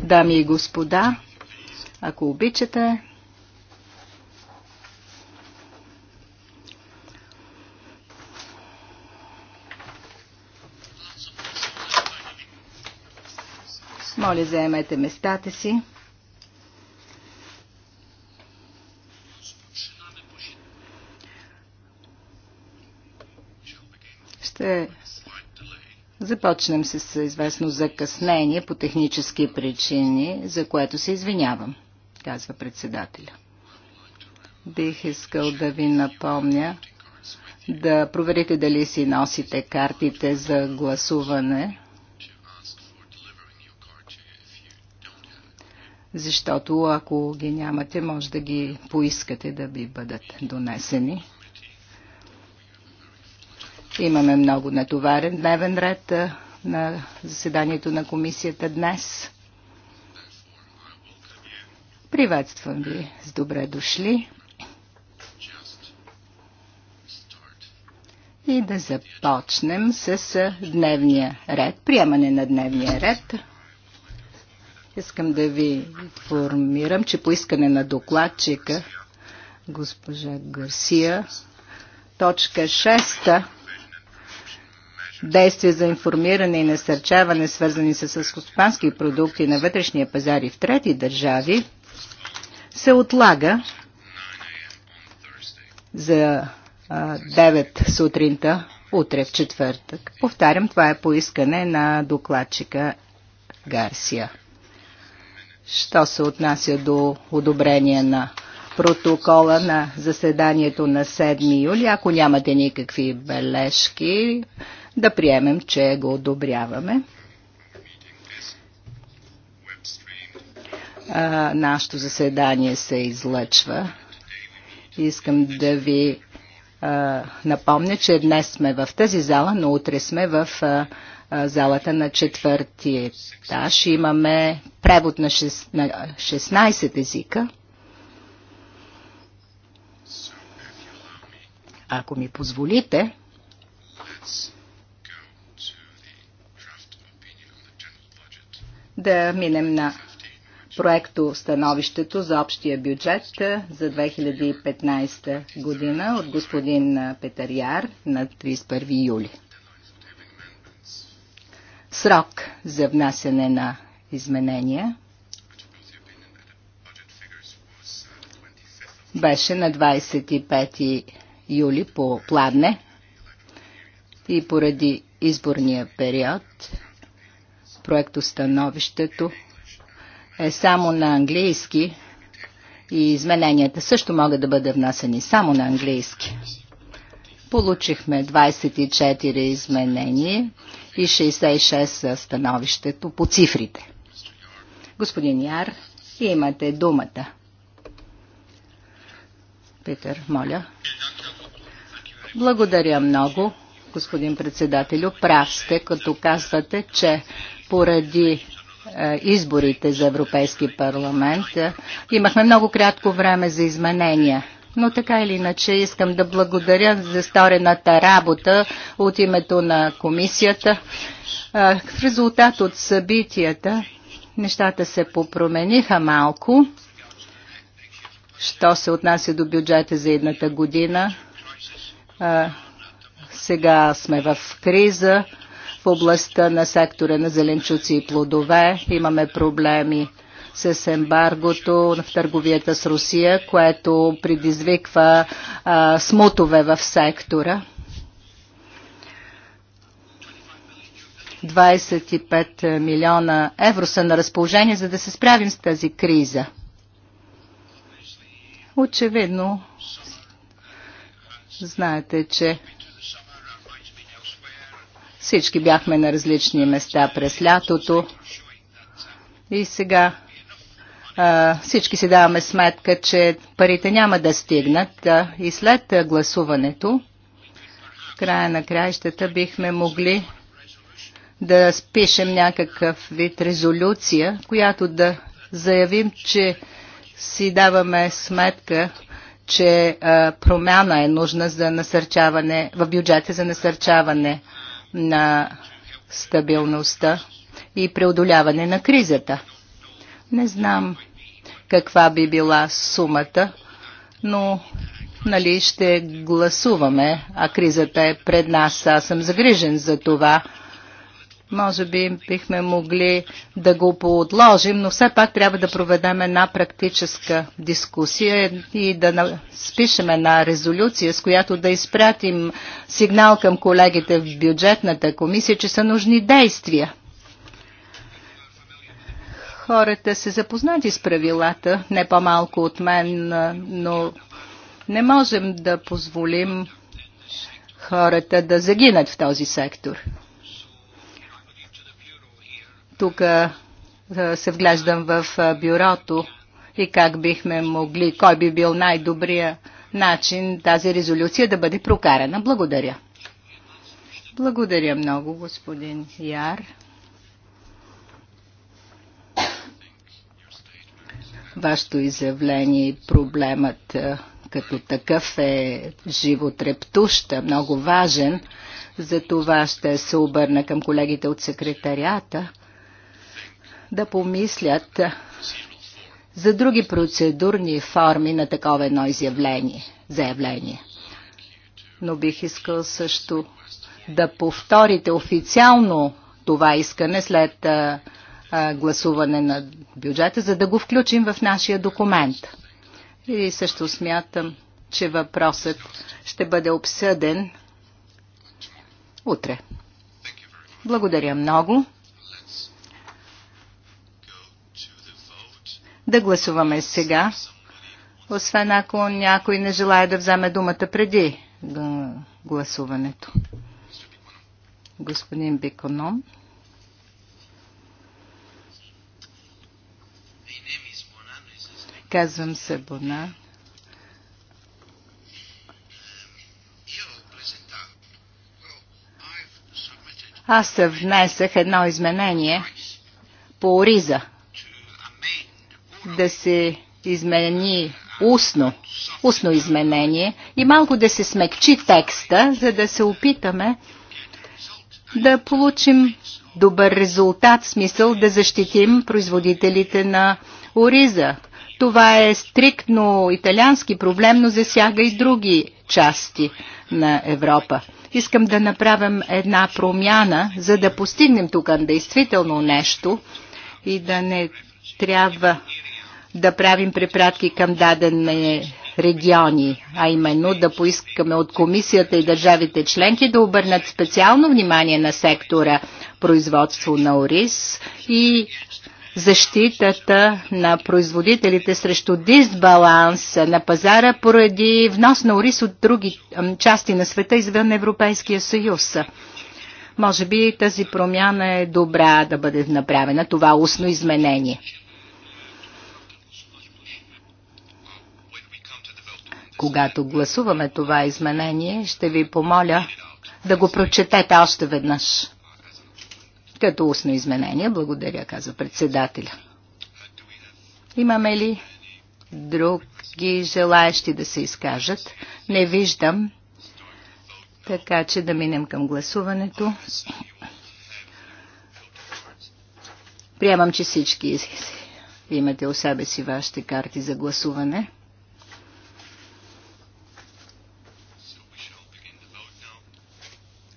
Дами и господа, ако обичате, моля заемете местата си. Ще Започнем с известно закъснение по технически причини, за което се извинявам, казва председателя. Бих искал да ви напомня да проверите дали си носите картите за гласуване, защото ако ги нямате, може да ги поискате да ви бъдат донесени. Имаме много натоварен дневен ред на заседанието на комисията днес. Приветствам ви с добре дошли. И да започнем с дневния ред, приемане на дневния ред. Искам да ви информирам, че по искане на докладчика госпожа Гарсия, точка 6 действия за информиране и насърчаване, свързани с селскостопански продукти на вътрешния пазар и в трети държави, се отлага за 9 сутринта, утре в четвъртък. Повтарям, това е поискане на докладчика Гарсия. Що се отнася до одобрение на протокола на заседанието на 7 юли, ако нямате никакви бележки, да приемем, че го одобряваме. нашето заседание се излъчва. Искам да ви а, напомня, че днес сме в тази зала, но утре сме в а, залата на четвърти етаж. Имаме превод на 16 езика. Ако ми позволите, да минем на проекто становището за общия бюджет за 2015 година от господин Петър Яр на 31 юли. Срок за внасяне на изменения беше на 25 юли по пладне и поради изборния период Проектостановището е само на английски и измененията също могат да бъдат внасени само на английски. Получихме 24 изменения и 66 становището по цифрите. Господин Яр, имате думата. Питър, моля. Благодаря много, господин председателю. Прав сте, като казвате, че поради е, изборите за Европейски парламент. Имахме много кратко време за изменения. Но така или иначе искам да благодаря за сторената работа от името на комисията. Е, в резултат от събитията нещата се попромениха малко. Що се отнася до бюджета за едната година, е, сега сме в криза в областта на сектора на зеленчуци и плодове имаме проблеми с ембаргото в търговията с Русия, което предизвиква а, смутове в сектора. 25 милиона евро са на разположение, за да се справим с тази криза. Очевидно, знаете, че всички бяхме на различни места през лятото. И сега а, всички си даваме сметка, че парите няма да стигнат. А, и след гласуването, в края на краищата, бихме могли да спишем някакъв вид резолюция, която да заявим, че си даваме сметка, че а, промяна е нужна за насърчаване, в бюджета за насърчаване на стабилността и преодоляване на кризата. Не знам каква би била сумата, но нали ще гласуваме, а кризата е пред нас. Аз съм загрижен за това може би бихме могли да го поотложим, но все пак трябва да проведем една практическа дискусия и да спишем една резолюция, с която да изпратим сигнал към колегите в бюджетната комисия, че са нужни действия хората са запознати с правилата, не по-малко от мен, но не можем да позволим хората да загинат в този сектор. Тук се вглеждам в бюрото и как бихме могли, кой би бил най-добрия начин тази резолюция да бъде прокарана. Благодаря. Благодаря много, господин Яр. Вашето изявление и проблемът като такъв е животрептуща, много важен. За това ще се обърна към колегите от секретарията да помислят за други процедурни форми на такова едно изявление, заявление. Но бих искал също да повторите официално това искане след а, а, гласуване на бюджета, за да го включим в нашия документ. И също смятам, че въпросът ще бъде обсъден утре. Благодаря много. да гласуваме сега, освен ако някой не желая да вземе думата преди гласуването. Господин Биконом. Казвам се Бона. Аз внесах едно изменение по Ориза да се измени устно, устно изменение и малко да се смекчи текста, за да се опитаме да получим добър резултат, в смисъл да защитим производителите на ориза. Това е стриктно италиански проблем, но засяга и други части на Европа. Искам да направим една промяна, за да постигнем тук действително нещо и да не трябва да правим препратки към дадени региони, а именно да поискаме от комисията и държавите членки да обърнат специално внимание на сектора производство на ОРИС и защитата на производителите срещу дисбаланс на пазара поради внос на орис от други части на света извън Европейския съюз. Може би тази промяна е добра да бъде направена, това устно изменение. когато гласуваме това изменение, ще ви помоля да го прочетете още веднъж. Като устно изменение, благодаря, каза председателя. Имаме ли други желаящи да се изкажат? Не виждам. Така че да минем към гласуването. Приемам, че всички имате у себе си вашите карти за гласуване.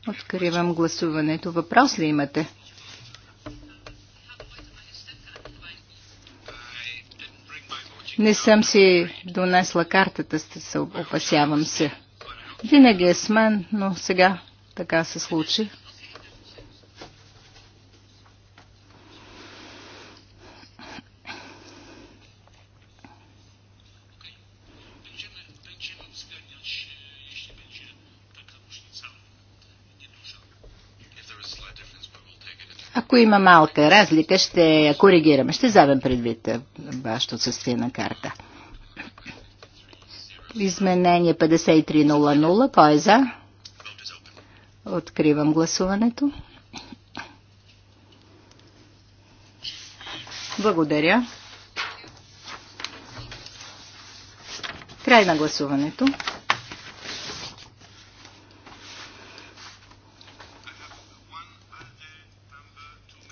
Откривам гласуването. Въпрос ли имате? Не съм си донесла картата, опасявам се. Винаги е с мен, но сега така се случи. Ако има малка разлика, ще я коригираме. Ще вземем предвид е, вашето отсъствие на карта. Изменение 5300. Кой е за? Откривам гласуването. Благодаря. Край на гласуването.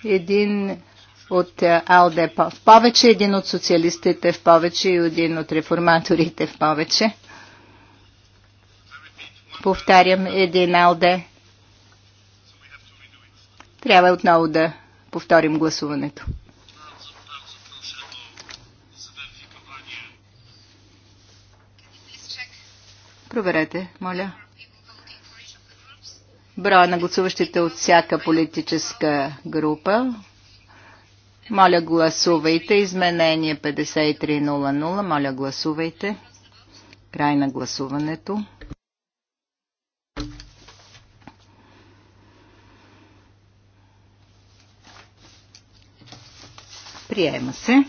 един от е, АЛДЕ в повече, един от социалистите в повече и един от реформаторите в повече. Повтарям, един АЛДЕ. Трябва отново да повторим гласуването. Проверете, моля броя на гласуващите от всяка политическа група. Моля, гласувайте. Изменение 5300. Моля, гласувайте. Край на гласуването. Приема се.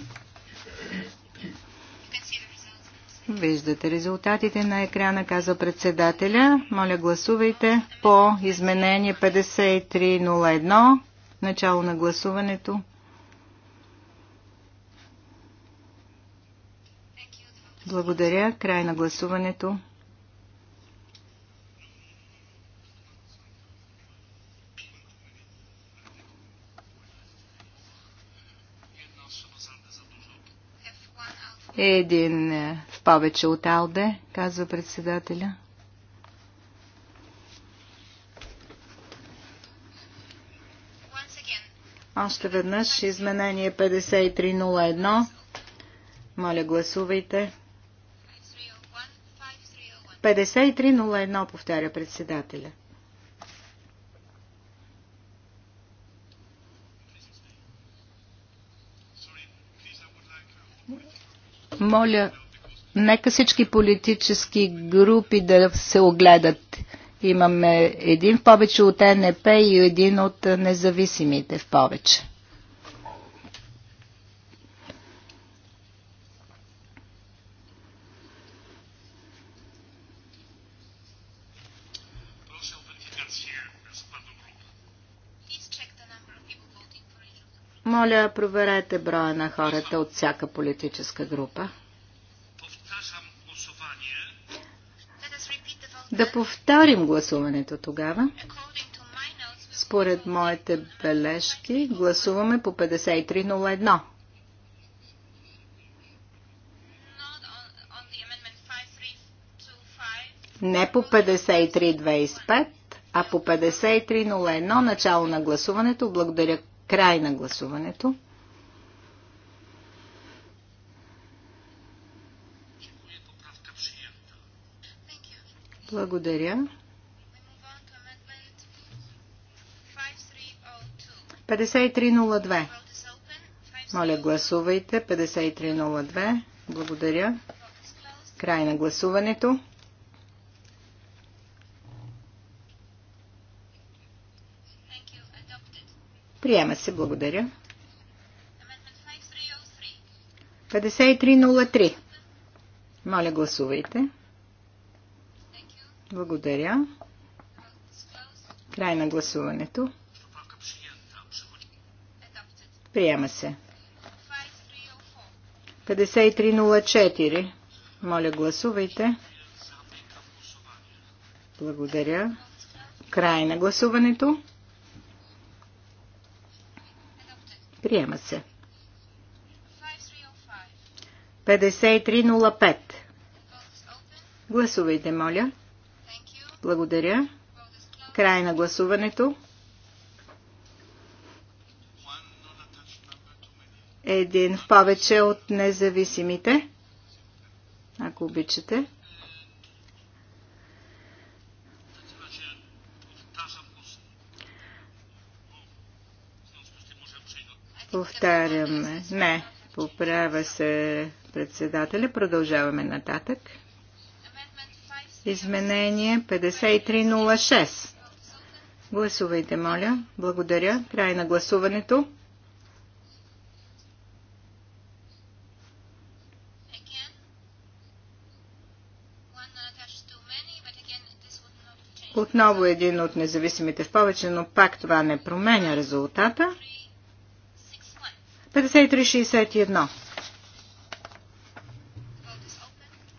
Виждате резултатите на екрана, каза председателя. Моля гласувайте по изменение 5301. Начало на гласуването. Благодаря. Край на гласуването. Един повече от Алде, казва председателя. Още веднъж изменение 5301. Моля, гласувайте. 5301, повтаря председателя. Моля, Нека всички политически групи да се огледат. Имаме един в повече от НП и един от независимите в повече. Моля, проверете броя на хората от всяка политическа група. Да повторим гласуването тогава. Според моите бележки гласуваме по 5301. Не по 5325, а по 5301 начало на гласуването. Благодаря край на гласуването. Благодаря. 5302. Моля, гласувайте. 5302. Благодаря. Край на гласуването. Приема се. Благодаря. 5303. Моля, гласувайте. 5303. Благодаря. Край на гласуването. Приема се. 5304. Моля, гласувайте. Благодаря. Край на гласуването. Приема се. 5305. Гласувайте, моля. Благодаря. Край на гласуването. Един в повече от независимите, ако обичате. Повтаряме. Не, поправя се председателя. Продължаваме нататък. Изменение 5306. Гласувайте, моля. Благодаря. Край на гласуването. Отново един от независимите в повече, но пак това не променя резултата. 5361.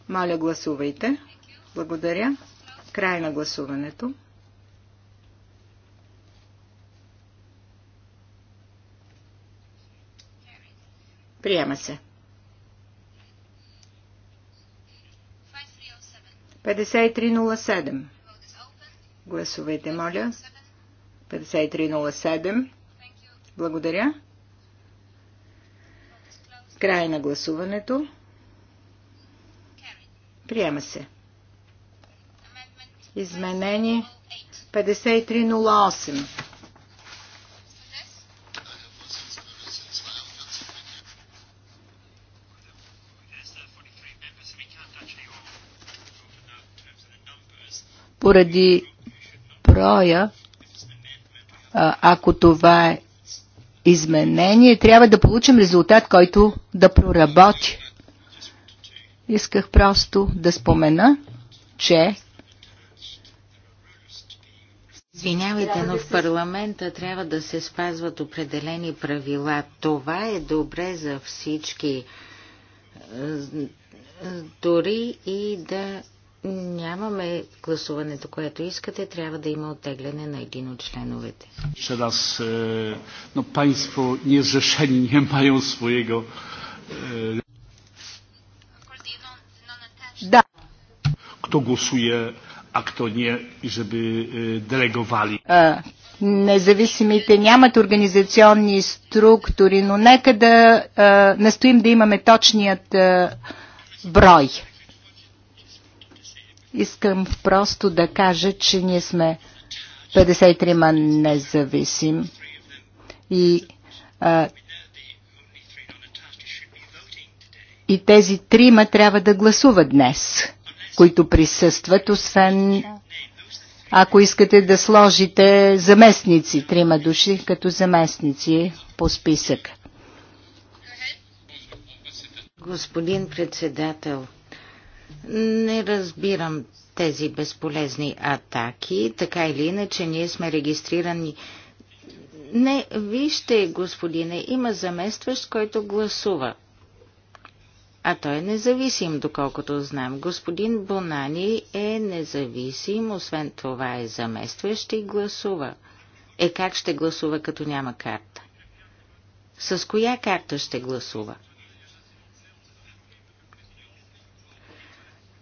Моля, гласувайте. Благодаря. Край на гласуването. Приема се. 5307. Гласувайте, моля. 5307. Благодаря. Край на гласуването. Приема се. Изменение 5308. Поради броя, ако това е изменение, трябва да получим резултат, който да проработи. Исках просто да спомена, че Извинявайте, но в парламента трябва да се спазват определени правила. Това е добре за всички. Дори и да нямаме гласуването, което искате, трябва да има оттегляне на един от членовете. Ще раз, е, но państwo зашени, не mają своего... Е, да. Кто гласуе а кто не, чтобы делеговали. E, независимите нямат организационни структури, но нека да а, настоим да имаме точният а, брой. Искам просто да кажа, че ние сме 53-ма независим и, а, и тези трима трябва да гласуват днес които присъстват, освен ако искате да сложите заместници, трима души като заместници по списък. Господин председател, не разбирам тези безполезни атаки. Така или иначе, ние сме регистрирани. Не, вижте, господине, има заместващ, който гласува а той е независим, доколкото знам. Господин Бонани е независим, освен това е заместващ и гласува. Е как ще гласува, като няма карта? С коя карта ще гласува?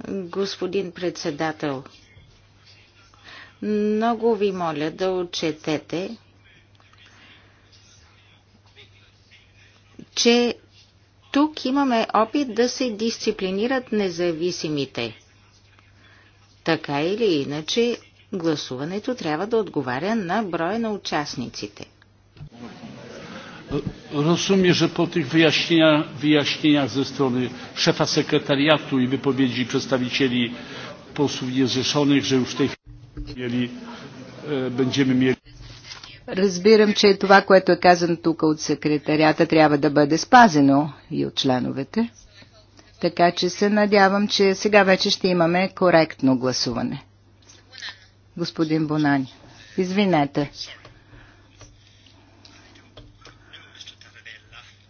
Господин председател, много ви моля да отчетете, че тук имаме опит да се дисциплинират независимите. Така или иначе, гласуването трябва да отговаря на броя на участниците. Rozumiem, że po tych wyjaśnieniach, wyjaśnieniach ze strony szefa sekretariatu i wypowiedzi przedstawicieli posłów niezrzeszonych, że już w tej chwili będziemy mieli. Разбирам, че това, което е казано тук от секретарята, трябва да бъде спазено и от членовете. Така че се надявам, че сега вече ще имаме коректно гласуване. Господин Бонани, извинете.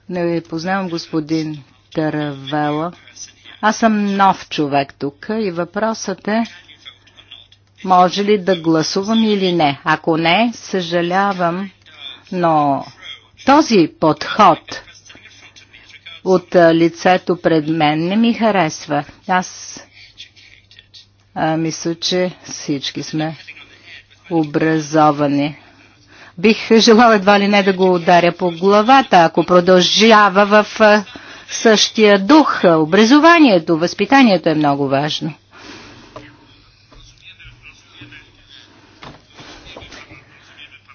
Не ви познавам господин Таравела. Аз съм нов човек тук и въпросът е може ли да гласувам или не. Ако не, съжалявам, но този подход от лицето пред мен не ми харесва. Аз а, мисля, че всички сме образовани. Бих желала едва ли не да го ударя по главата, ако продължава в същия дух. Образованието, възпитанието е много важно.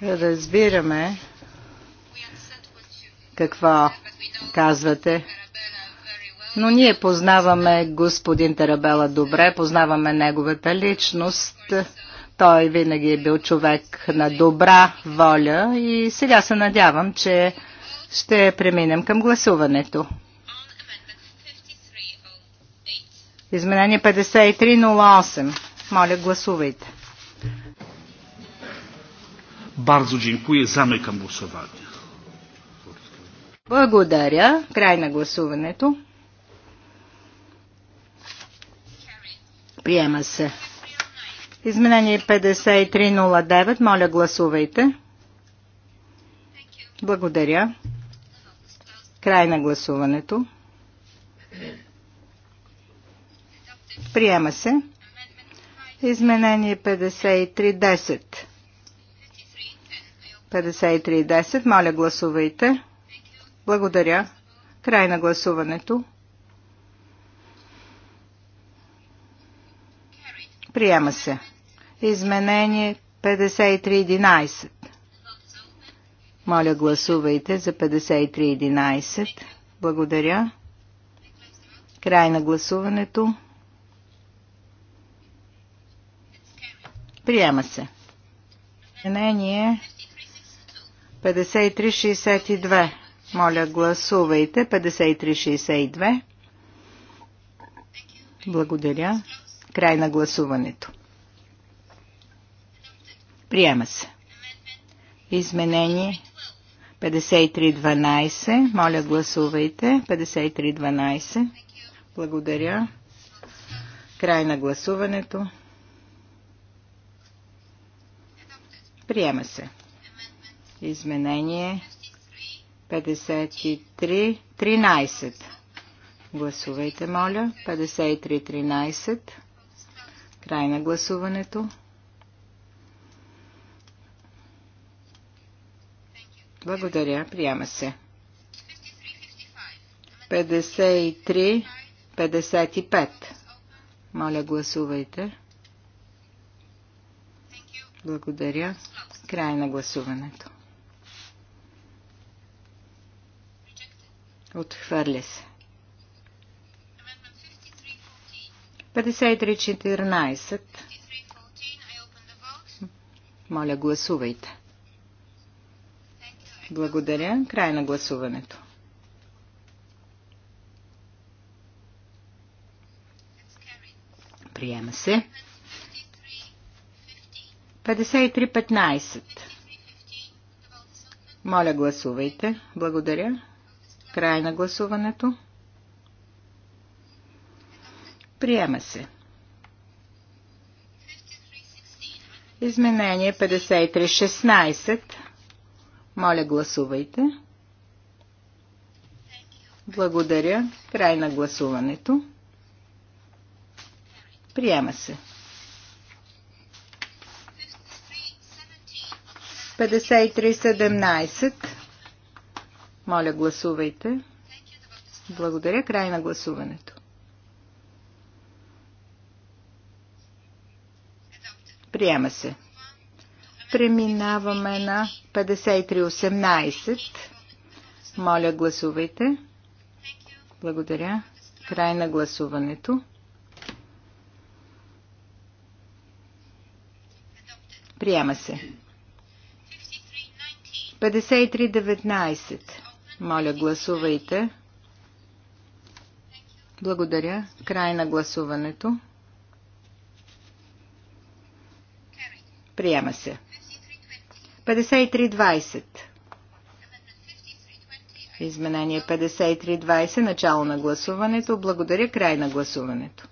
Разбираме какво казвате. Но ние познаваме господин Тарабела добре, познаваме неговата личност. Той винаги е бил човек на добра воля и сега се надявам, че ще преминем към гласуването. Изменение 5308. Моля, гласувайте. Bardzo dziękuję. Zamykam głosowanie. Благодаря. Край на гласуването. Приема се. Изменение 5309. Моля, гласувайте. Благодаря. Край на гласуването. Приема се. Изменение 5310. 5310. Моля, гласувайте. Благодаря. Край на гласуването. Приема се. Изменение 5311. Моля, гласувайте за 5311. Благодаря. Край на гласуването. Приема се. Изменение 5362. Моля, гласувайте. 5362. Благодаря. Край на гласуването. Приема се. Изменение 5312. Моля, гласувайте. 5312. Благодаря. Край на гласуването. Приема се. Изменение 53, 13. Гласувайте, моля. 53-13. Край на гласуването. Благодаря. Приема се. 53-55. Моля, гласувайте. Благодаря. Край на гласуването. Отхвърля се. 53.14. Моля, гласувайте. Благодаря. Край на гласуването. Приема се. 53.15. Моля, гласувайте. Благодаря. Край на гласуването. Приема се. Изменение 53.16. Моля, гласувайте. Благодаря. Край на гласуването. Приема се. 53.17. Моля, гласувайте. Благодаря. Край на гласуването. Приема се. Преминаваме на 53.18. Моля, гласувайте. Благодаря. Край на гласуването. Приема се. 53.19. Моля, гласувайте. Благодаря. Край на гласуването. Приема се. 5320. Изменение 5320. Начало на гласуването. Благодаря. Край на гласуването.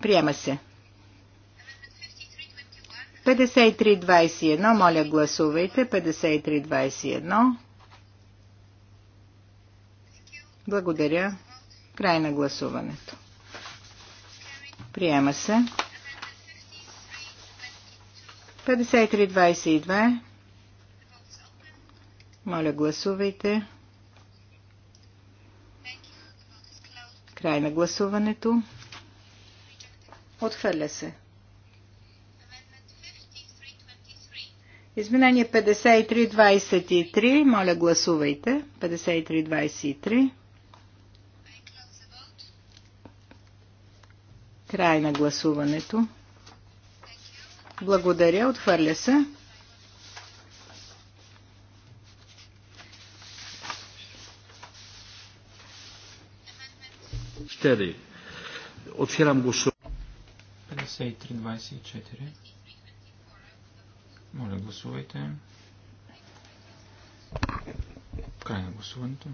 Приема се. 5321, моля гласувайте. 5321. Благодаря. Край на гласуването. Приема се. 5322. Моля гласувайте. Край на гласуването. Отхвърля се. Изменение 5323. Моля, гласувайте. 5323. Край на гласуването. Благодаря. Отхвърля се. Отварям гласуване. 5324. Моля, гласувайте. Край на гласуването.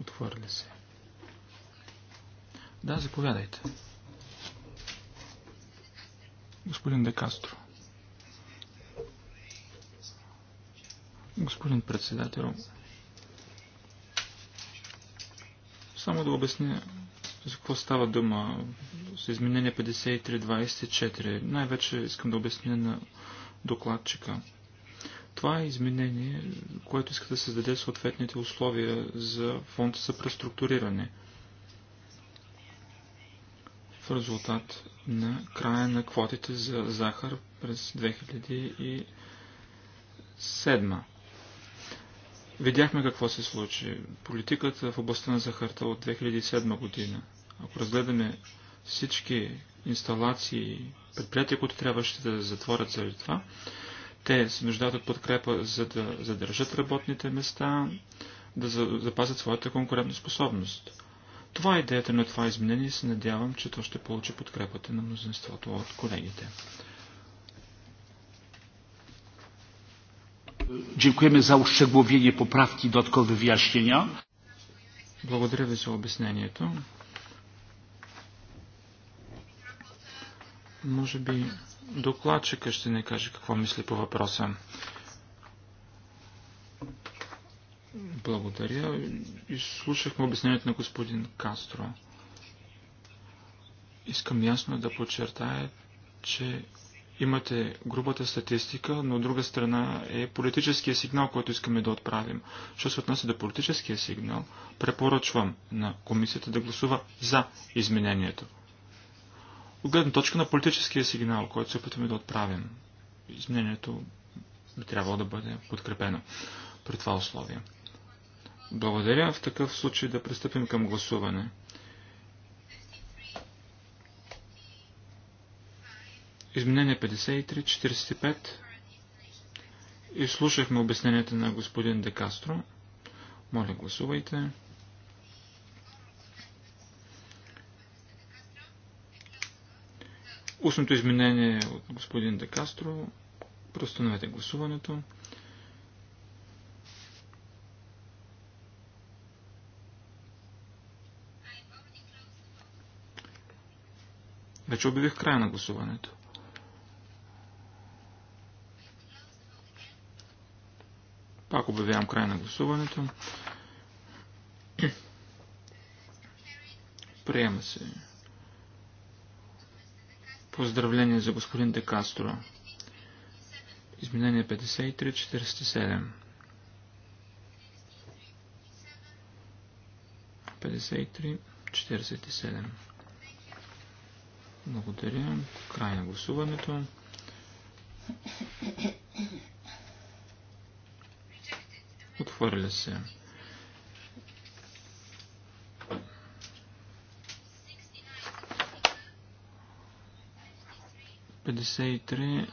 Отвърли се. Да, заповядайте. Господин Декастро. Господин председател, само да обясня за какво става дума? С изменение 5324. Най-вече искам да обясня на докладчика. Това е изменение, което иска да създаде съответните условия за фонд за преструктуриране. В резултат на края на квотите за захар през 2007. Видяхме какво се случи. Политиката в областта на захарта от 2007 година. Ако разгледаме всички инсталации, предприятия, които трябваше да затворят заради това, те се нуждаят от подкрепа, за да задържат работните места, да запазят своята конкурентоспособност. Това е идеята на това изменение и се надявам, че то ще получи подкрепата на мнозинството от колегите. Дякуваме за ущегловение поправки и додаткови вияснения. Благодаря ви за обяснението. Може би докладчика ще не каже какво мисли по въпроса. Благодаря. И слушахме обяснението на господин Кастро. Искам ясно да подчертая, че Имате грубата статистика, но от друга страна е политическия сигнал, който искаме да отправим. Що се отнася до политическия сигнал, препоръчвам на комисията да гласува за изменението. От гледна точка на политическия сигнал, който се опитваме да отправим, изменението би трябвало да бъде подкрепено при това условие. Благодаря. В такъв случай да пристъпим към гласуване. Изменение 53-45. Изслушахме обясненията на господин Декастро. Моля, гласувайте. Устното изменение е от господин Декастро. Простановете гласуването. Вече обявих края на гласуването. обявявам край на гласуването. Приема се. Поздравление за господин Декастро. Изменение 53-47. 53-47. Благодаря. Край на гласуването. Отхвърля се. 53-49.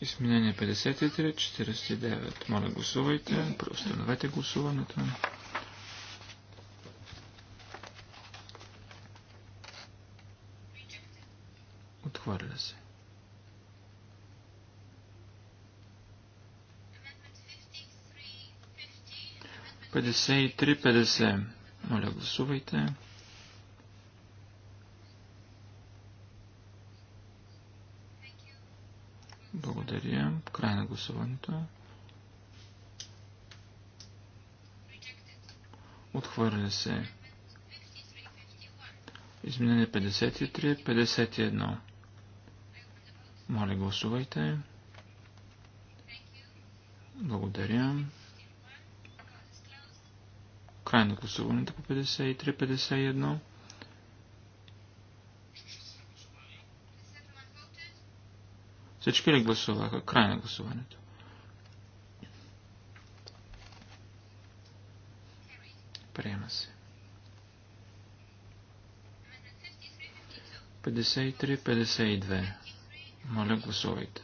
Изменение 53-49. Моля гласувайте. Преустановете гласуването. Отхвърля се. 53-50. Моля, гласувайте. Благодаря. Край на гласуването. Отхвърля се. Изменение 53-51. Моля, гласувайте. Благодаря. Край на гласуването по 53-51. Всички ли гласуваха? Край на гласуването. Приема се. 53-52. Моля, гласувайте.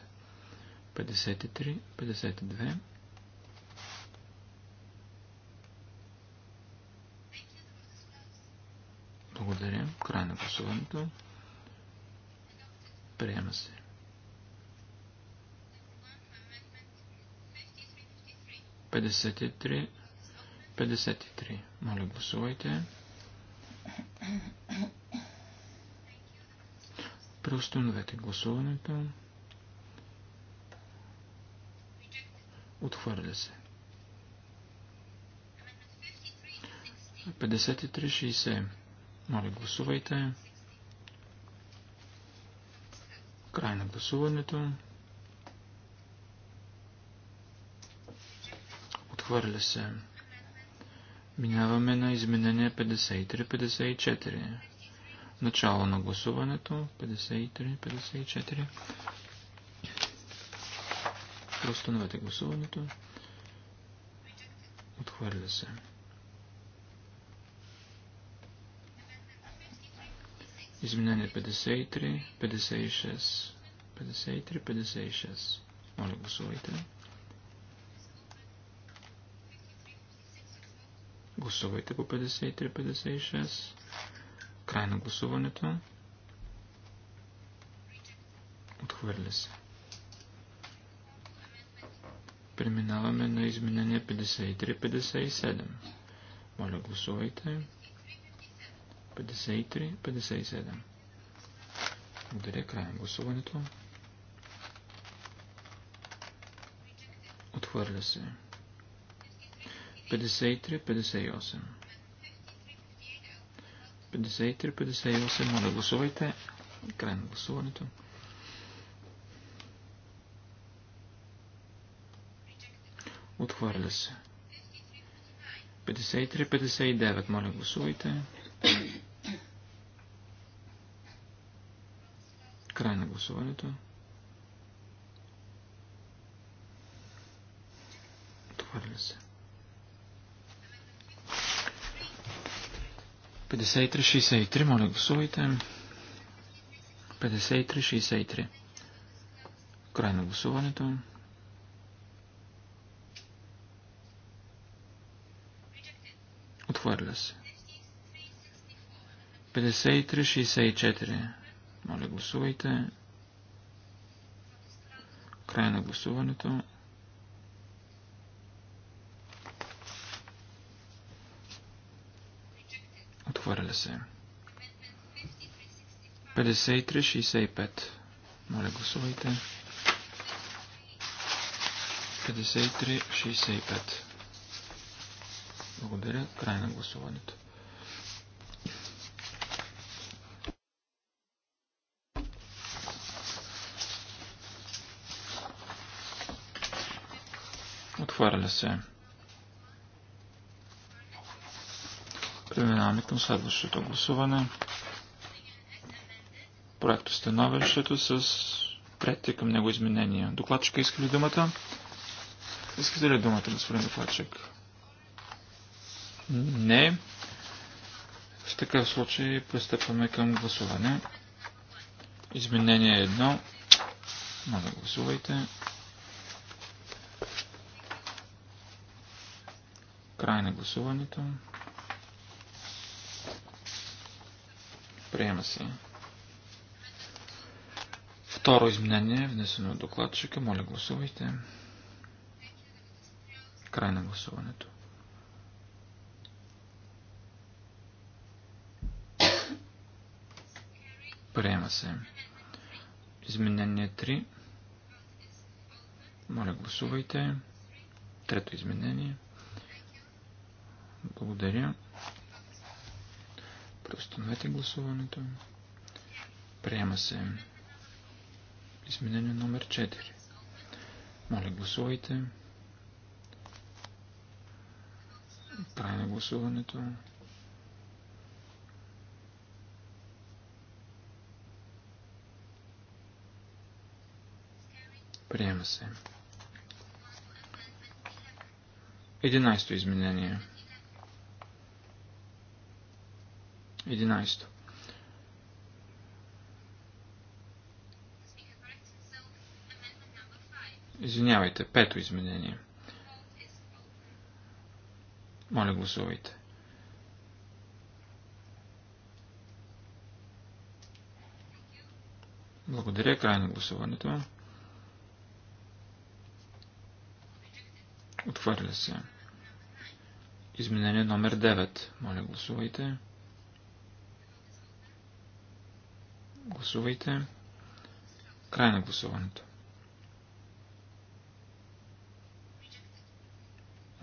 53-52. Благодаря. Край на гласуването. Приема се. Петдесет и три. 53. Моля, гласувайте. Преустановете гласуването. Отхвърля се. 53-60. Моля, гласувайте. Край на гласуването. Отхвърля се. Минаваме на изменение 53-54. Начало на гласуването 53-54. Простановете гласуването. Отхвърля се. Изменение 53, 56, 53, 56. Моля, гласувайте. Гласувайте по 53-56. Край на гласуването. Отхвърля се. Преминаваме на изменение 53-57. Моля, гласувайте. Гласувайте. 53-57. Отделя Край на гласуването. Отхвърля се. 53-58. 53-58. Моля, гласувайте. Край на гласуването. Отхвърля се. 53-59. Моля, гласувайте. Край на гласуването. Отхвърля се. 53-63, моля гласувайте. 53-63. Край на гласуването. Отхвърля се. 53-64. Моля, гласувайте. Край на гласуването. Отхвърля се. 53-65. Моля, гласувайте. 53-65. Благодаря. Край на гласуването. Отхвърля се. Преминаваме към следващото гласуване. Проекто становището с приятите към него изменения. Докладчика иска ли думата? Искате ли думата, господин докладчик? Не. В такъв случай пристъпваме към гласуване. Изменение едно. Моля, гласувайте. Край на гласуването. Приема се. Второ изменение, внесено от докладчика. Моля, гласувайте. Край на гласуването. Приема се. Изменение 3. Моля, гласувайте. Трето изменение. Благодаря. Преустановете гласуването. Приема се. Изменение номер 4. Моля, гласувайте. Край на гласуването. Приема се. 11 изменение. 11. Извинявайте, пето изменение. Моля, гласувайте. Благодаря. Край на гласуването. Отхвърля се. Изменение номер 9. Моля, гласувайте. Гласувайте. Край на гласуването.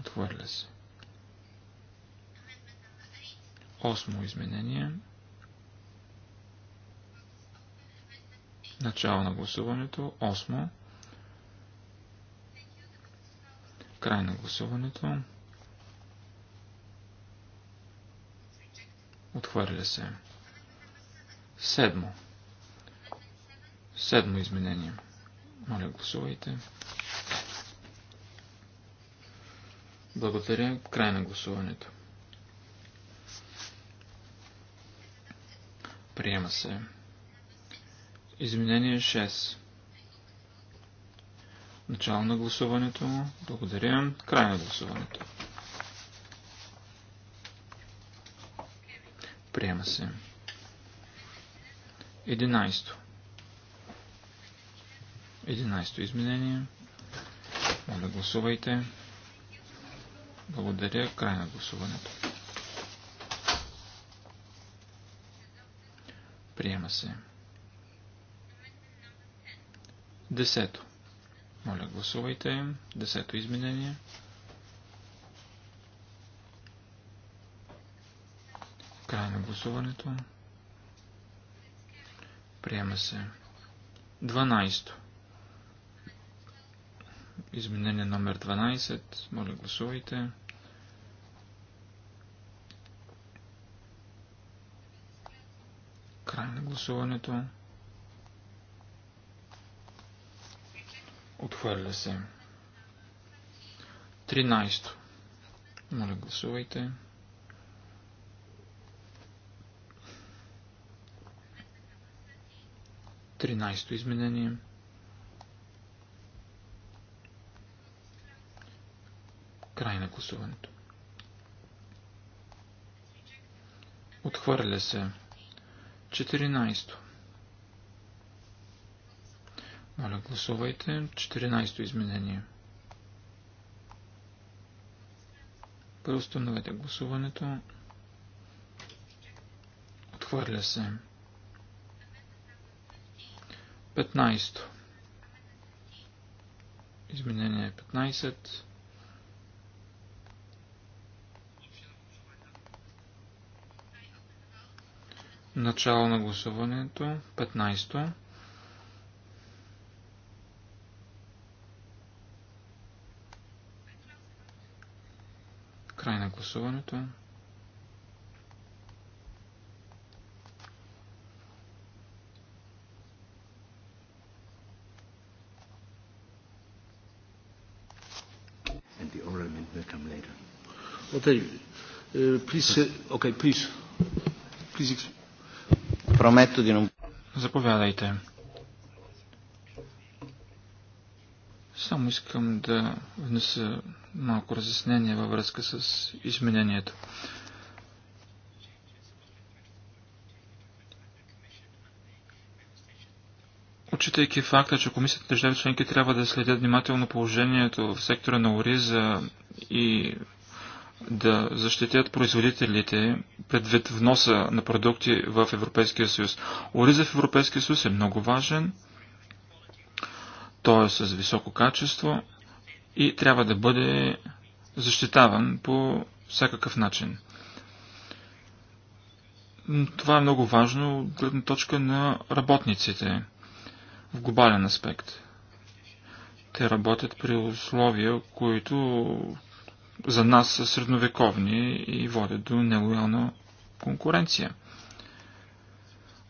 Отхвърля се. Осмо изменение. Начало на гласуването. Осмо. Край на гласуването. Отхвърля се. Седмо. Седмо изменение. Моля, гласувайте. Благодаря. Край на гласуването. Приема се. Изменение 6. Начало на гласуването Благодаря. Край на гласуването. Приема се. 11. 11 изменение. Моля, гласувайте. Благодаря. Край на гласуването. Приема се. Десето. Моля, гласувайте. Десето изменение. Край на гласуването. Приема се. Дванайсто. Изменение номер 12. Моля, гласувайте. Край на гласуването. Отхвърля се. 13. Моля, гласувайте. Тринайсто изменение. Край на гласуването. Отхвърля се. 14. Моля, гласувайте. 14 изменение. Преустановете гласуването. Отхвърля се. 15. Изменение 15. Начало на гласуването. 15. Край на гласуването. and the oral amendment come later. Okay, uh, please, uh, okay, please, please. Прометто да не... Заповядайте. Само искам да внеса малко разяснение във връзка с изменението. Отчитайки факта, че комисията държави членки трябва да следят внимателно положението в сектора на ориза и да защитят производителите предвид вноса на продукти в Европейския съюз. Ориза в Европейския съюз е много важен. Той е с високо качество и трябва да бъде защитаван по всякакъв начин. Това е много важно от гледна точка на работниците в глобален аспект. Те работят при условия, които за нас са средновековни и водят до нелоялна конкуренция.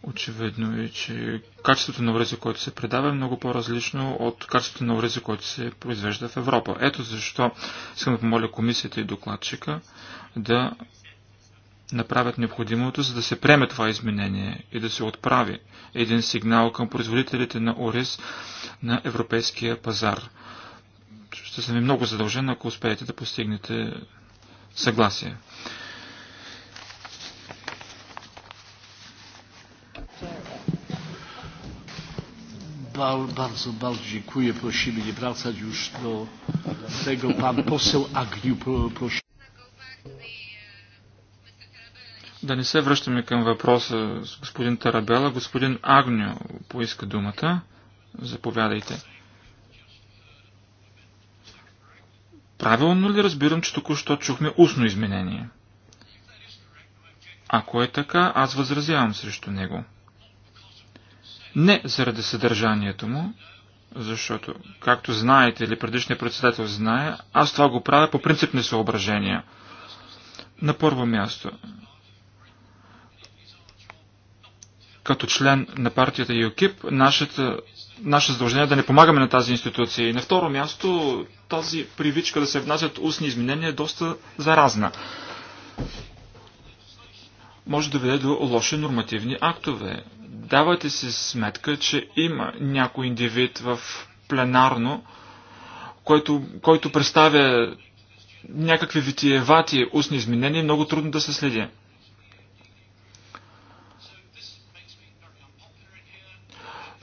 Очевидно е, че качеството на оръжие, което се предава, е много по-различно от качеството на оръжие, което се произвежда в Европа. Ето защо искам да помоля комисията и докладчика да направят необходимото, за да се приеме това изменение и да се отправи един сигнал към производителите на ОРИС на европейския пазар ще съм ви много задължен, ако успеете да постигнете съгласие. Bardzo, bardzo dziękuję. Prosimy nie wracać już do tego. Pan poseł Agniu prosi. Да не се връщаме към въпроса с господин Тарабела. Господин Агню поиска думата. Заповядайте. Правилно ли разбирам, че току-що чухме устно изменение? Ако е така, аз възразявам срещу него. Не заради съдържанието му, защото, както знаете или предишният председател знае, аз това го правя по принципни съображения. На първо място, като член на партията ЮКИП, нашата наше задължение е да не помагаме на тази институция. И на второ място, тази привичка да се внасят устни изменения е доста заразна. Може да веде до лоши нормативни актове. Давайте си сметка, че има някой индивид в пленарно, който, който представя някакви витиевати устни изменения, много трудно да се следи.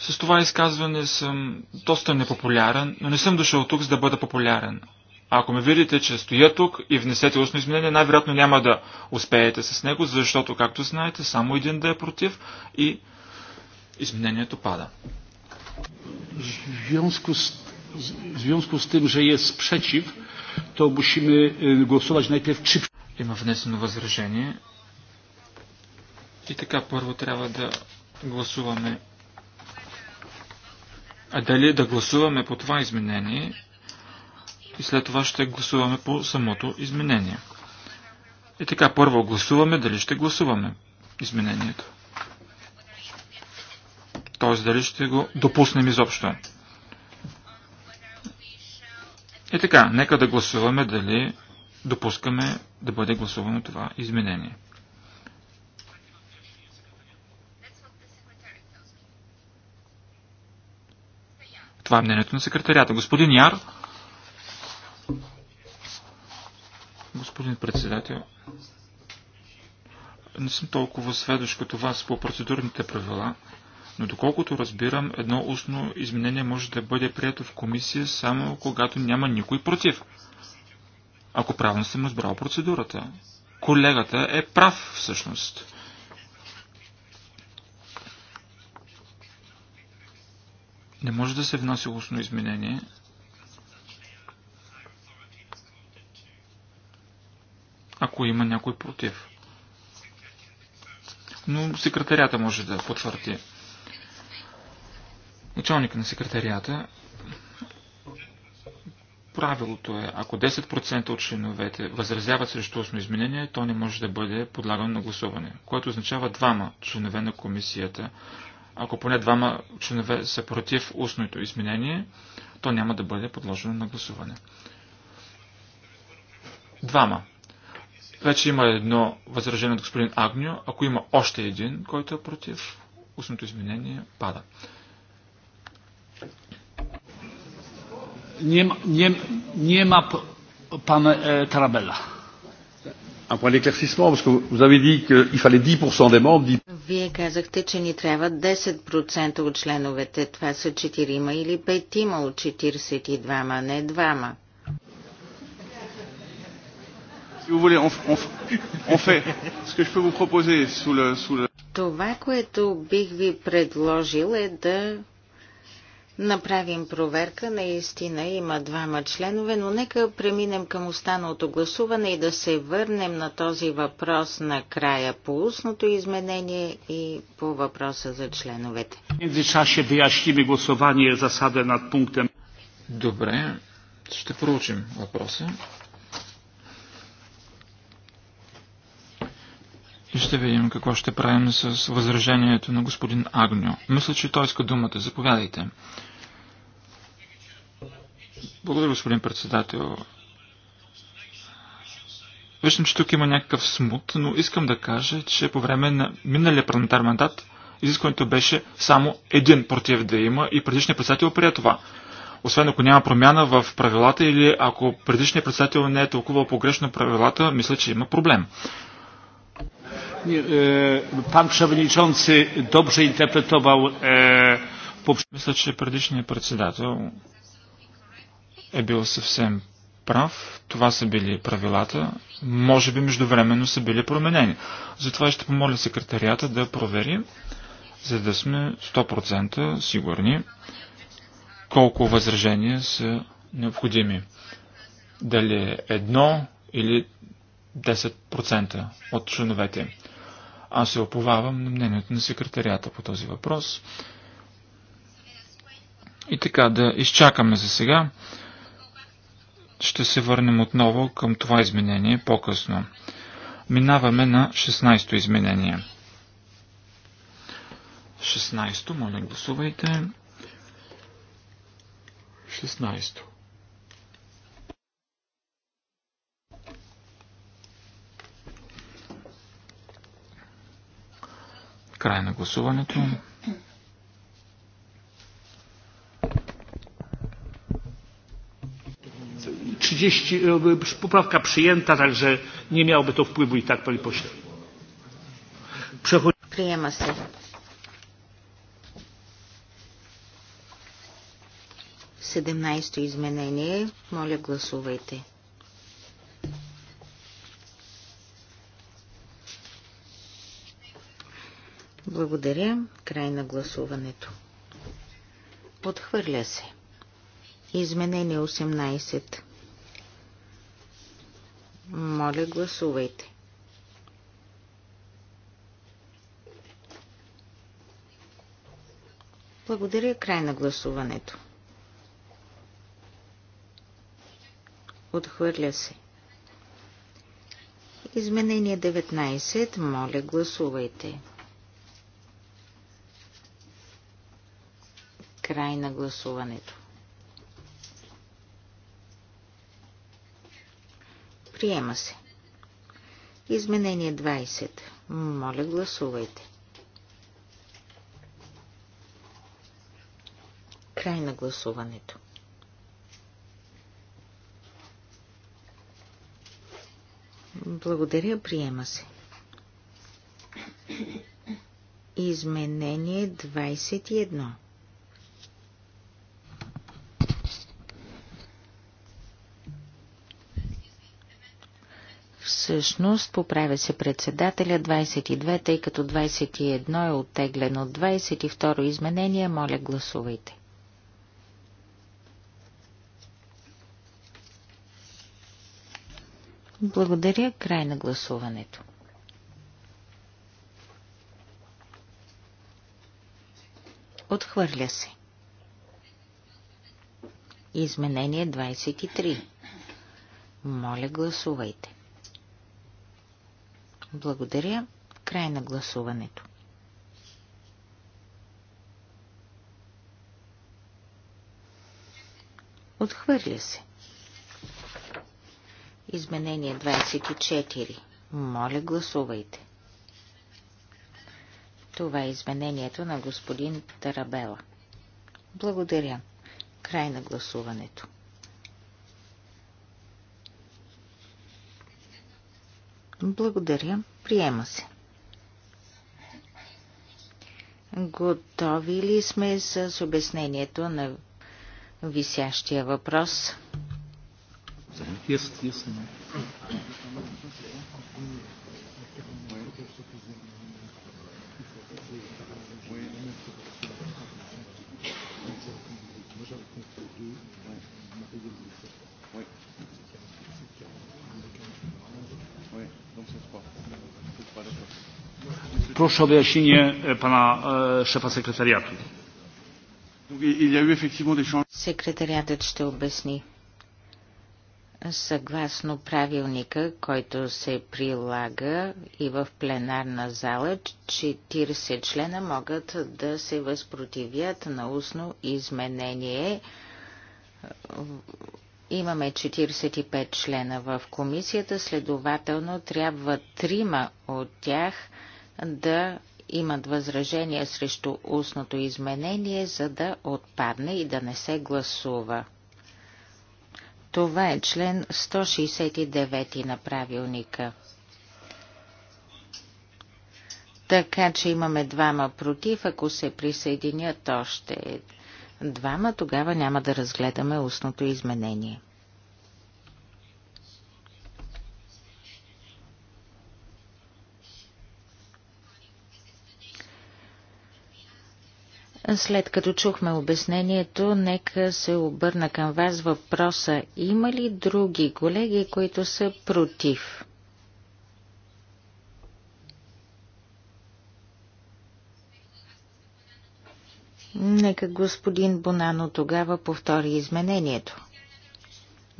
С това изказване съм доста непопулярен, но не съм дошъл тук, за да бъда популярен. Ако ме видите, че стоя тук и внесете устно изменение, най-вероятно няма да успеете с него, защото, както знаете, само един да е против и изменението пада. W związku тем, че е спречив, то to musimy най-пев e, чип. Има внесено възражение. И така, първо трябва да гласуваме а дали да гласуваме по това изменение и след това ще гласуваме по самото изменение. И така, първо гласуваме дали ще гласуваме изменението. Т.е. дали ще го допуснем изобщо. И така, нека да гласуваме дали допускаме да бъде гласувано това изменение. Това е мнението на секретарията. Господин Яр. Господин председател. Не съм толкова сведущ като вас по процедурните правила, но доколкото разбирам, едно устно изменение може да бъде прието в комисия само когато няма никой против. Ако правилно съм разбрал процедурата. Колегата е прав всъщност. Не може да се внася устно изменение. Ако има някой против. Но секретарията може да потвърди. Началник на секретарията правилото е, ако 10% от членовете възразяват срещу устно изменение, то не може да бъде подлагано на гласуване, което означава двама членове на комисията ако поне двама членове са против устното изменение, то няма да бъде подложено на гласуване. Двама. Вече има едно възражение от господин Агньо. Ако има още един, който е против, устното изменение пада. Няма, пана е, Тарабела. Un point d'éclaircissement, parce que vous avez dit qu'il fallait 10% des membres. 10... Вие казахте, че ни трябва 10% от членовете. Това са 4 или 5 от 42, не 2. ма Това, което бих ви предложил е да направим проверка. Наистина има двама членове, но нека преминем към останалото гласуване и да се върнем на този въпрос на края по устното изменение и по въпроса за членовете. Добре, ще проучим въпроса. И ще видим какво ще правим с възражението на господин Агньо. Мисля, че той иска думата. Заповядайте. Благодаря, господин председател. Виждам, че тук има някакъв смут, но искам да кажа, че по време на миналия парламентар мандат изискването беше само един против да има и предишният председател прие това. Освен ако няма промяна в правилата или ако предишният председател не е толкова погрешно правилата, мисля, че има проблем. E, pan przewodniczący dobrze interpretował Мисля, че предишният председател е бил съвсем прав. Това са били правилата. Може би междувременно са били променени. Затова ще помоля секретарията да провери, за да сме 100% сигурни колко възражения са необходими. Дали едно или 10% от членовете. Аз се оповавам на мнението на секретарията по този въпрос. И така, да изчакаме за сега. Ще се върнем отново към това изменение по-късно. Минаваме на 16-то изменение. 16-то, моля гласувайте. 16-то. Край на гласуването. Е, е, поправка Poprawka przyjęta, не nie би то wpływu и так, panie пошли. Приема се. Седемнайсто изменение. Моля, гласувайте. Благодаря. Край на гласуването. Отхвърля се. Изменение 18. Моля, гласувайте. Благодаря. Край на гласуването. Отхвърля се. Изменение 19. Моля, гласувайте. Край на гласуването. Приема се. Изменение 20. Моля, гласувайте. Край на гласуването. Благодаря, приема се. Изменение 21. Всъщност, поправя се председателя 22, тъй като 21 е оттеглено. 22 изменение, моля гласувайте. Благодаря. Край на гласуването. Отхвърля се. Изменение 23. Моля, гласувайте. Благодаря. Край на гласуването. Отхвърля се. Изменение 24. Моля, гласувайте. Това е изменението на господин Тарабела. Благодаря. Край на гласуването. Благодаря. Приема се. Готови ли сме с обяснението на висящия въпрос? Yes, yes. Proszę o wyjaśnienie e, pana e, szefa sekretariatu. Секретариатът ще обясни. Съгласно правилника, който се прилага и в пленарна зала, 40 члена могат да се възпротивят на устно изменение. Имаме 45 члена в комисията, следователно трябва трима от тях – да имат възражения срещу устното изменение, за да отпадне и да не се гласува. Това е член 169 на правилника. Така че имаме двама против, ако се присъединят още двама, тогава няма да разгледаме устното изменение. След като чухме обяснението, нека се обърна към вас въпроса. Има ли други колеги, които са против? Нека господин Бонано тогава повтори изменението.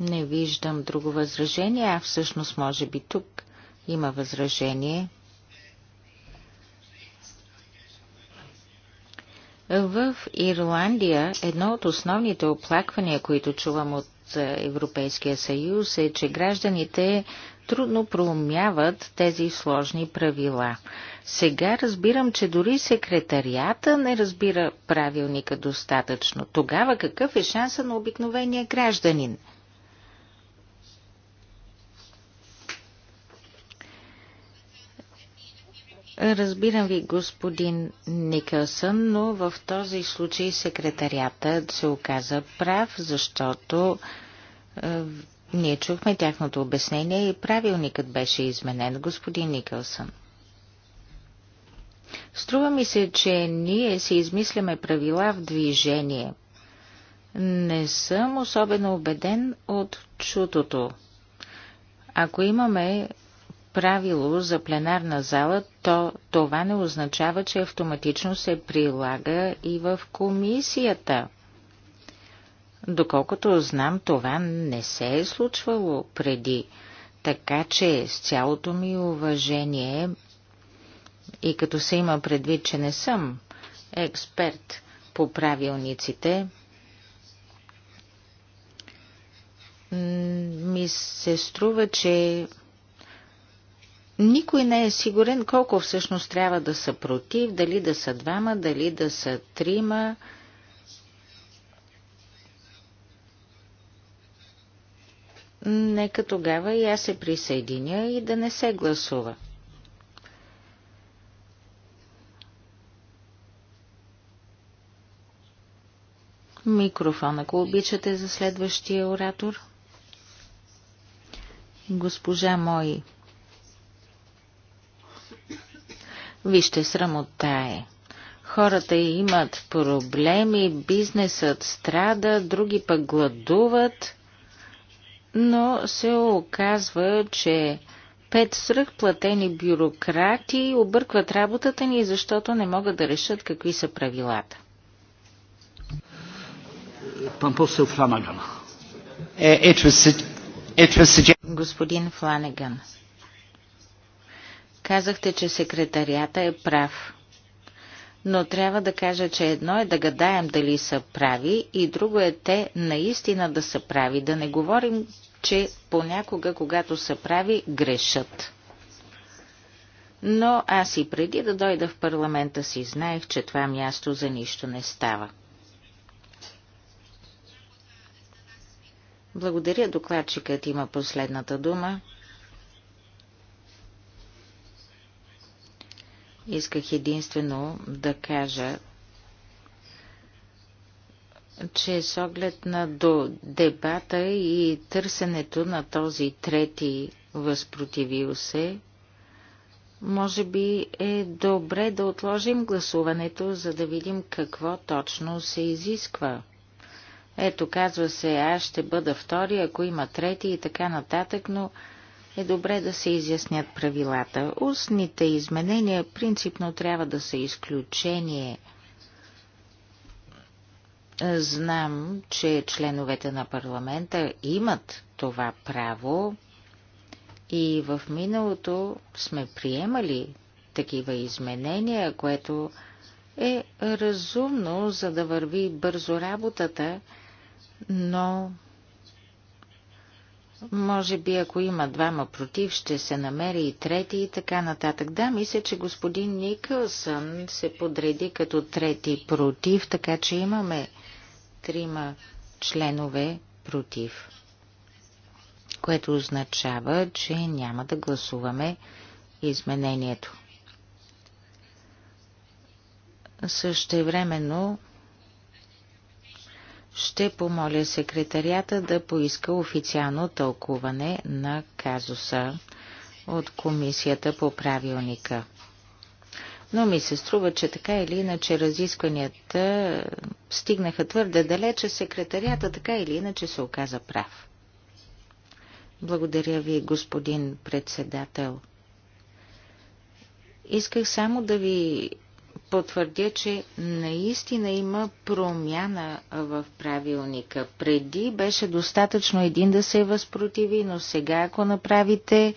Не виждам друго възражение, а всъщност може би тук има възражение – В Ирландия едно от основните оплаквания, които чувам от е, Европейския съюз е, че гражданите трудно проумяват тези сложни правила. Сега разбирам, че дори секретарията не разбира правилника достатъчно. Тогава какъв е шанса на обикновения гражданин? Разбирам ви, господин Никълсън, но в този случай секретарята се оказа прав, защото е, ние чухме тяхното обяснение и правилникът беше изменен, господин Никълсън. Струва ми се, че ние си измисляме правила в движение. Не съм особено убеден от чутото. Ако имаме правило за пленарна зала, то това не означава, че автоматично се прилага и в комисията. Доколкото знам, това не се е случвало преди. Така че, с цялото ми уважение, и като се има предвид, че не съм експерт по правилниците, ми се струва, че никой не е сигурен колко всъщност трябва да са против, дали да са двама, дали да са трима. Нека тогава и аз се присъединя и да не се гласува. Микрофон, ако обичате за следващия оратор. Госпожа Мои. Вижте, срамота е. Хората имат проблеми, бизнесът страда, други пък гладуват, но се оказва, че пет платени бюрократи объркват работата ни, защото не могат да решат какви са правилата. Е, е, е, Господин Фланеган. Казахте, че секретарията е прав. Но трябва да кажа, че едно е да гадаем дали са прави и друго е те наистина да са прави. Да не говорим, че понякога, когато са прави, грешат. Но аз и преди да дойда в парламента си знаех, че това място за нищо не става. Благодаря, докладчикът има последната дума. Исках единствено да кажа, че с оглед на до дебата и търсенето на този трети възпротивил се, може би е добре да отложим гласуването, за да видим какво точно се изисква. Ето, казва се, аз ще бъда втори, ако има трети и така нататък, но е добре да се изяснят правилата. Устните изменения принципно трябва да са изключение. Знам, че членовете на парламента имат това право и в миналото сме приемали такива изменения, което е разумно, за да върви бързо работата, но може би, ако има двама против, ще се намери и трети и така нататък. Да, мисля, че господин Никълсън се подреди като трети против, така че имаме трима членове против, което означава, че няма да гласуваме изменението. Същевременно времено ще помоля секретарията да поиска официално тълкуване на казуса от комисията по правилника. Но ми се струва, че така или иначе разискванията стигнаха твърде далече, секретарията така или иначе се оказа прав. Благодаря ви, господин председател. Исках само да ви потвърдя, че наистина има промяна в правилника. Преди беше достатъчно един да се възпротиви, но сега ако направите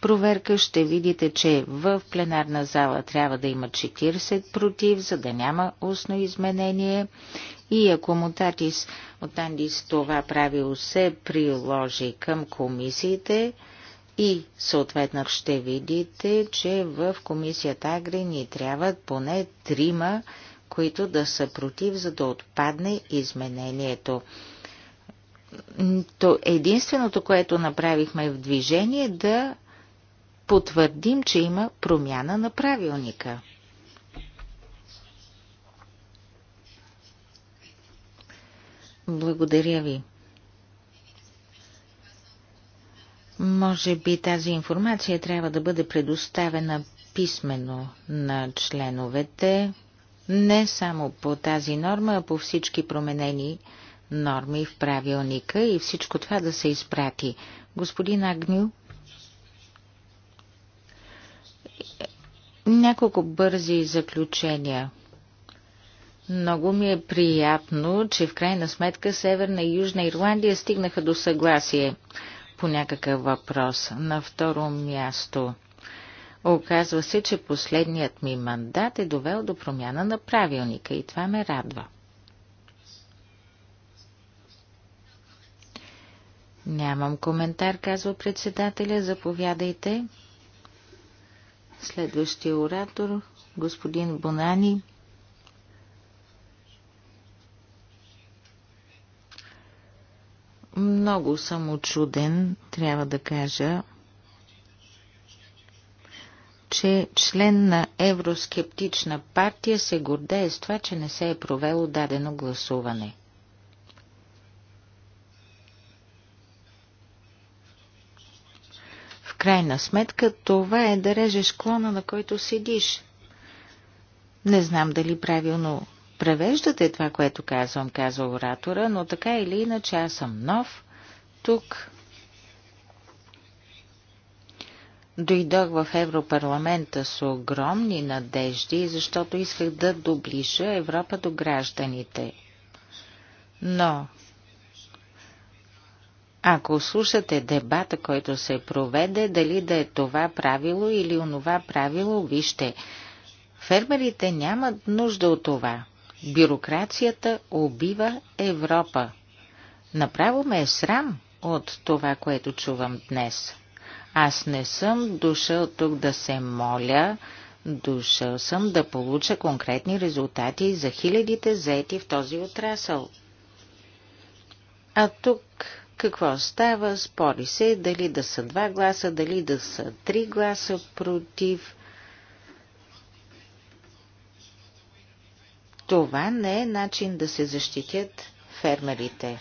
проверка, ще видите, че в пленарна зала трябва да има 40 против, за да няма устно изменение. И ако мутатис от Андис това правило се приложи към комисиите, и съответно ще видите, че в комисията Агри ни трябват поне трима, които да са против, за да отпадне изменението. То единственото, което направихме в движение, е да потвърдим, че има промяна на правилника. Благодаря ви. Може би тази информация трябва да бъде предоставена писменно на членовете, не само по тази норма, а по всички променени норми в правилника и всичко това да се изпрати. Господин Агню, няколко бързи заключения. Много ми е приятно, че в крайна сметка Северна и Южна Ирландия стигнаха до съгласие по някакъв въпрос. На второ място. Оказва се, че последният ми мандат е довел до промяна на правилника и това ме радва. Нямам коментар, казва председателя. Заповядайте. Следващия оратор, господин Бонани. Много съм очуден, трябва да кажа, че член на евроскептична партия се гордее с това, че не се е провело дадено гласуване. В крайна сметка това е да режеш клона, на който седиш. Не знам дали правилно превеждате това, което казвам, каза оратора, но така или иначе аз съм нов тук. Дойдох в Европарламента с огромни надежди, защото исках да доближа Европа до гражданите. Но, ако слушате дебата, който се проведе, дали да е това правило или онова правило, вижте, фермерите нямат нужда от това. Бюрокрацията убива Европа. Направо ме е срам от това, което чувам днес. Аз не съм дошъл тук да се моля, дошъл съм да получа конкретни резултати за хилядите заети в този отрасъл. А тук какво става? Спори се дали да са два гласа, дали да са три гласа против. Това не е начин да се защитят фермерите.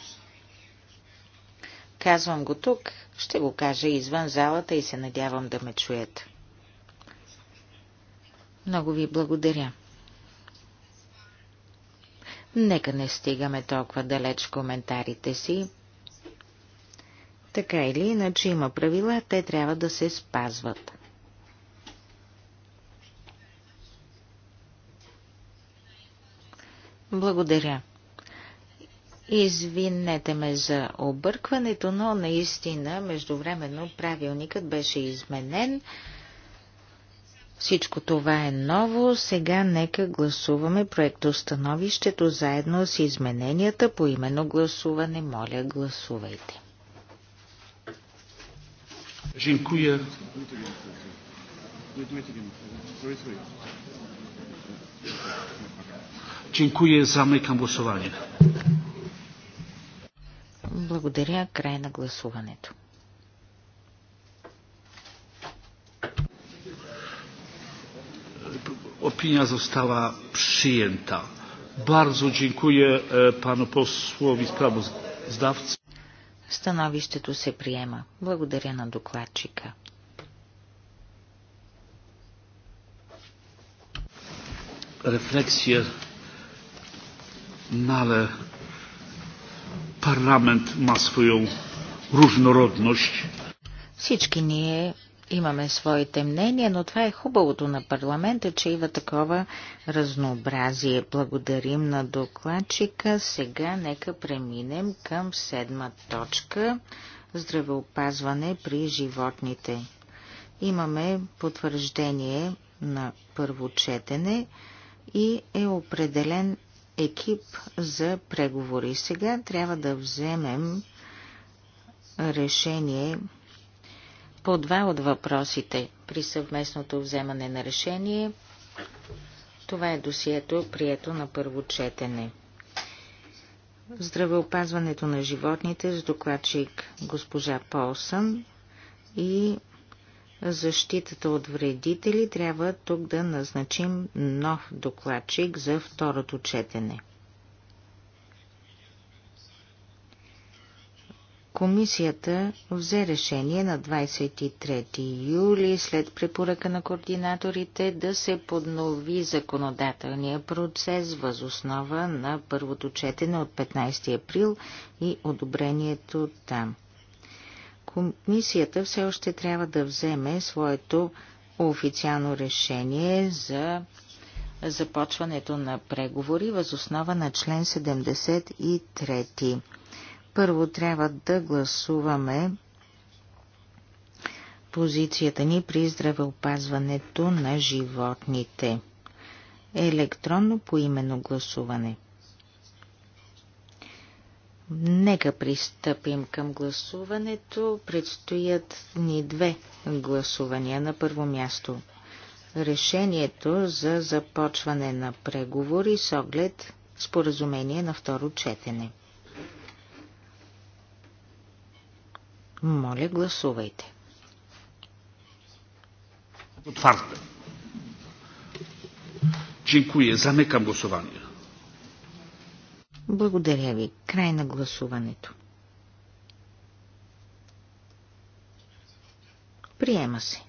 Казвам го тук, ще го кажа извън залата и се надявам да ме чуят. Много ви благодаря. Нека не стигаме толкова далеч коментарите си. Така или иначе има правила, те трябва да се спазват. Благодаря. Извинете ме за объркването, но наистина междувременно правилникът беше изменен. Всичко това е ново. Сега нека гласуваме проектостановището заедно с измененията по именно гласуване. Моля, гласувайте. Dziękuję. Do it Dziękuję. Zamykam głosowanie. Благодаря. Край на гласуването. Opinia została przyjęta. Bardzo dziękuję panu posłowi sprawozdawcy. Становището се приема. Благодаря на докладчика. Рефлексия No ale parlament ma swoją różnorodność. Всички ние имаме своите мнения, но това е хубавото на парламента, че има такова разнообразие. Благодарим на докладчика. Сега нека преминем към седма точка – здравеопазване при животните. Имаме потвърждение на първо четене и е определен екип за преговори. Сега трябва да вземем решение по два от въпросите при съвместното вземане на решение. Това е досието, прието на първо четене. Здравеопазването на животните с докладчик госпожа Полсън и защитата от вредители, трябва тук да назначим нов докладчик за второто четене. Комисията взе решение на 23 юли след препоръка на координаторите да се поднови законодателния процес възоснова на първото четене от 15 април и одобрението там. Комисията все още трябва да вземе своето официално решение за започването на преговори възоснова на член 73. Първо трябва да гласуваме позицията ни при здравеопазването на животните. Електронно поименно гласуване – Нека пристъпим към гласуването. Предстоят ни две гласувания. На първо място решението за започване на преговори с оглед споразумение на второ четене. Моля, гласувайте. Отварте. Dziękuję. Zamykam głosowanie. Благодаря ви. Край на гласуването. Приема се.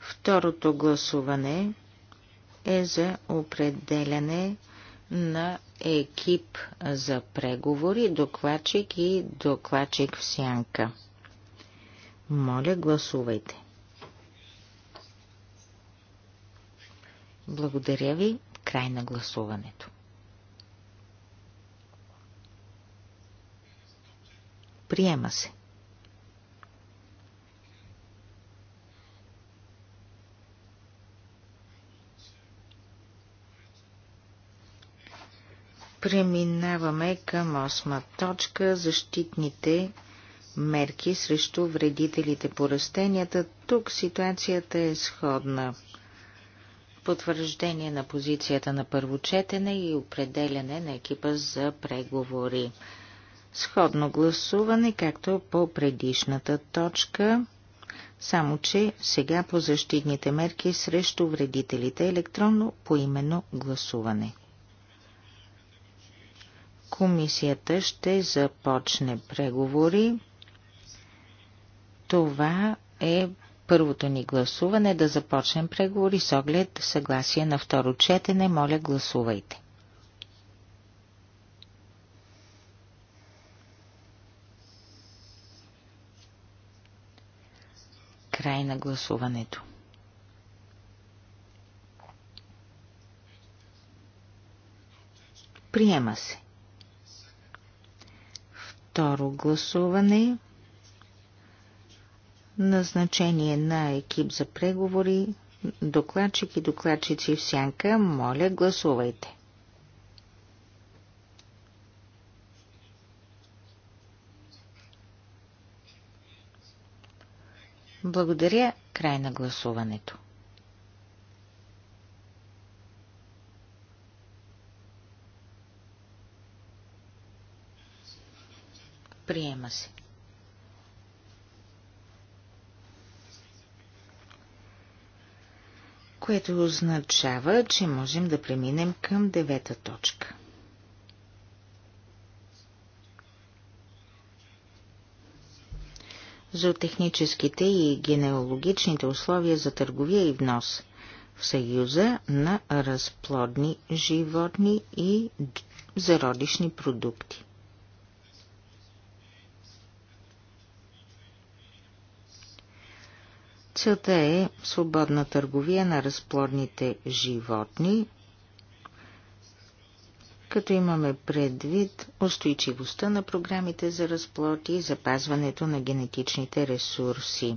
Второто гласуване е за определяне на екип за преговори, докладчик и докладчик в сянка. Моля, гласувайте. Благодаря ви. Край на гласуването. Приема се. Преминаваме към осма точка – защитните мерки срещу вредителите по растенията. Тук ситуацията е сходна. Потвърждение на позицията на първо четене и определяне на екипа за преговори. Сходно гласуване, както по предишната точка, само че сега по защитните мерки срещу вредителите електронно поименно гласуване. Комисията ще започне преговори. Това е първото ни гласуване да започнем преговори с оглед съгласие на второ четене. Моля, гласувайте. Край на гласуването. Приема се. Второ гласуване. Назначение на екип за преговори. Докладчик и докладчици в сянка, моля гласувайте. Благодаря. Край на гласуването. Приема се. Което означава, че можем да преминем към девета точка. зоотехническите и генеалогичните условия за търговия и внос в Съюза на разплодни животни и зародишни продукти. Целта е свободна търговия на разплодните животни като имаме предвид устойчивостта на програмите за разплод и запазването на генетичните ресурси.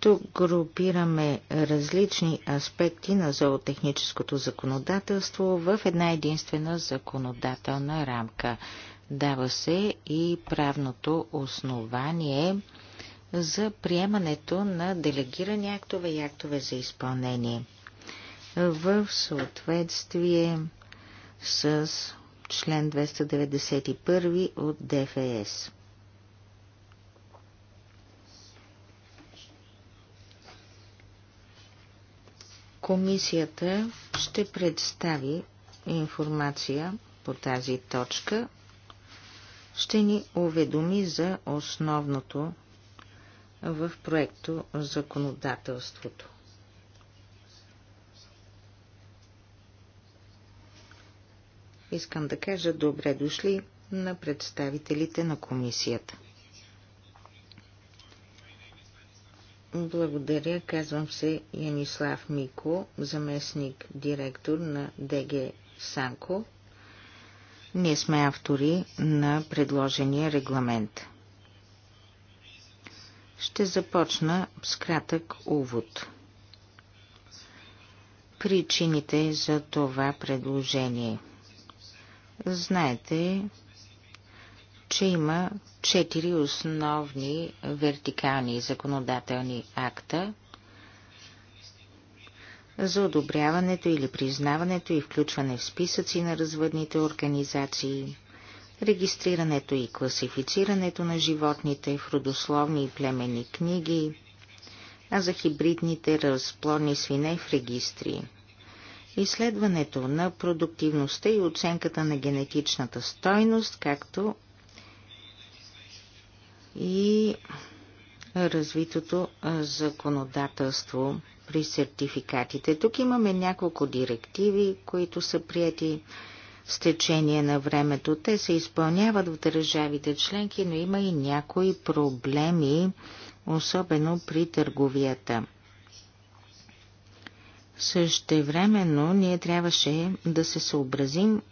Тук групираме различни аспекти на зоотехническото законодателство в една единствена законодателна рамка. Дава се и правното основание за приемането на делегирани актове и актове за изпълнение в съответствие с член 291 от ДФС. Комисията ще представи информация по тази точка, ще ни уведоми за основното в проекто законодателството. Искам да кажа добре дошли на представителите на комисията. Благодаря, казвам се Янислав Мико, заместник директор на ДГ Санко. Ние сме автори на предложения регламент. Ще започна с кратък увод. Причините за това предложение – Знаете, че има четири основни вертикални законодателни акта за одобряването или признаването и включване в списъци на развъдните организации, регистрирането и класифицирането на животните в родословни и племени книги, а за хибридните разплодни свине в регистри – изследването на продуктивността и оценката на генетичната стойност, както и развитото законодателство при сертификатите. Тук имаме няколко директиви, които са прияти с течение на времето. Те се изпълняват в държавите членки, но има и някои проблеми, особено при търговията. Същевременно ние трябваше да се съобразим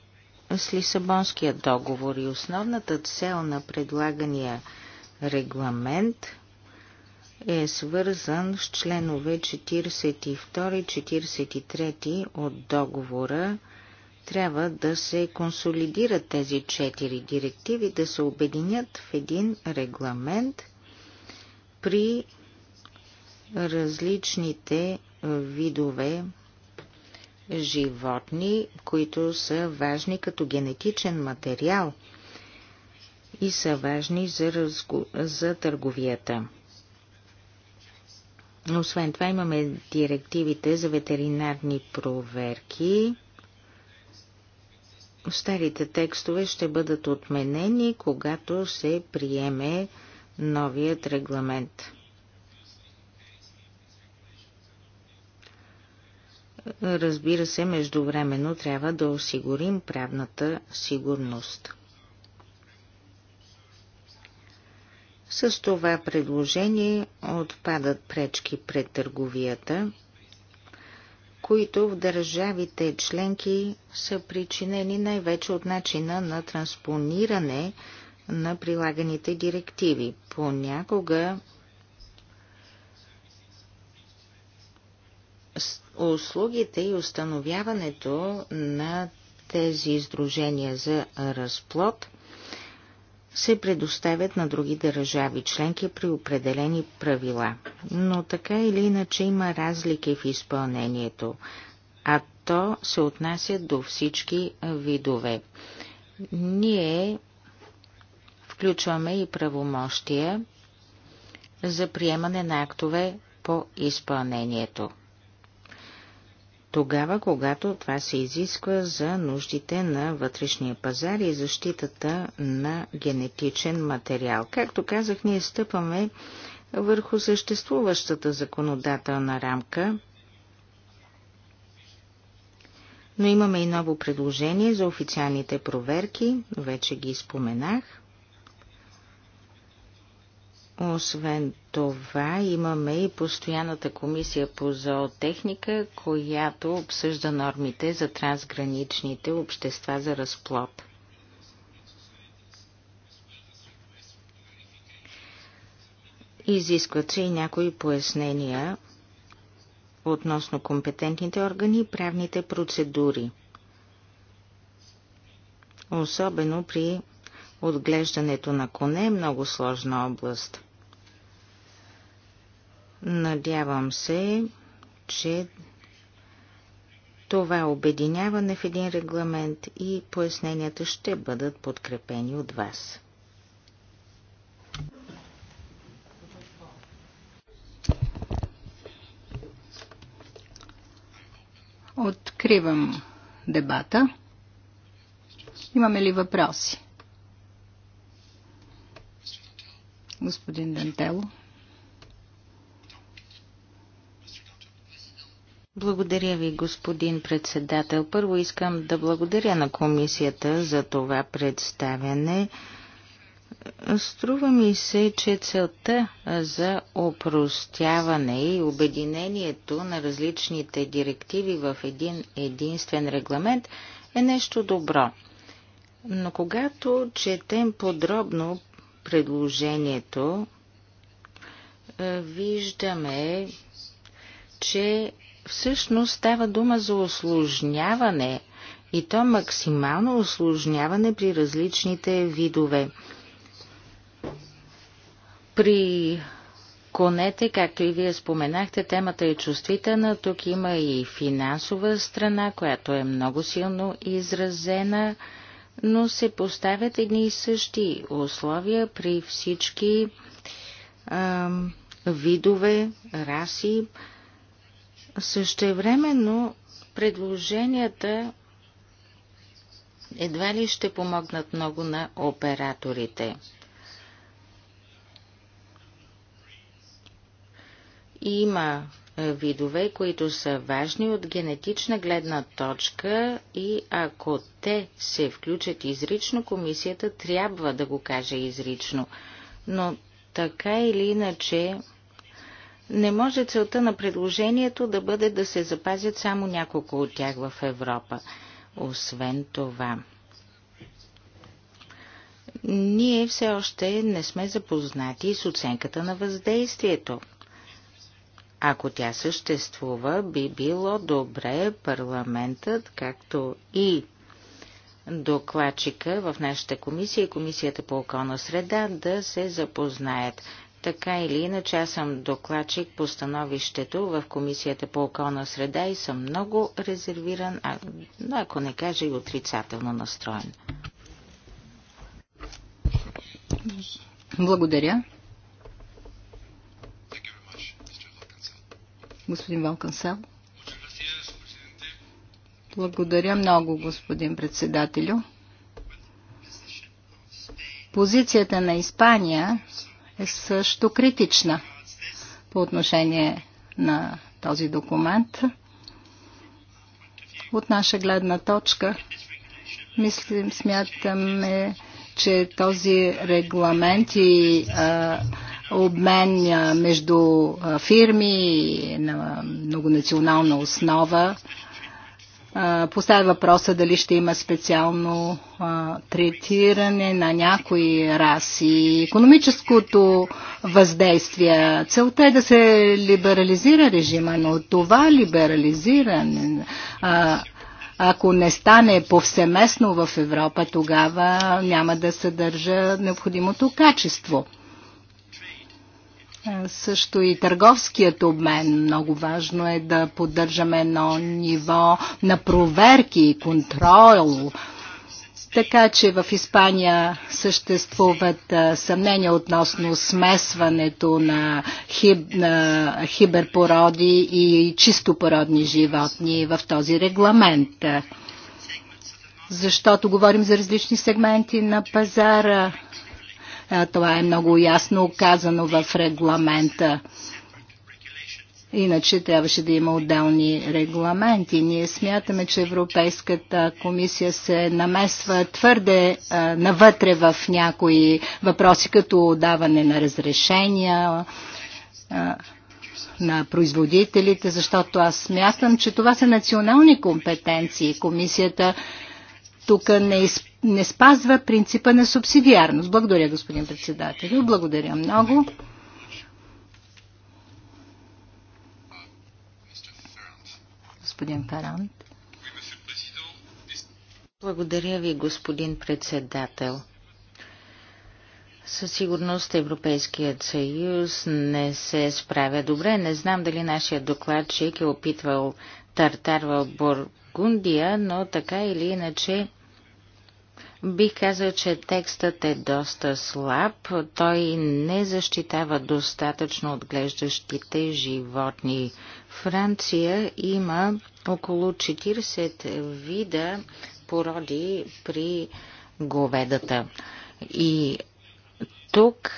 с Лисабонския договор и основната цел на предлагания регламент е свързан с членове 42 43 от договора. Трябва да се консолидират тези четири директиви, да се обединят в един регламент при различните видове животни, които са важни като генетичен материал и са важни за, разго... за търговията. Освен това имаме директивите за ветеринарни проверки. Старите текстове ще бъдат отменени, когато се приеме новият регламент. Разбира се, междувременно трябва да осигурим правната сигурност. С това предложение отпадат пречки пред търговията, които в държавите членки са причинени най-вече от начина на транспониране на прилаганите директиви. Понякога услугите и установяването на тези издружения за разплод се предоставят на други държави членки при определени правила. Но така или иначе има разлики в изпълнението, а то се отнася до всички видове. Ние включваме и правомощия за приемане на актове по изпълнението тогава, когато това се изисква за нуждите на вътрешния пазар и защитата на генетичен материал. Както казах, ние стъпаме върху съществуващата законодателна рамка, но имаме и ново предложение за официалните проверки, вече ги споменах. Освен това, имаме и постоянната комисия по зоотехника, която обсъжда нормите за трансграничните общества за разплод. Изискват се и някои пояснения относно компетентните органи и правните процедури. Особено при отглеждането на коне е много сложна област – Надявам се, че това обединяване в един регламент и поясненията ще бъдат подкрепени от вас. Откривам дебата. Имаме ли въпроси? Господин Дантело. Благодаря ви, господин председател. Първо искам да благодаря на комисията за това представяне. Струва ми се, че целта за опростяване и обединението на различните директиви в един единствен регламент е нещо добро. Но когато четем подробно предложението, виждаме, че всъщност става дума за осложняване и то максимално осложняване при различните видове. При конете, както и вие споменахте, темата е чувствителна. Тук има и финансова страна, която е много силно изразена, но се поставят едни и същи условия при всички ам, видове, раси, също времено предложенията едва ли ще помогнат много на операторите. Има видове, които са важни от генетична гледна точка и ако те се включат изрично, комисията трябва да го каже изрично. Но така или иначе, не може целта на предложението да бъде да се запазят само няколко от тях в Европа. Освен това, ние все още не сме запознати с оценката на въздействието. Ако тя съществува, би било добре парламентът, както и докладчика в нашата комисия и комисията по околна среда да се запознаят. Така или иначе, аз съм докладчик по становището в Комисията по околна среда и съм много резервиран, а, но ако не кажа и отрицателно настроен. Благодаря. Господин Валкансел. Благодаря много, господин председателю. Позицията на Испания е също критична по отношение на този документ. От наша гледна точка, мислим, смятаме, че този регламент и а, обмен между фирми на многонационална основа поставя въпроса дали ще има специално а, третиране на някои раси. Економическото въздействие. Целта е да се либерализира режима, но това либерализиране, а, ако не стане повсеместно в Европа, тогава няма да съдържа необходимото качество. Също и търговският обмен. Много важно е да поддържаме едно ниво на проверки и контрол. Така че в Испания съществуват съмнения относно смесването на, хиб, на хиберпороди и чистопородни животни в този регламент. Защото говорим за различни сегменти на пазара е, това е много ясно казано в регламента. Иначе трябваше да има отделни регламенти. Ние смятаме, че Европейската комисия се намесва твърде а, е, навътре в някои въпроси, като даване на разрешения а, е, на производителите, защото аз смятам, че това са национални компетенции. Комисията тук не, не спазва принципа на субсидиарност. Благодаря, господин председател. Благодаря много. Господин Парант. Благодаря ви, господин председател. Със сигурност Европейският съюз не се справя добре. Не знам дали нашия докладчик е опитвал тартар в Гундия, но така или иначе бих казал, че текстът е доста слаб. Той не защитава достатъчно отглеждащите животни. Франция има около 40 вида породи при говедата. И тук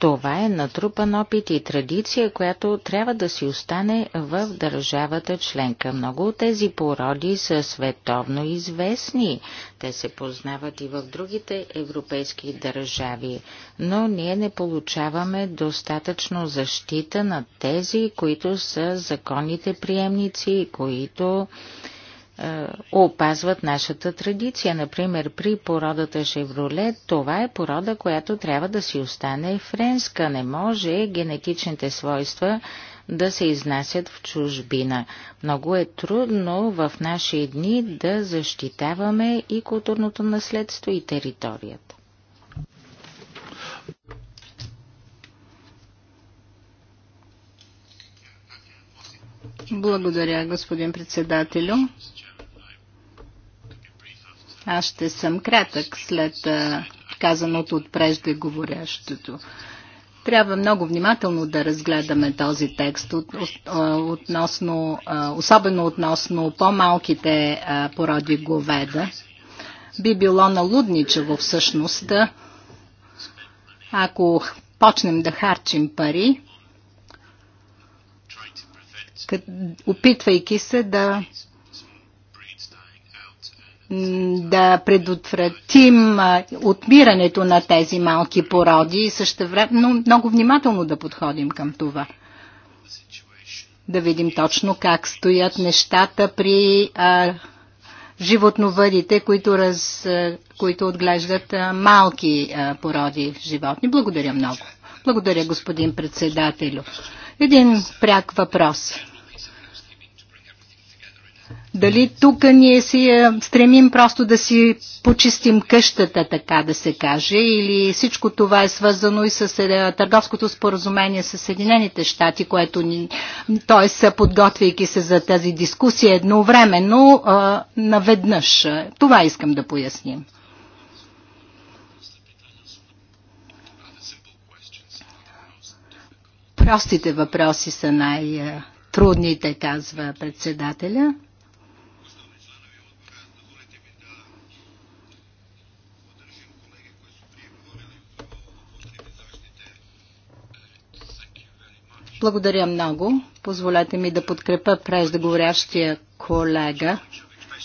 това е натрупан опит и традиция, която трябва да си остане в държавата членка. Много от тези породи са световно известни. Те се познават и в другите европейски държави, но ние не получаваме достатъчно защита на тези, които са законните приемници, които е, опазват нашата традиция. Например, при породата Шевроле, това е порода, която трябва да си остане френска. Не може генетичните свойства да се изнасят в чужбина. Много е трудно в наши дни да защитаваме и културното наследство и територията. Благодаря, господин председателю. Аз ще съм кратък след казаното от преждеговорящото. Трябва много внимателно да разгледаме този текст, от, от, относно, особено относно по-малките породи говеда. Би било налудничево всъщност, ако почнем да харчим пари, опитвайки се да да предотвратим отмирането на тези малки породи и също време, но много внимателно да подходим към това. Да видим точно как стоят нещата при а, животновъдите, които, раз, а, които отглеждат а, малки а, породи животни. Благодаря много. Благодаря, господин председателю. Един пряк въпрос дали тук ние си е, стремим просто да си почистим къщата, така да се каже, или всичко това е свързано и с е, търговското споразумение с Съединените щати, което ни, са подготвяйки се за тази дискусия едновременно, е, наведнъж. Това искам да поясним. Простите въпроси са най-трудните, казва председателя. Благодаря много. Позволете ми да подкрепа преждеговорящия колега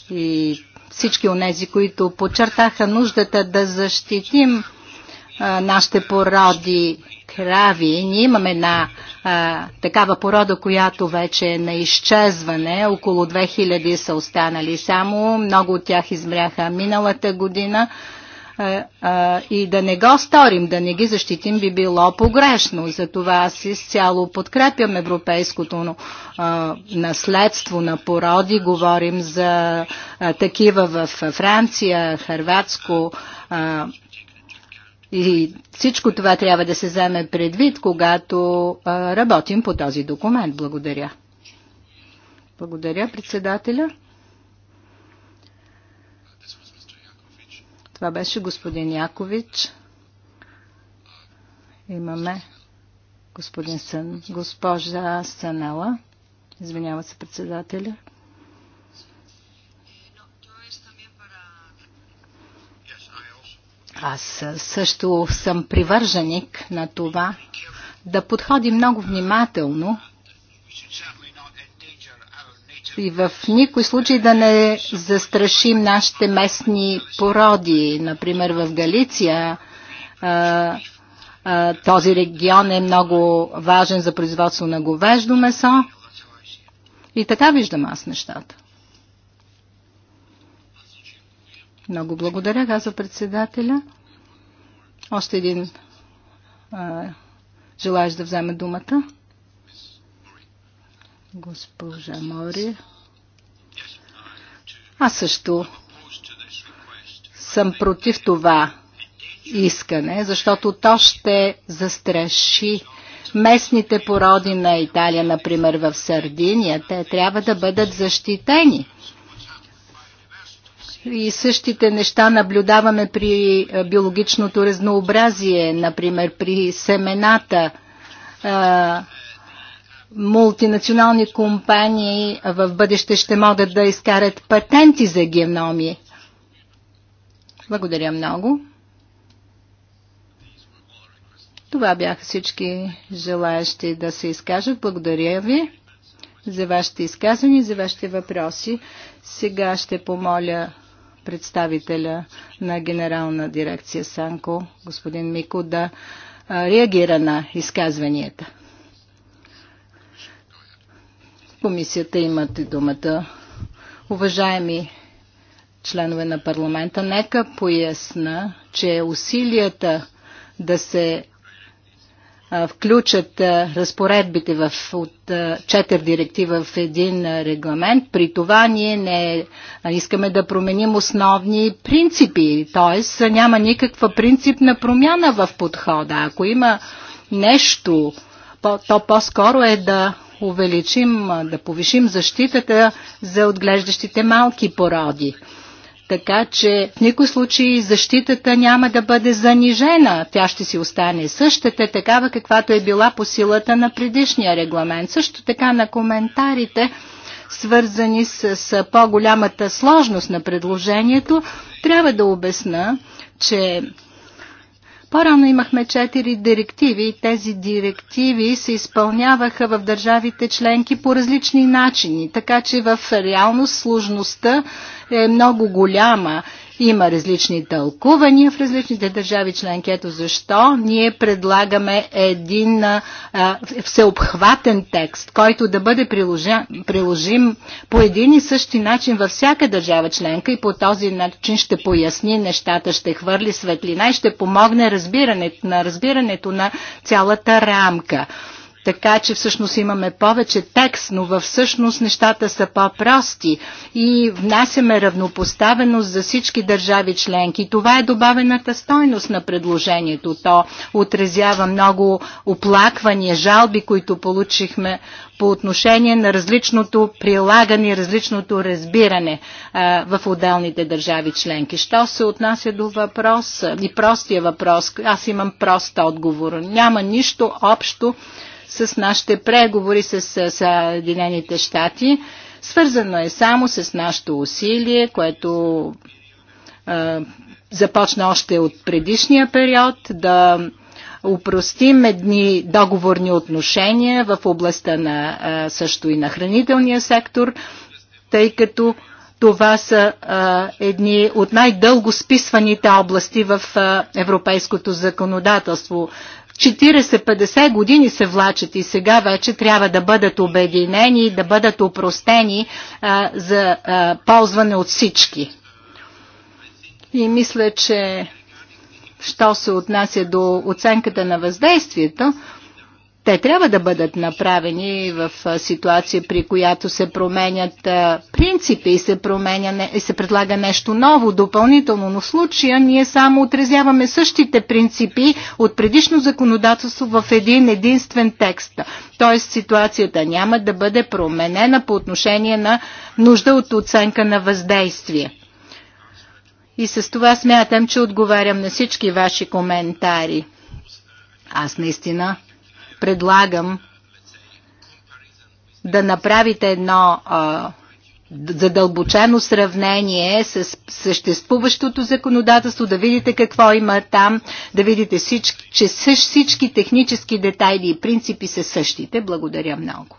и всички онези, които подчертаха нуждата да защитим а, нашите породи крави. Ние имаме една а, такава порода, която вече е на изчезване. Около 2000 са останали само. Много от тях измряха миналата година и да не го сторим, да не ги защитим, би било погрешно. Затова аз изцяло подкрепям европейското наследство на породи. Говорим за такива в Франция, Харватско, и всичко това трябва да се вземе предвид, когато а, работим по този документ. Благодаря. Благодаря, председателя. Това беше господин Якович. Имаме господин Сън, госпожа Санела. Извинява се председателя. Аз също съм привърженик на това да подходи много внимателно и в никой случай да не застрашим нашите местни породи. Например, в Галиция а, а, този регион е много важен за производство на говеждо месо. И така виждам аз нещата. Много благодаря, каза председателя. Още един а, желаеш да вземе думата госпожа Мори. Аз също съм против това искане, защото то ще застраши местните породи на Италия, например в Сардиния. Те трябва да бъдат защитени. И същите неща наблюдаваме при биологичното разнообразие, например при семената мултинационални компании в бъдеще ще могат да изкарат патенти за геноми. Благодаря много. Това бяха всички желаящи да се изкажат. Благодаря ви за вашите изказвания, за вашите въпроси. Сега ще помоля представителя на Генерална дирекция Санко, господин Мико, да реагира на изказванията. Комисията имате думата. Уважаеми членове на парламента, нека поясна, че усилията да се включат разпоредбите в, от четири директива в един регламент. При това ние не искаме да променим основни принципи, т.е. няма никаква принципна промяна в подхода. Ако има нещо, то по-скоро е да увеличим, да повишим защитата за отглеждащите малки породи. Така че в никой случай защитата няма да бъде занижена. Тя ще си остане същата, такава каквато е била по силата на предишния регламент. Също така на коментарите, свързани с, с по-голямата сложност на предложението, трябва да обясна, че по-рано имахме четири директиви и тези директиви се изпълняваха в държавите членки по различни начини, така че в реалност сложността е много голяма има различни тълкувания в различните държави членки. Ето защо ние предлагаме един а, всеобхватен текст, който да бъде приложен, приложим по един и същи начин във всяка държава членка и по този начин ще поясни нещата, ще хвърли светлина и ще помогне разбирането, на разбирането на цялата рамка така че всъщност имаме повече текст, но във всъщност нещата са по-прости и внасяме равнопоставеност за всички държави членки. Това е добавената стойност на предложението. То отразява много оплаквания, жалби, които получихме по отношение на различното прилагане, различното разбиране а, в отделните държави членки. Що се отнася до въпроса и простия въпрос, аз имам прост отговор. Няма нищо общо с нашите преговори с Съединените щати. Свързано е само с нашето усилие, което е, започна още от предишния период, да упростим едни договорни отношения в областта на е, също и на хранителния сектор, тъй като това са а, едни от най-дълго списваните области в а, европейското законодателство. 40-50 години се влачат и сега вече трябва да бъдат обединени, да бъдат упростени а, за а, ползване от всички. И мисля, че що се отнася до оценката на въздействието, те трябва да бъдат направени в ситуация, при която се променят принципи и се, променя, и се предлага нещо ново, допълнително, но в случая ние само отрезяваме същите принципи от предишно законодателство в един единствен текст. Тоест ситуацията няма да бъде променена по отношение на нужда от оценка на въздействие. И с това смятам, че отговарям на всички ваши коментари. Аз наистина предлагам да направите едно а, задълбочено сравнение с съществуващото законодателство, да видите какво има там, да видите, всички, че всички технически детайли и принципи са същите. Благодаря много.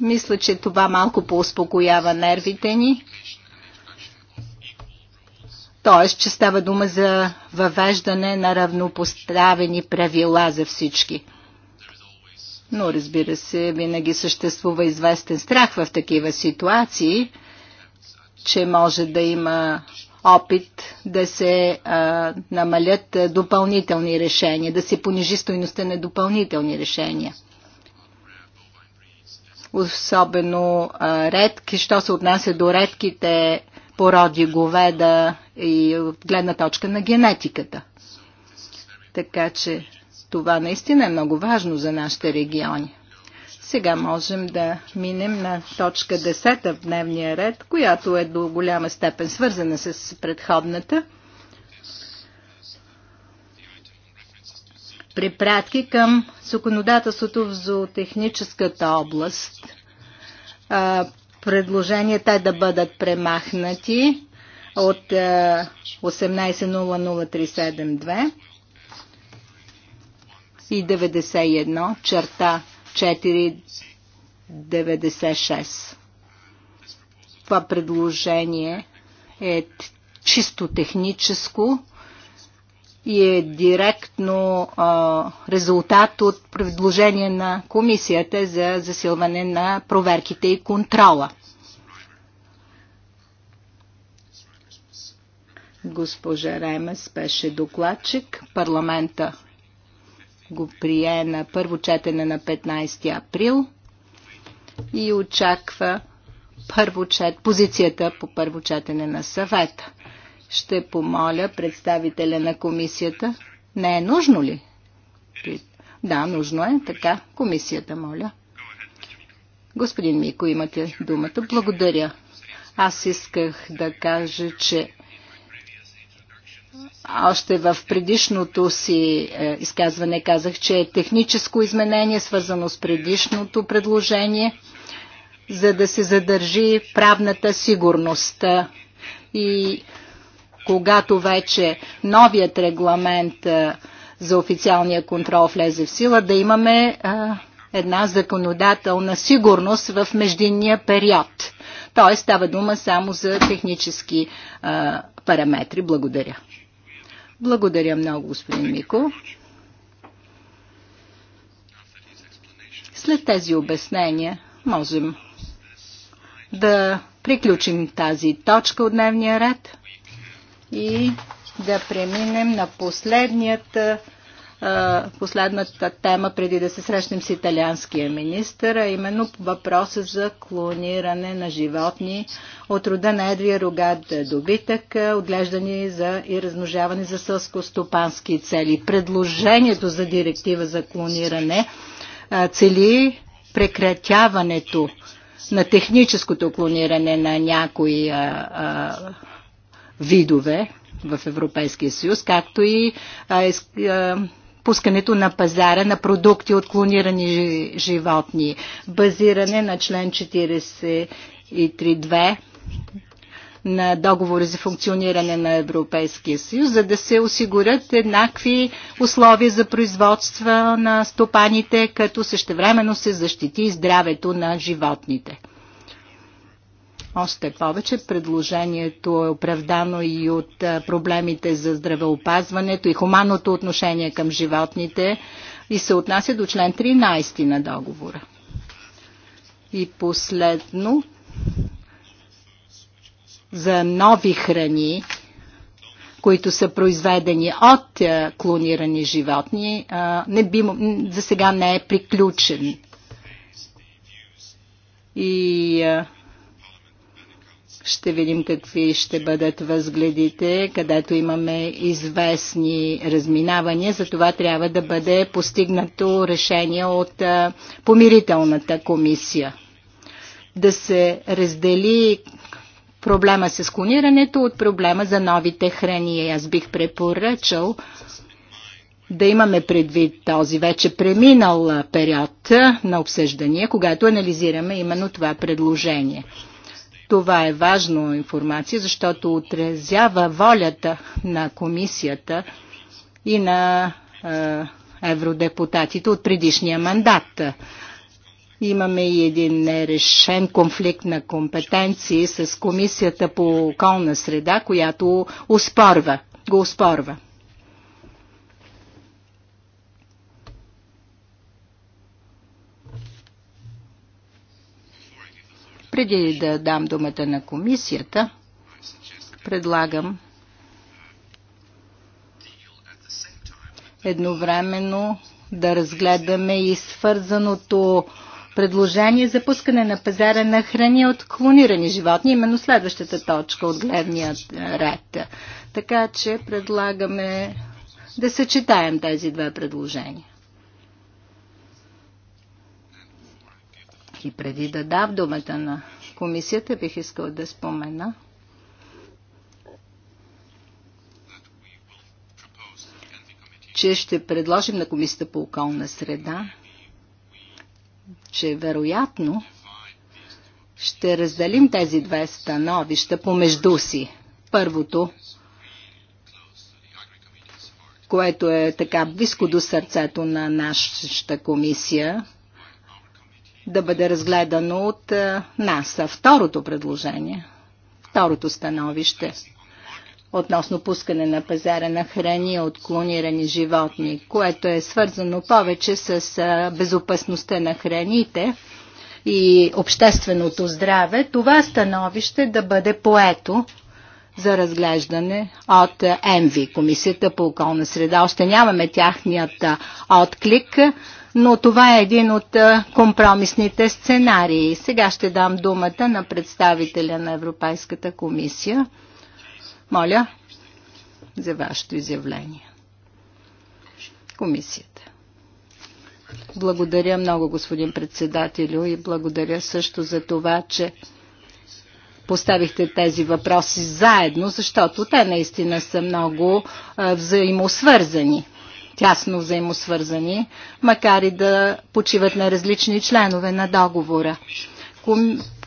Мисля, че това малко поуспокоява нервите ни т.е. че става дума за въвеждане на равнопоставени правила за всички. Но разбира се, винаги съществува известен страх в такива ситуации, че може да има опит да се а, намалят допълнителни решения, да се понижи стойността на допълнителни решения. Особено а, редки, що се отнася до редките породи говеда и от гледна точка на генетиката. Така че това наистина е много важно за нашите региони. Сега можем да минем на точка 10 в дневния ред, която е до голяма степен свързана с предходната. Препратки към законодателството в зоотехническата област – предложение те да бъдат премахнати от 18.00372 е, и 91 черта 496. Това предложение е чисто техническо и е директно а, резултат от предложение на комисията за засилване на проверките и контрола. Госпожа Ремес беше докладчик. Парламента го прие на първо четене на 15 април и очаква първо чет, позицията по първо четене на съвета. Ще помоля представителя на комисията. Не е нужно ли? Да, нужно е. Така, комисията, моля. Господин Мико, имате думата. Благодаря. Аз исках да кажа, че още в предишното си е, изказване казах, че е техническо изменение, свързано с предишното предложение, за да се задържи правната сигурност и когато вече новият регламент за официалния контрол влезе в сила, да имаме една законодателна сигурност в междинния период. Т.е. става дума само за технически параметри. Благодаря. Благодаря много, господин Мико. След тези обяснения можем да приключим тази точка от дневния ред и да преминем на последният, последната тема преди да се срещнем с италианския министър, а именно въпроса за клониране на животни от рода на Едвия рогат добитък, отглеждани за и размножаване за сълско-стопански цели. Предложението за директива за клониране цели прекратяването на техническото клониране на някои а, а, видове в Европейския съюз, както и пускането на пазара на продукти от клонирани животни, базиране на член 43.2 на договори за функциониране на Европейския съюз, за да се осигурят еднакви условия за производство на стопаните, като същевременно се защити здравето на животните. Още повече предложението е оправдано и от проблемите за здравеопазването и хуманното отношение към животните и се отнася до член 13 на договора. И последно, за нови храни, които са произведени от клонирани животни, не би, за сега не е приключен. И ще видим какви ще бъдат възгледите, където имаме известни разминавания. За това трябва да бъде постигнато решение от помирителната комисия. Да се раздели проблема с клонирането от проблема за новите храни. Аз бих препоръчал да имаме предвид този вече преминал период на обсъждания, когато анализираме именно това предложение. Това е важно информация, защото отразява волята на комисията и на е, евродепутатите от предишния мандат. Имаме и един нерешен конфликт на компетенции с Комисията по околна среда, която успорва, го успорва. Преди да дам думата на комисията, предлагам едновременно да разгледаме и свързаното предложение за пускане на пазара на храни от клонирани животни, именно следващата точка от гледния ред. Така че предлагаме да съчетаем тези две предложения. И Преди да дам думата на комисията, бих искал да спомена, че ще предложим на Комисията по околна среда, че вероятно ще разделим тези две становища помежду си. Първото, което е така близко до сърцето на нашата комисия, да бъде разгледано от е, нас. А второто предложение, второто становище относно пускане на пазара на храни от клонирани животни, което е свързано повече с е, безопасността на храните и общественото здраве, това становище да бъде поето за разглеждане от е, ЕМВИ, Комисията по околна среда. Още нямаме тяхният отклик но това е един от компромисните сценарии. Сега ще дам думата на представителя на Европейската комисия. Моля за вашето изявление. Комисията. Благодаря много, господин председателю, и благодаря също за това, че поставихте тези въпроси заедно, защото те наистина са много взаимосвързани тясно взаимосвързани, макар и да почиват на различни членове на договора.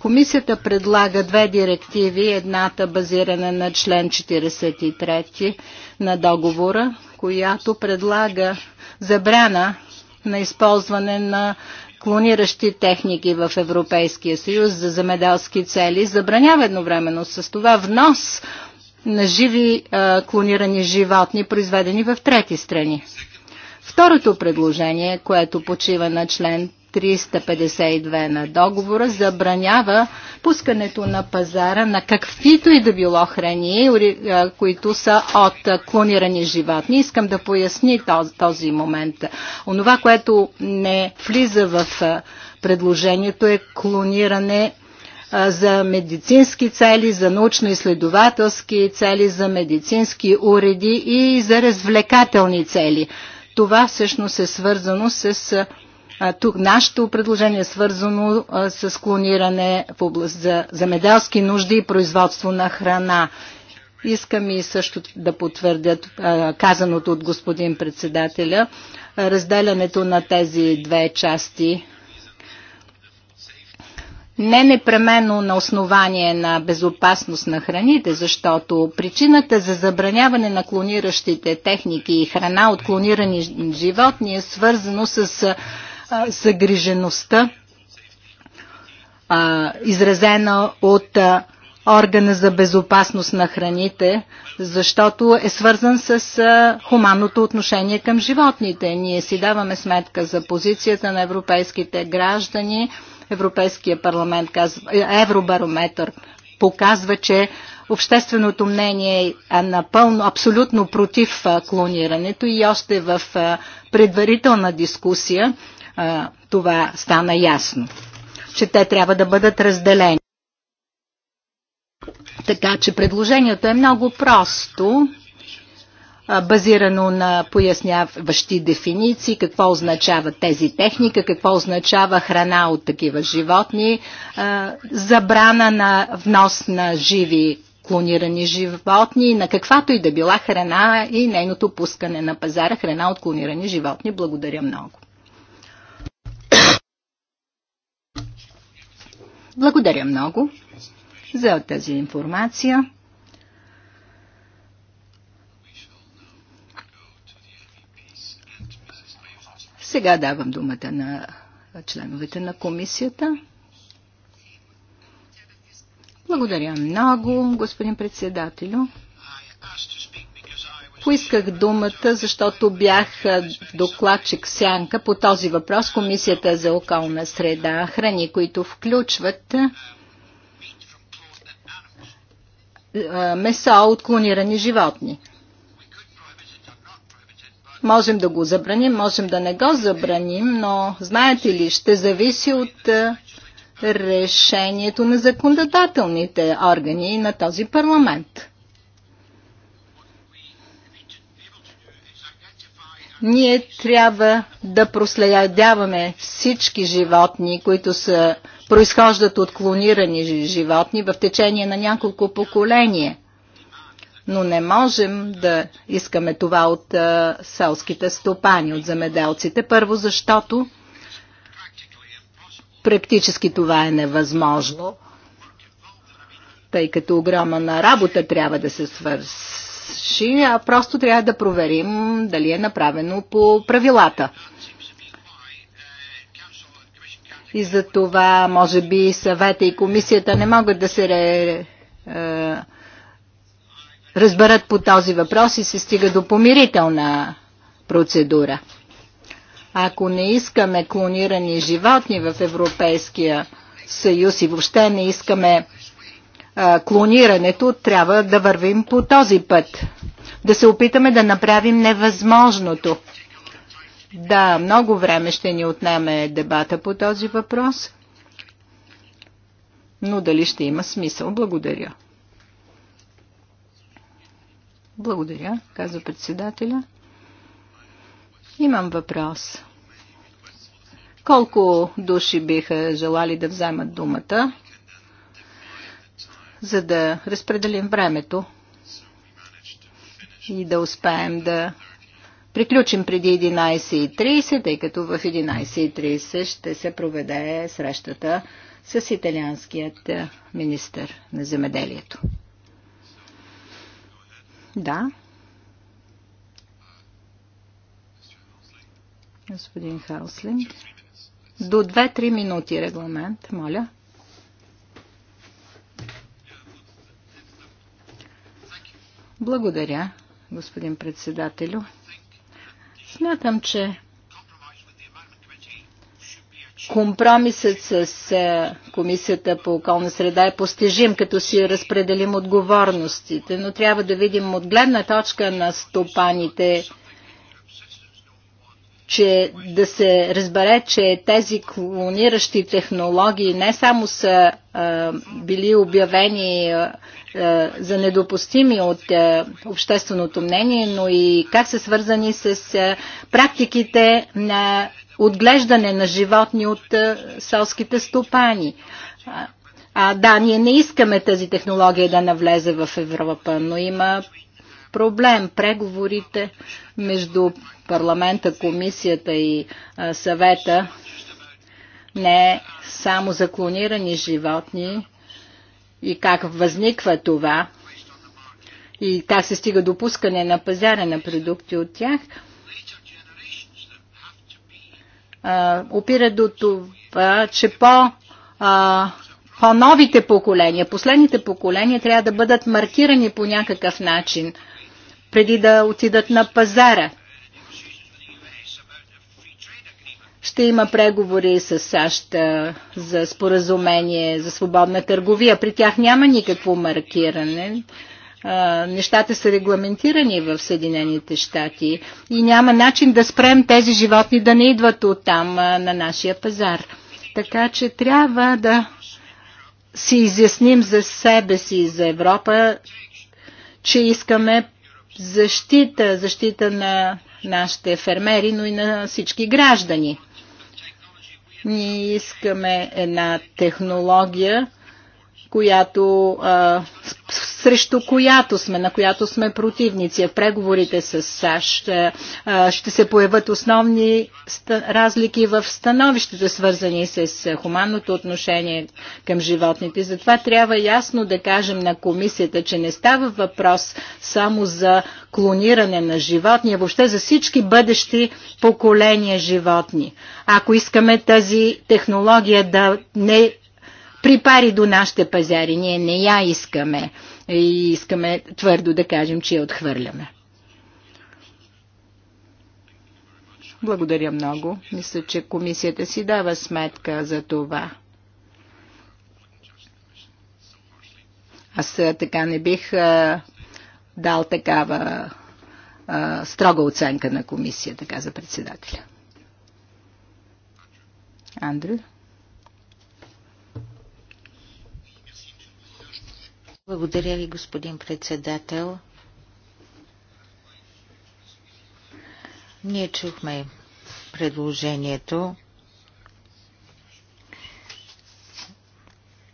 Комисията предлага две директиви, едната базирана на член 43 на договора, която предлага забрана на използване на клониращи техники в Европейския съюз за земеделски цели, забранява едновременно с това внос на живи а, клонирани животни, произведени в трети страни. Второто предложение, което почива на член 352 на договора, забранява пускането на пазара на каквито и да било храни, които са от клонирани животни. Искам да поясни този, този момент. Онова, което не влиза в предложението е клониране за медицински цели, за научно-изследователски цели, за медицински уреди и за развлекателни цели. Това всъщност е свързано с тук нашето предложение е свързано с клониране в област за замеделски нужди и производство на храна. Искам и също да потвърдят казаното от господин председателя. Разделянето на тези две части не непременно на основание на безопасност на храните, защото причината за забраняване на клониращите техники и храна от клонирани животни е свързано с загрижеността, изразена от органа за безопасност на храните, защото е свързан с хуманното отношение към животните. Ние си даваме сметка за позицията на европейските граждани – Европейския парламент, казва, е, Евробарометър показва, че общественото мнение е напълно, абсолютно против клонирането и още в предварителна дискусия това стана ясно, че те трябва да бъдат разделени. Така че предложението е много просто базирано на поясняващи дефиниции, какво означава тези техника, какво означава храна от такива животни, забрана на внос на живи клонирани животни, на каквато и да била храна и нейното пускане на пазара храна от клонирани животни. Благодаря много. Благодаря много за тази информация. Сега давам думата на членовете на комисията. Благодаря много, господин председателю. Поисках думата, защото бях докладчик Сянка по този въпрос. Комисията за околна среда, храни, които включват месо от клонирани животни. Можем да го забраним, можем да не го забраним, но знаете ли, ще зависи от е, решението на законодателните органи на този парламент. ние трябва да проследяваме всички животни, които са, произхождат от клонирани животни в течение на няколко поколения но не можем да искаме това от а, селските стопани, от замеделците. Първо, защото практически това е невъзможно, тъй като огромна работа трябва да се свърши, а просто трябва да проверим дали е направено по правилата. И за това, може би, съвета и комисията не могат да се ре, е, разберат по този въпрос и се стига до помирителна процедура. Ако не искаме клонирани животни в Европейския съюз и въобще не искаме а, клонирането, трябва да вървим по този път. Да се опитаме да направим невъзможното. Да, много време ще ни отнеме дебата по този въпрос, но дали ще има смисъл? Благодаря. Благодаря, каза председателя. Имам въпрос. Колко души биха желали да вземат думата, за да разпределим времето и да успеем да приключим преди 11.30, тъй като в 11.30 ще се проведе срещата с италианският министр на земеделието. Да. Господин Хауслинг. До 2-3 минути регламент, моля. Благодаря, господин председателю. Смятам, че компромисът с е, Комисията по околна среда е постижим, като си разпределим отговорностите, но трябва да видим от гледна точка на стопаните че да се разбере, че тези клониращи технологии не само са а, е, били обявени а, е, е, за недопустими от а, общественото мнение, но и как са свързани с а, практиките на отглеждане на животни от а, селските стопани. А, да, ние не искаме тази технология да навлезе в Европа, но има проблем. Преговорите между парламента, комисията и съвета не е само за клонирани животни и как възниква това и как се стига до пускане на пазара на продукти от тях, опира до това, че по по-новите поколения, последните поколения трябва да бъдат маркирани по някакъв начин преди да отидат на пазара. Ще има преговори с САЩ за споразумение за свободна търговия. При тях няма никакво маркиране нещата са регламентирани в Съединените щати и няма начин да спрем тези животни да не идват оттам на нашия пазар. Така че трябва да си изясним за себе си и за Европа, че искаме защита, защита на нашите фермери, но и на всички граждани. Ние искаме една технология, която а, срещу която сме, на която сме противници. В преговорите с САЩ ще се появят основни разлики в становищата, свързани с хуманното отношение към животните. Затова трябва ясно да кажем на комисията, че не става въпрос само за клониране на животни, а въобще за всички бъдещи поколения животни. Ако искаме тази технология да не припари до нашите пазари, ние не я искаме и искаме твърдо да кажем, че я отхвърляме. Благодаря много. Мисля, че комисията си дава сметка за това. Аз така не бих а, дал такава а, строга оценка на комисията, каза председателя. Андрю? Благодаря ви, господин председател. Ние чухме предложението.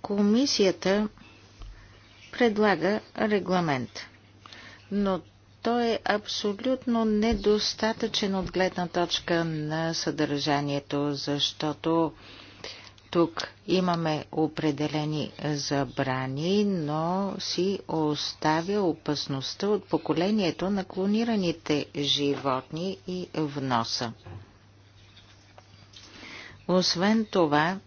Комисията предлага регламент, но той е абсолютно недостатъчен от гледна точка на съдържанието, защото тук имаме определени забрани, но си оставя опасността от поколението на клонираните животни и вноса. Освен това,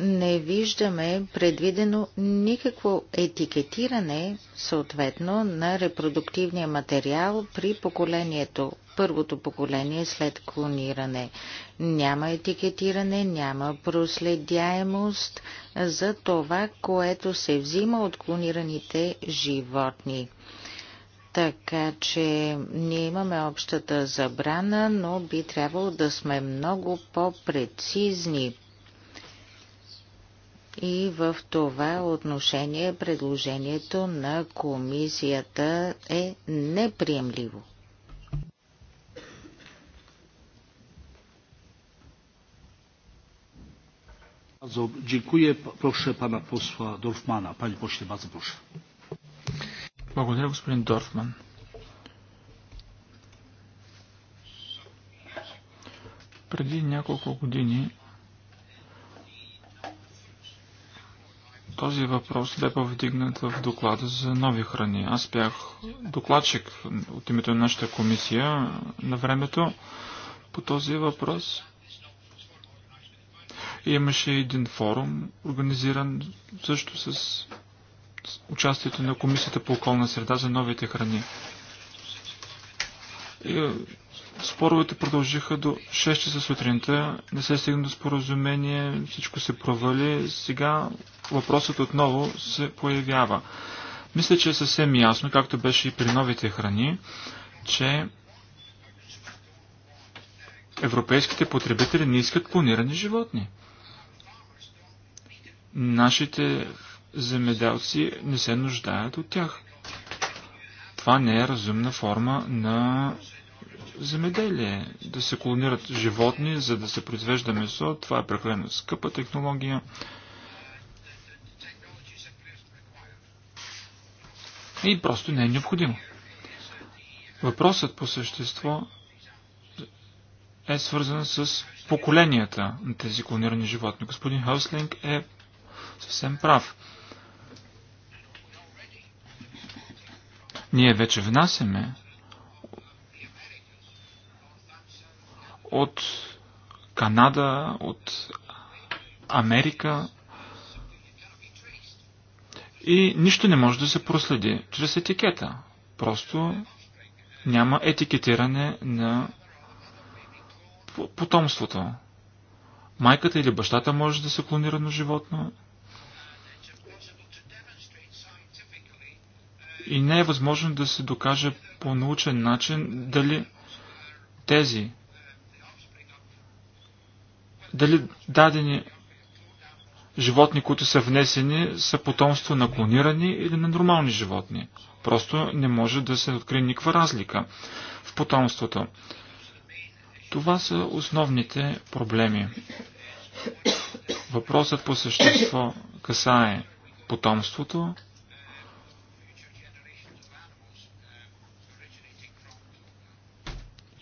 не виждаме предвидено никакво етикетиране, съответно, на репродуктивния материал при поколението, първото поколение след клониране. Няма етикетиране, няма проследяемост за това, което се взима от клонираните животни. Така че ние имаме общата забрана, но би трябвало да сме много по-прецизни и в това отношение предложението на комисията е неприемливо. Благодаря, господин Дорфман. Преди няколко години Този въпрос бе повдигнат в доклада за нови храни. Аз бях докладчик от името на нашата комисия на времето по този въпрос. И имаше един форум, организиран също с участието на Комисията по околна среда за новите храни. И Споровете продължиха до 6 часа сутринта, не се стигна до споразумение, всичко се провали. Сега въпросът отново се появява. Мисля, че е съвсем ясно, както беше и при новите храни, че европейските потребители не искат клонирани животни. Нашите земеделци не се нуждаят от тях. Това не е разумна форма на земеделие, да се клонират животни, за да се произвежда месо. Това е прекалено скъпа технология. И просто не е необходимо. Въпросът по същество е свързан с поколенията на тези клонирани животни. Господин Хълслинг е съвсем прав. Ние вече внасяме от Канада, от Америка и нищо не може да се проследи чрез етикета. Просто няма етикетиране на потомството. Майката или бащата може да се клонирано животно. И не е възможно да се докаже по научен начин дали тези дали дадени животни, които са внесени, са потомство на клонирани или на нормални животни. Просто не може да се открие никаква разлика в потомството. Това са основните проблеми. Въпросът по същество касае потомството,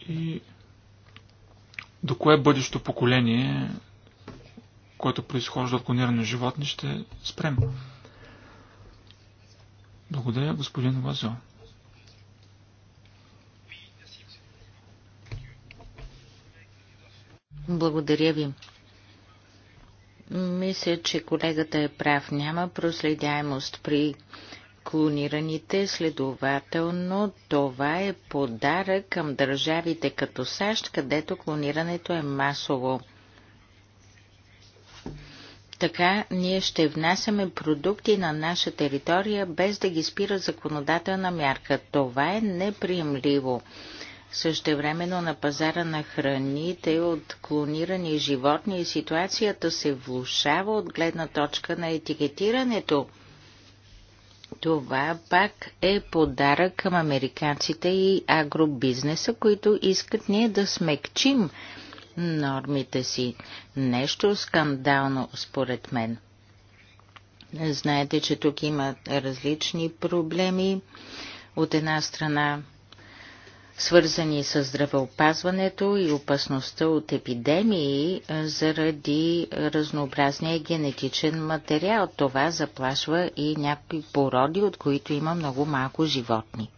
и до кое бъдещо поколение, което произхожда от клонирани животни, ще спрем. Благодаря, господин Вазо. Благодаря ви. Мисля, че колегата е прав. Няма проследяемост при клонираните, следователно това е подарък към държавите като САЩ, където клонирането е масово. Така ние ще внасяме продукти на наша територия, без да ги спира законодателна мярка. Това е неприемливо. Същевременно на пазара на храните от клонирани животни ситуацията се влушава от гледна точка на етикетирането – това пак е подарък към американците и агробизнеса, които искат ние да смекчим нормите си. Нещо скандално, според мен. Знаете, че тук има различни проблеми. От една страна свързани с здравеопазването и опасността от епидемии заради разнообразния генетичен материал. Това заплашва и някои породи, от които има много малко животни.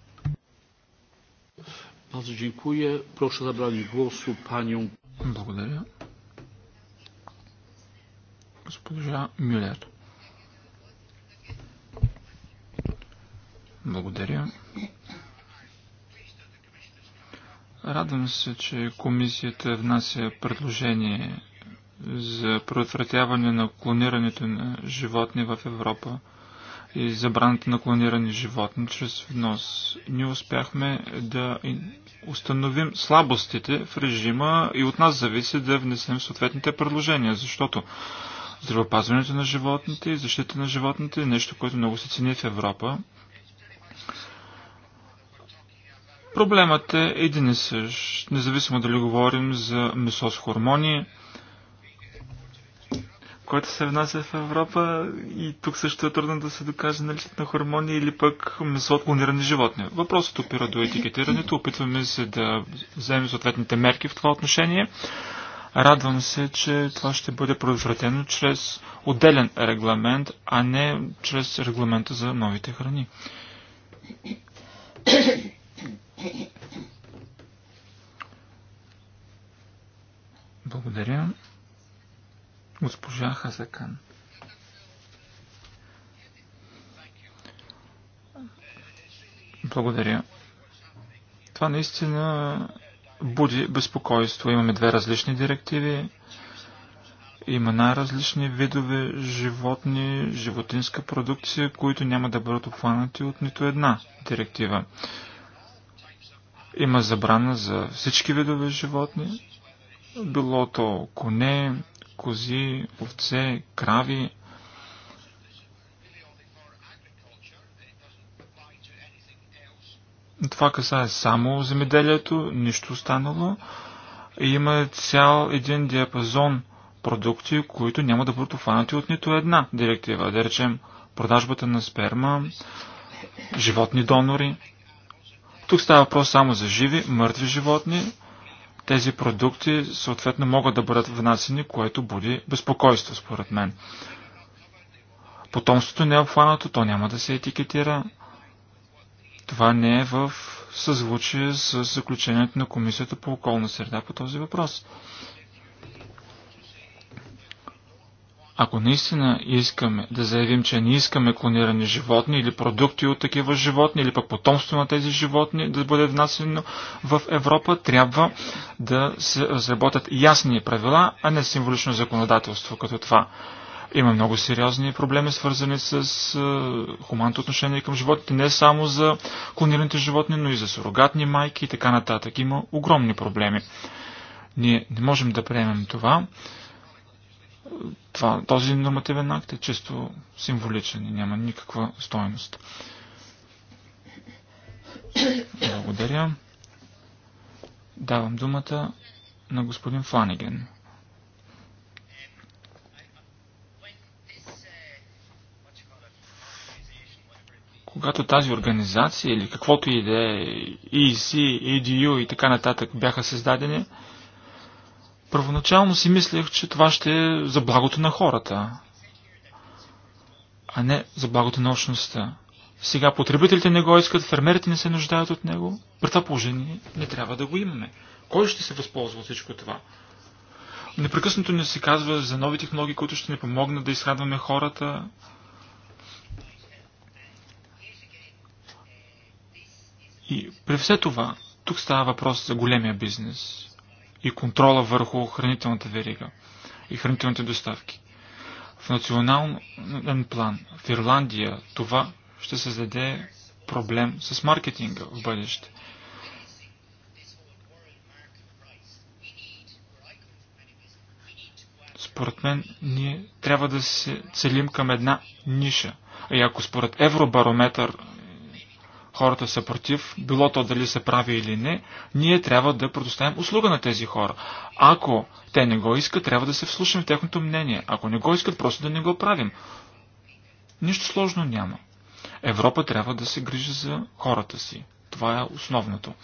Благодаря. Госпожа Мюлер. Благодаря. Радвам се, че комисията внася предложение за предотвратяване на клонирането на животни в Европа и забраната на клонирани животни чрез внос. Ние успяхме да установим слабостите в режима и от нас зависи да внесем съответните предложения, защото здравеопазването на животните и защита на животните е нещо, което много се цени в Европа. Проблемът е един и същ, независимо дали говорим за месо с хормони, което се внася в Европа и тук също е трудно да се докаже наличието на хормони или пък месо от клонирани животни. Въпросът опира до етикетирането, опитваме се да вземем съответните мерки в това отношение. Радвам се, че това ще бъде предотвратено чрез отделен регламент, а не чрез регламента за новите храни. Благодаря. Госпожа Хазакан. Благодаря. Това наистина буди безпокойство. Имаме две различни директиви. Има най-различни видове животни, животинска продукция, които няма да бъдат обхванати от нито една директива. Има забрана за всички видове животни, било то коне, кози, овце, крави. Това касае само земеделието, нищо останало. И има цял един диапазон продукти, които няма да бъдат обхванати от нито една директива. Да речем продажбата на сперма, животни донори. Тук става въпрос само за живи, мъртви животни. Тези продукти съответно могат да бъдат внасени, което буди безпокойство, според мен. Потомството не е обхванато, то няма да се етикетира. Това не е в съзвучие с заключението на Комисията по околна среда по този въпрос. Ако наистина искаме да заявим, че не искаме клонирани животни или продукти от такива животни, или пък потомство на тези животни да бъде внасено в Европа, трябва да се разработят ясни правила, а не символично законодателство като това. Има много сериозни проблеми, свързани с е, хуманното отношение към животните, не само за клонираните животни, но и за сурогатни майки и така нататък. Има огромни проблеми. Ние не можем да приемем това това, този нормативен акт е чисто символичен и няма никаква стоеност. Благодаря. Давам думата на господин Фаниген. Когато тази организация или каквото и да е, EC, EDU и така нататък бяха създадени, Първоначално си мислех, че това ще е за благото на хората, а не за благото на общността. Сега потребителите не го искат, фермерите не се нуждаят от него. При това положение не трябва да го имаме. Кой ще се възползва от всичко това? Непрекъснато ни се казва за нови технологии, които ще ни помогнат да изхранваме хората. И при все това, тук става въпрос за големия бизнес и контрола върху хранителната верига и хранителните доставки. В национален план в Ирландия това ще създаде проблем с маркетинга в бъдеще. Според мен ние трябва да се целим към една ниша. И ако според Евробарометър хората са против, било то дали се прави или не, ние трябва да предоставим услуга на тези хора. Ако те не го искат, трябва да се вслушаме в тяхното мнение. Ако не го искат, просто да не го правим. Нищо сложно няма. Европа трябва да се грижи за хората си. Това е основното.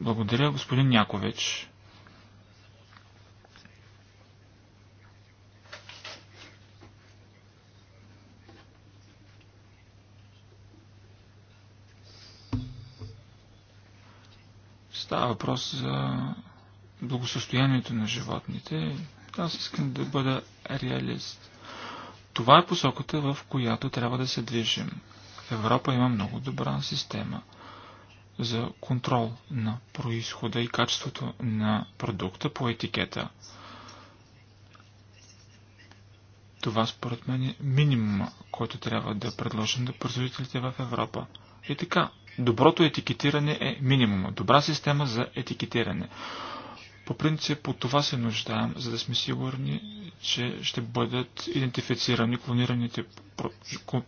Благодаря, господин Някович. Става въпрос за благосостоянието на животните. Аз искам да бъда реалист. Това е посоката, в която трябва да се движим. В Европа има много добра система за контрол на происхода и качеството на продукта по етикета. Това според мен е минимума, който трябва да предложим на да производителите в Европа. И така, Доброто етикетиране е минимума. Добра система за етикетиране. По принцип от това се нуждаем, за да сме сигурни, че ще бъдат идентифицирани клонираните,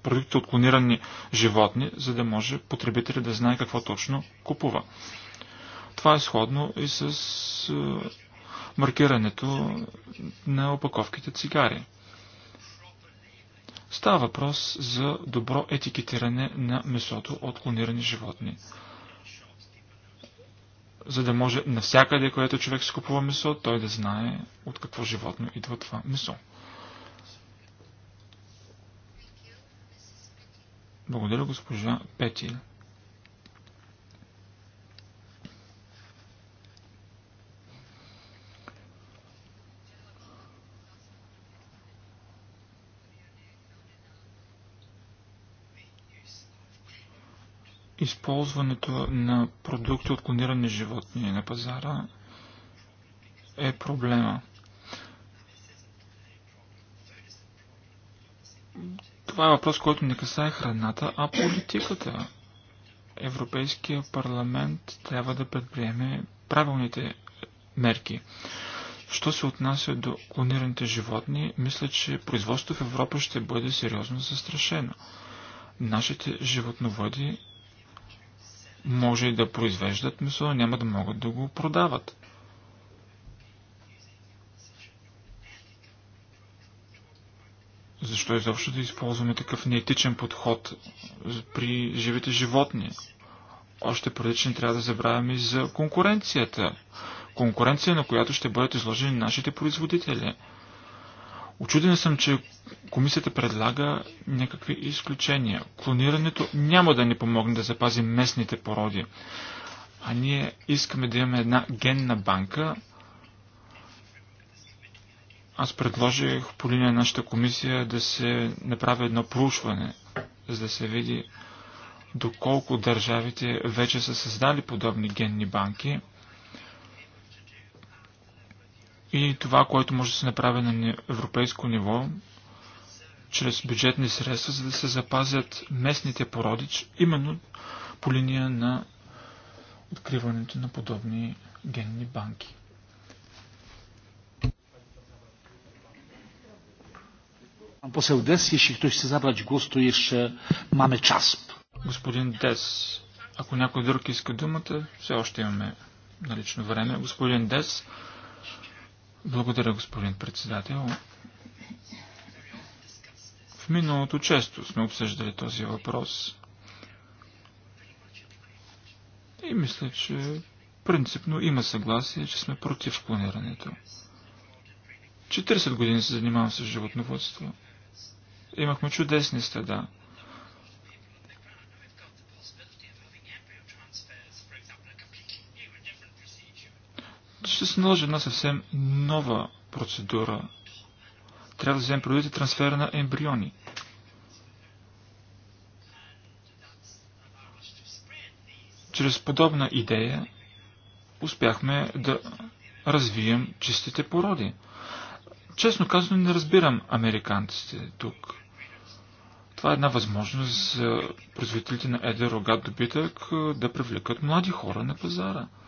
продукти от клонирани животни, за да може потребителят да знае какво точно купува. Това е сходно и с е, маркирането на опаковките цигари. Става въпрос за добро етикетиране на месото от клонирани животни. За да може навсякъде, което човек скупува месо, той да знае от какво животно идва това месо. Благодаря, госпожа Петия. използването на продукти от клонирани животни на пазара е проблема. Това е въпрос, който не касае храната, а политиката. Европейския парламент трябва да предприеме правилните мерки. Що се отнася до клонираните животни, мисля, че производството в Европа ще бъде сериозно застрашено. Нашите животноводи може и да произвеждат месо, а няма да могат да го продават. Защо изобщо да използваме такъв неетичен подход при живите животни? Още преди, че не трябва да забравяме и за конкуренцията. Конкуренция, на която ще бъдат изложени нашите производители – Очуден съм, че комисията предлага някакви изключения. Клонирането няма да ни помогне да запазим местните породи. А ние искаме да имаме една генна банка. Аз предложих по линия на нашата комисия да се направи едно проучване, за да се види доколко държавите вече са създали подобни генни банки и това, което може да се направи на европейско ниво, чрез бюджетни средства, за да се запазят местните породи, именно по линия на откриването на подобни генни банки. Pan poseł Des, jeśli ktoś chce zabrać głos, to jeszcze mamy czas. Господин Дес, ако някой друг иска думата, все още имаме налично време. Господин Des, благодаря, господин председател. В миналото често сме обсъждали този въпрос и мисля, че принципно има съгласие, че сме против клонирането. 40 години се занимавам с животноводство. Имахме чудесни стада. ще се наложи една съвсем нова процедура. Трябва да вземем предвид трансфера на ембриони. Чрез подобна идея успяхме да развием чистите породи. Честно казано, не разбирам американците тук. Това е една възможност за производителите на едър рогат добитък да привлекат млади хора на пазара –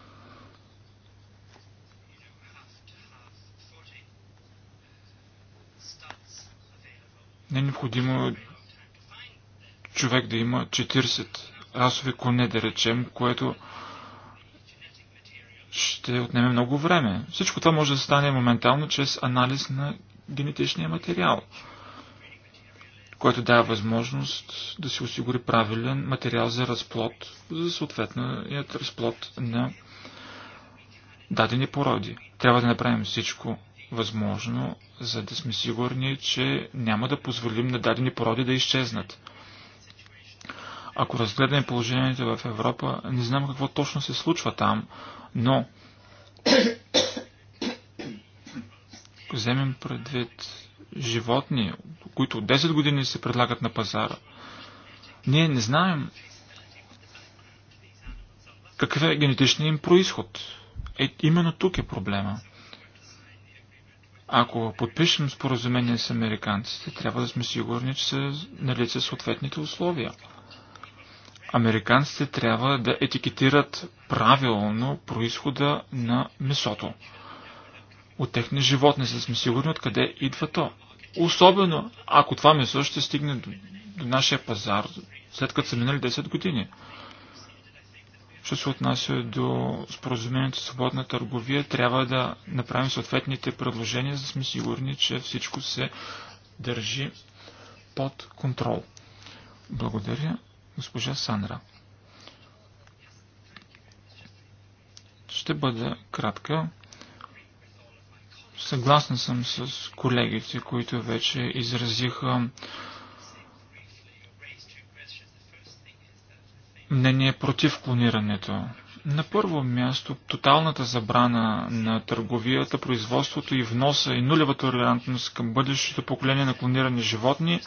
Не е необходимо човек да има 40 расови коне, да речем, което ще отнеме много време. Всичко това може да стане моментално чрез анализ на генетичния материал, който дава възможност да се осигури правилен материал за разплод, за съответният разплод на дадени породи. Трябва да направим всичко възможно, за да сме сигурни, че няма да позволим на дадени породи да изчезнат. Ако разгледаме положението в Европа, не знам какво точно се случва там, но вземем предвид животни, които от 10 години се предлагат на пазара, ние не знаем какъв е генетичният им происход. Е, именно тук е проблема. Ако подпишем споразумение с американците, трябва да сме сигурни, че са налице съответните условия. Американците трябва да етикетират правилно происхода на месото. От техни животни са сме сигурни откъде идва то. Особено ако това месо ще стигне до, до нашия пазар, след като са минали 10 години. Що се отнася до споразумението за свободна търговия, трябва да направим съответните предложения, за да сме сигурни, че всичко се държи под контрол. Благодаря, госпожа Сандра. Ще бъда кратка. Съгласна съм с колегите, които вече изразиха мнение против клонирането. На първо място, тоталната забрана на търговията, производството и вноса и нулева толерантност към бъдещото поколение на клонирани животни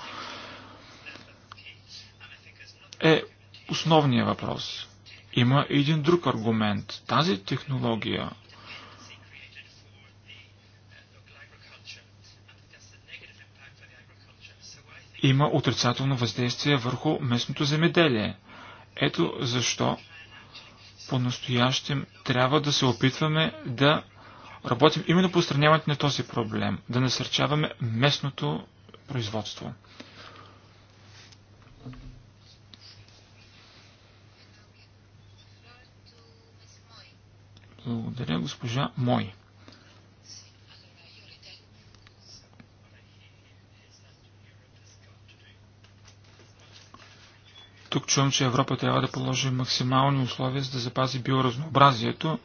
е основният въпрос. Има и един друг аргумент. Тази технология има отрицателно въздействие върху местното земеделие – ето защо по-настоящем трябва да се опитваме да работим именно по устраняването на този проблем, да насърчаваме местното производство. Благодаря, госпожа Мой. Тук чувам, че Европа трябва да положи максимални условия за да запази биоразнообразието,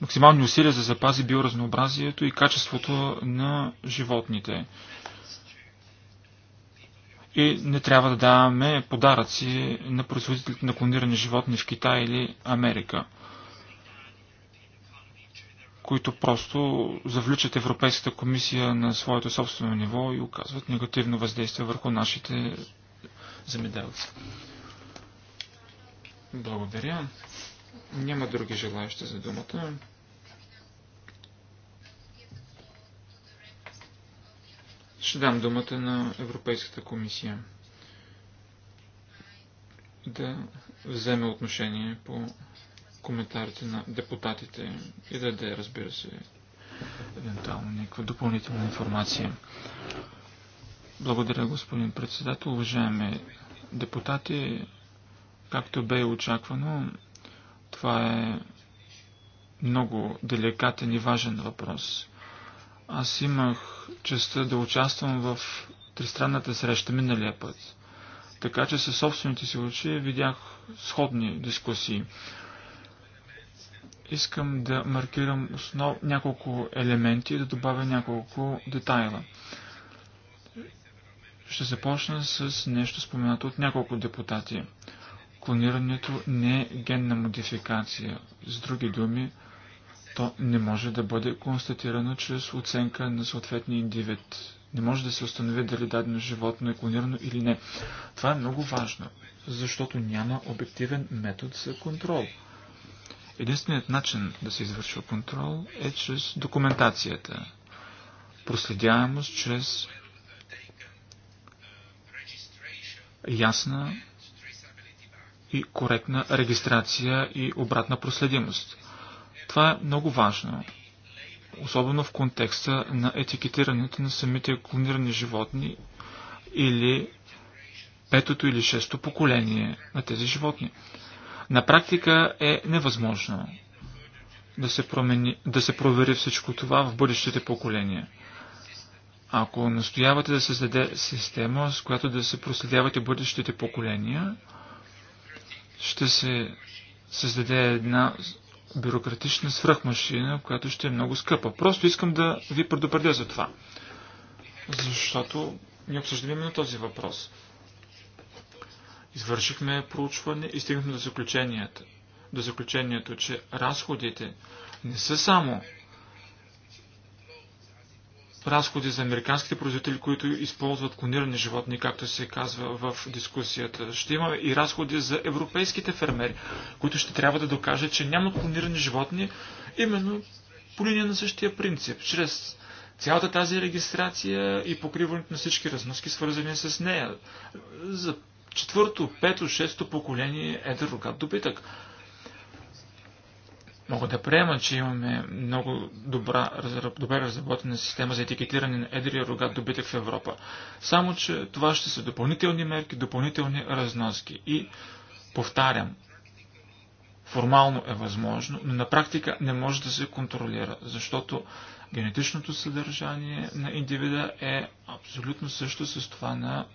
максимални усилия за да запази биоразнообразието и качеството на животните. И не трябва да даваме подаръци на производителите на клонирани животни в Китай или Америка, които просто завличат Европейската комисия на своето собствено ниво и оказват негативно въздействие върху нашите земеделци. Благодаря. Няма други желаящи за думата. Ще дам думата на Европейската комисия да вземе отношение по коментарите на депутатите и да даде, разбира се, евентуално някаква допълнителна информация. Благодаря, господин председател, уважаеми депутати, Както бе очаквано, това е много деликатен и важен въпрос. Аз имах честа да участвам в тристранната среща миналия път. Така че със собствените си очи видях сходни дискусии. Искам да маркирам основ... няколко елементи и да добавя няколко детайла. Ще започна с нещо споменато от няколко депутати клонирането не е генна модификация. С други думи, то не може да бъде констатирано чрез оценка на съответния индивид. Не може да се установи дали дадено животно е клонирано или не. Това е много важно, защото няма обективен метод за контрол. Единственият начин да се извършва контрол е чрез документацията. Проследяемост чрез ясна и коректна регистрация и обратна проследимост. Това е много важно, особено в контекста на етикетирането на самите клонирани животни или петото или шесто поколение на тези животни. На практика е невъзможно да се, промени, да се провери всичко това в бъдещите поколения. Ако настоявате да създаде система, с която да се проследявате бъдещите поколения, ще се създаде една бюрократична свръхмашина, която ще е много скъпа. Просто искам да ви предупредя за това. Защото ние обсъждаме именно този въпрос. Извършихме проучване и стигнахме до заключението, до заключението, че разходите не са само разходи за американските производители, които използват клонирани животни, както се казва в дискусията. Ще има и разходи за европейските фермери, които ще трябва да докажат, че нямат клонирани животни, именно по линия на същия принцип, чрез цялата тази регистрация и покриването на всички разноски, свързани с нея. За четвърто, пето, шесто поколение е рогат добитък. Мога да приема, че имаме много добра, добре разработена система за етикетиране на едрия рогат добитък в Европа. Само, че това ще са допълнителни мерки, допълнителни разноски. И, повтарям, формално е възможно, но на практика не може да се контролира, защото генетичното съдържание на индивида е абсолютно също с това на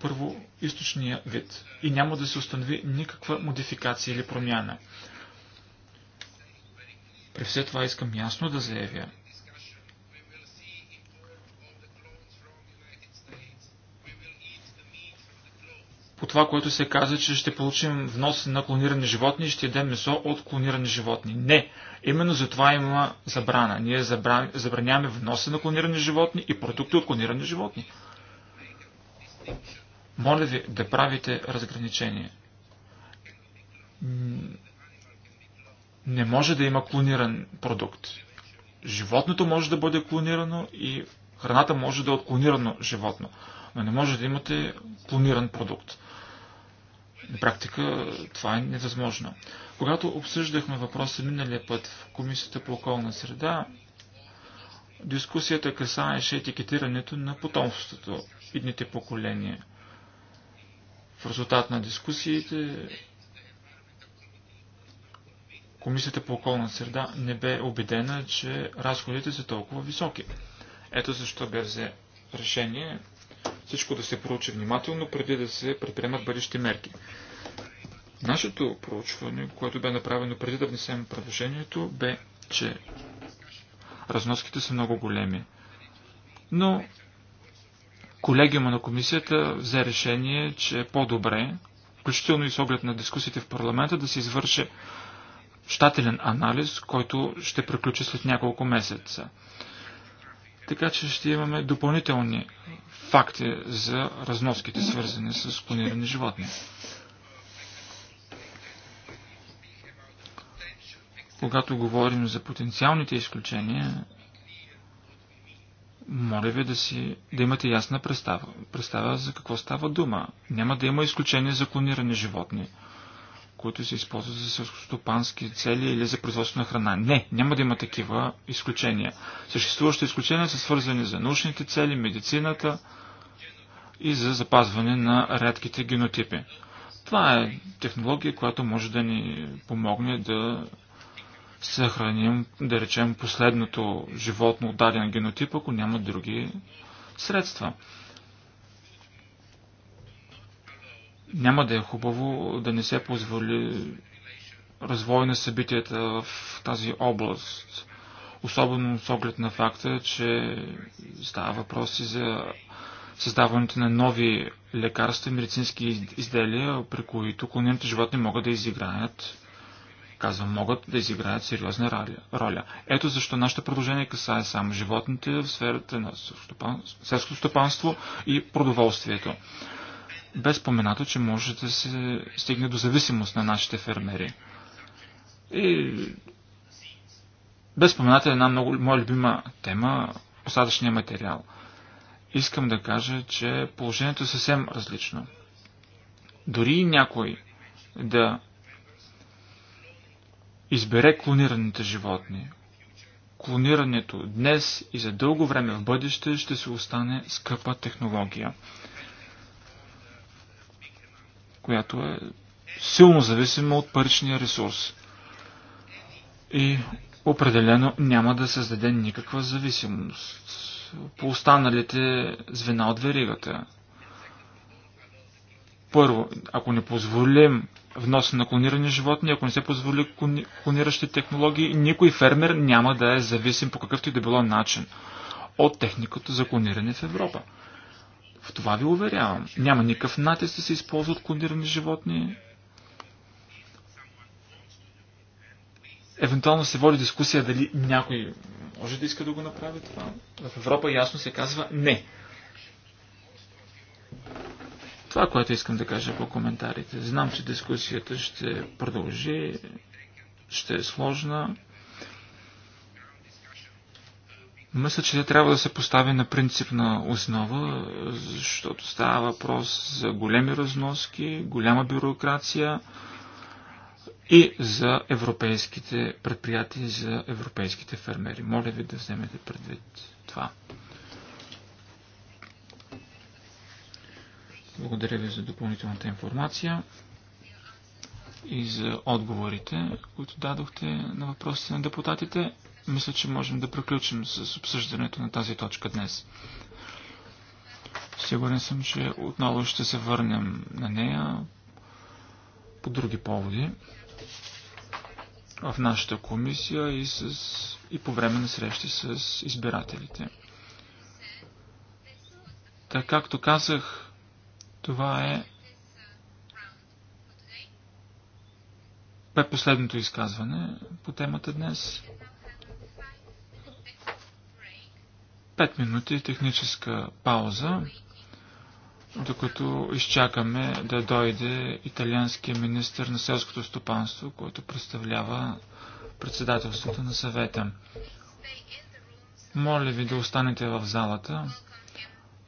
първоисточния вид и няма да се установи никаква модификация или промяна. При все това искам ясно да заявя, по това, което се каза, че ще получим внос на клонирани животни и ще ядем месо от клонирани животни. Не! Именно за това има забрана. Ние забраняваме вноса на клонирани животни и продукти от клонирани животни. Моля ви да правите разграничение. Не може да има клониран продукт. Животното може да бъде клонирано и храната може да е от клонирано животно, но не може да имате клониран продукт. На практика това е невъзможно. Когато обсъждахме въпроса миналия път в Комисията по околна среда, дискусията касаеше етикетирането на потомството, идните поколения. В резултат на дискусиите Комисията по околна среда не бе убедена, че разходите са толкова високи. Ето защо бе взе решение всичко да се проучи внимателно, преди да се предприемат бъдещи мерки. Нашето проучване, което бе направено преди да внесем предложението, бе, че разноските са много големи. Но колегиума на комисията взе решение, че е по-добре, включително и с оглед на дискусиите в парламента, да се извърши щателен анализ, който ще приключи след няколко месеца. Така че ще имаме допълнителни факти за разноските, свързани с клонирани животни. Когато говорим за потенциалните изключения, моля ви да, си, да имате ясна представа, представа за какво става дума. Няма да има изключения за клонирани животни които се използват за селскостопански цели или за производство на храна. Не, няма да има такива изключения. Съществуващите изключения са свързани за научните цели, медицината и за запазване на рядките генотипи. Това е технология, която може да ни помогне да съхраним, да речем, последното животно от даден генотип, ако няма други средства. няма да е хубаво да не се позволи развой на събитията в тази област. Особено с оглед на факта, че става въпроси за създаването на нови лекарства и медицински изделия, при които клонените животни могат да изиграят казвам, могат да изиграят сериозна роля. Ето защо нашето предложение касае само животните в сферата на селското стопанство и продоволствието. Без споменато, че може да се стигне до зависимост на нашите фермери. И без споменато е една много моя любима тема – остатъчния материал. Искам да кажа, че положението е съвсем различно. Дори някой да избере клонираните животни. Клонирането днес и за дълго време в бъдеще ще се остане скъпа технология която е силно зависима от паричния ресурс. И определено няма да създаде никаква зависимост по останалите звена от веригата. Първо, ако не позволим внос на клонирани животни, ако не се позволи клониращи технологии, никой фермер няма да е зависим по какъвто и да било начин от техниката за клониране в Европа. В това ви уверявам. Няма никакъв натиск да се използват клонирани животни. Евентуално се води дискусия дали някой може да иска да го направи това. В Европа ясно се казва не. Това, което искам да кажа по коментарите. Знам, че дискусията ще продължи, ще е сложна. Мисля, че трябва да се постави на принципна основа, защото става въпрос за големи разноски, голяма бюрокрация и за европейските предприятия, и за европейските фермери. Моля ви да вземете предвид това. Благодаря ви за допълнителната информация и за отговорите, които дадохте на въпросите на депутатите мисля, че можем да приключим с обсъждането на тази точка днес. Сигурен съм, че отново ще се върнем на нея по други поводи в нашата комисия и, с, и по време на срещи с избирателите. Така както казах, това е бе последното изказване по темата днес. 5 минути техническа пауза, докато изчакаме да дойде италианския министр на селското стопанство, който представлява председателството на съвета. Моля ви да останете в залата,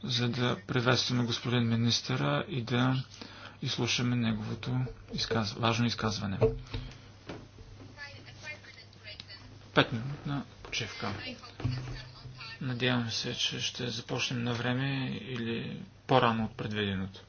за да приветстваме господин министъра и да изслушаме неговото изказ... важно изказване. Пет на почивка. Надявам се, че ще започнем на време или по-рано от предвиденото.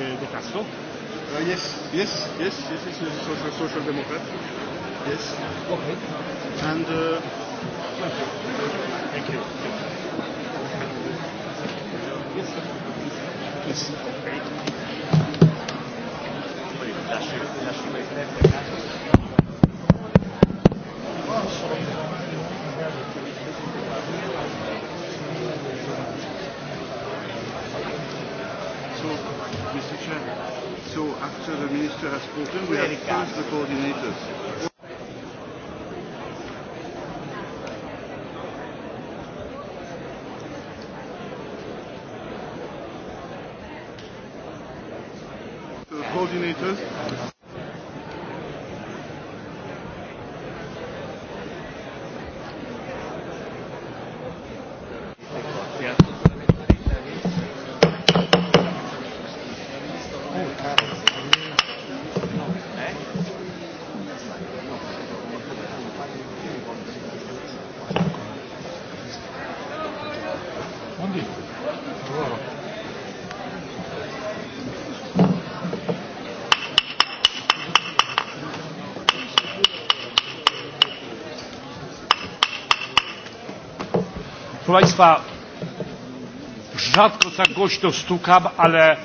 uh, De Castro? Uh, yes, yes, yes, yes, yes, social, social democrat. Yes. Okay. And. Uh, coordinators. Proszę Państwa, rzadko tak głośno stukam, ale...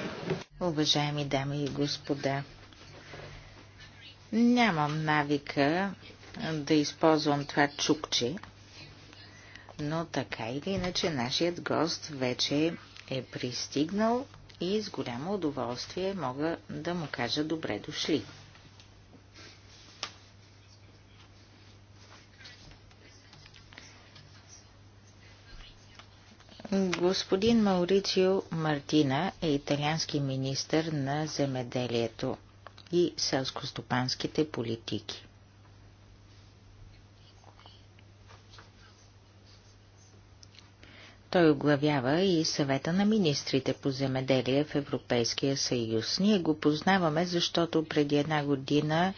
Уважаеми дами и господа, нямам навика да използвам това чукче, но така или иначе нашият гост вече е пристигнал и с голямо удоволствие мога да му кажа добре дошли. Господин Маурицио Мартина е италиански министр на земеделието и селскостопанските политики. Той оглавява и съвета на министрите по земеделие в Европейския съюз. Ние го познаваме, защото преди една година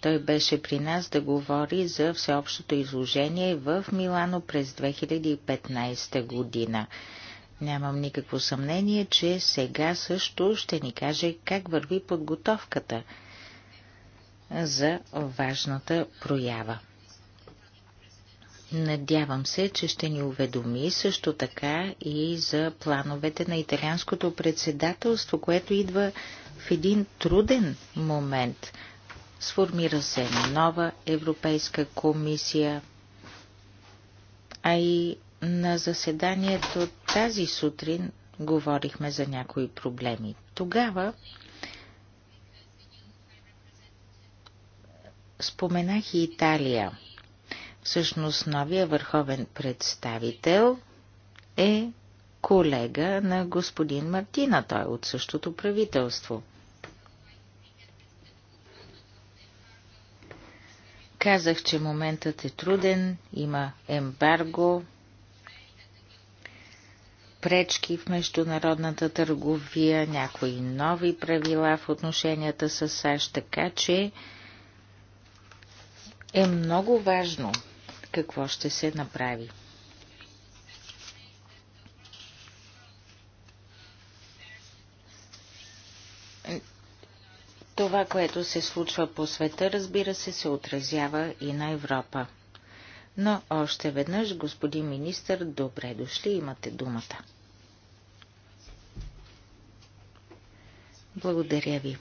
той беше при нас да говори за всеобщото изложение в Милано през 2015 година. Нямам никакво съмнение, че сега също ще ни каже как върви подготовката за важната проява. Надявам се, че ще ни уведоми също така и за плановете на италианското председателство, което идва в един труден момент. Сформира се нова Европейска комисия, а и на заседанието тази сутрин говорихме за някои проблеми. Тогава споменах и Италия. Всъщност новия върховен представител е колега на господин Мартина, той е от същото правителство. Казах, че моментът е труден, има ембарго, пречки в международната търговия, някои нови правила в отношенията с САЩ, така че е много важно какво ще се направи. Това, което се случва по света, разбира се, се отразява и на Европа. Но още веднъж, господин министр, добре дошли, имате думата. Благодаря ви.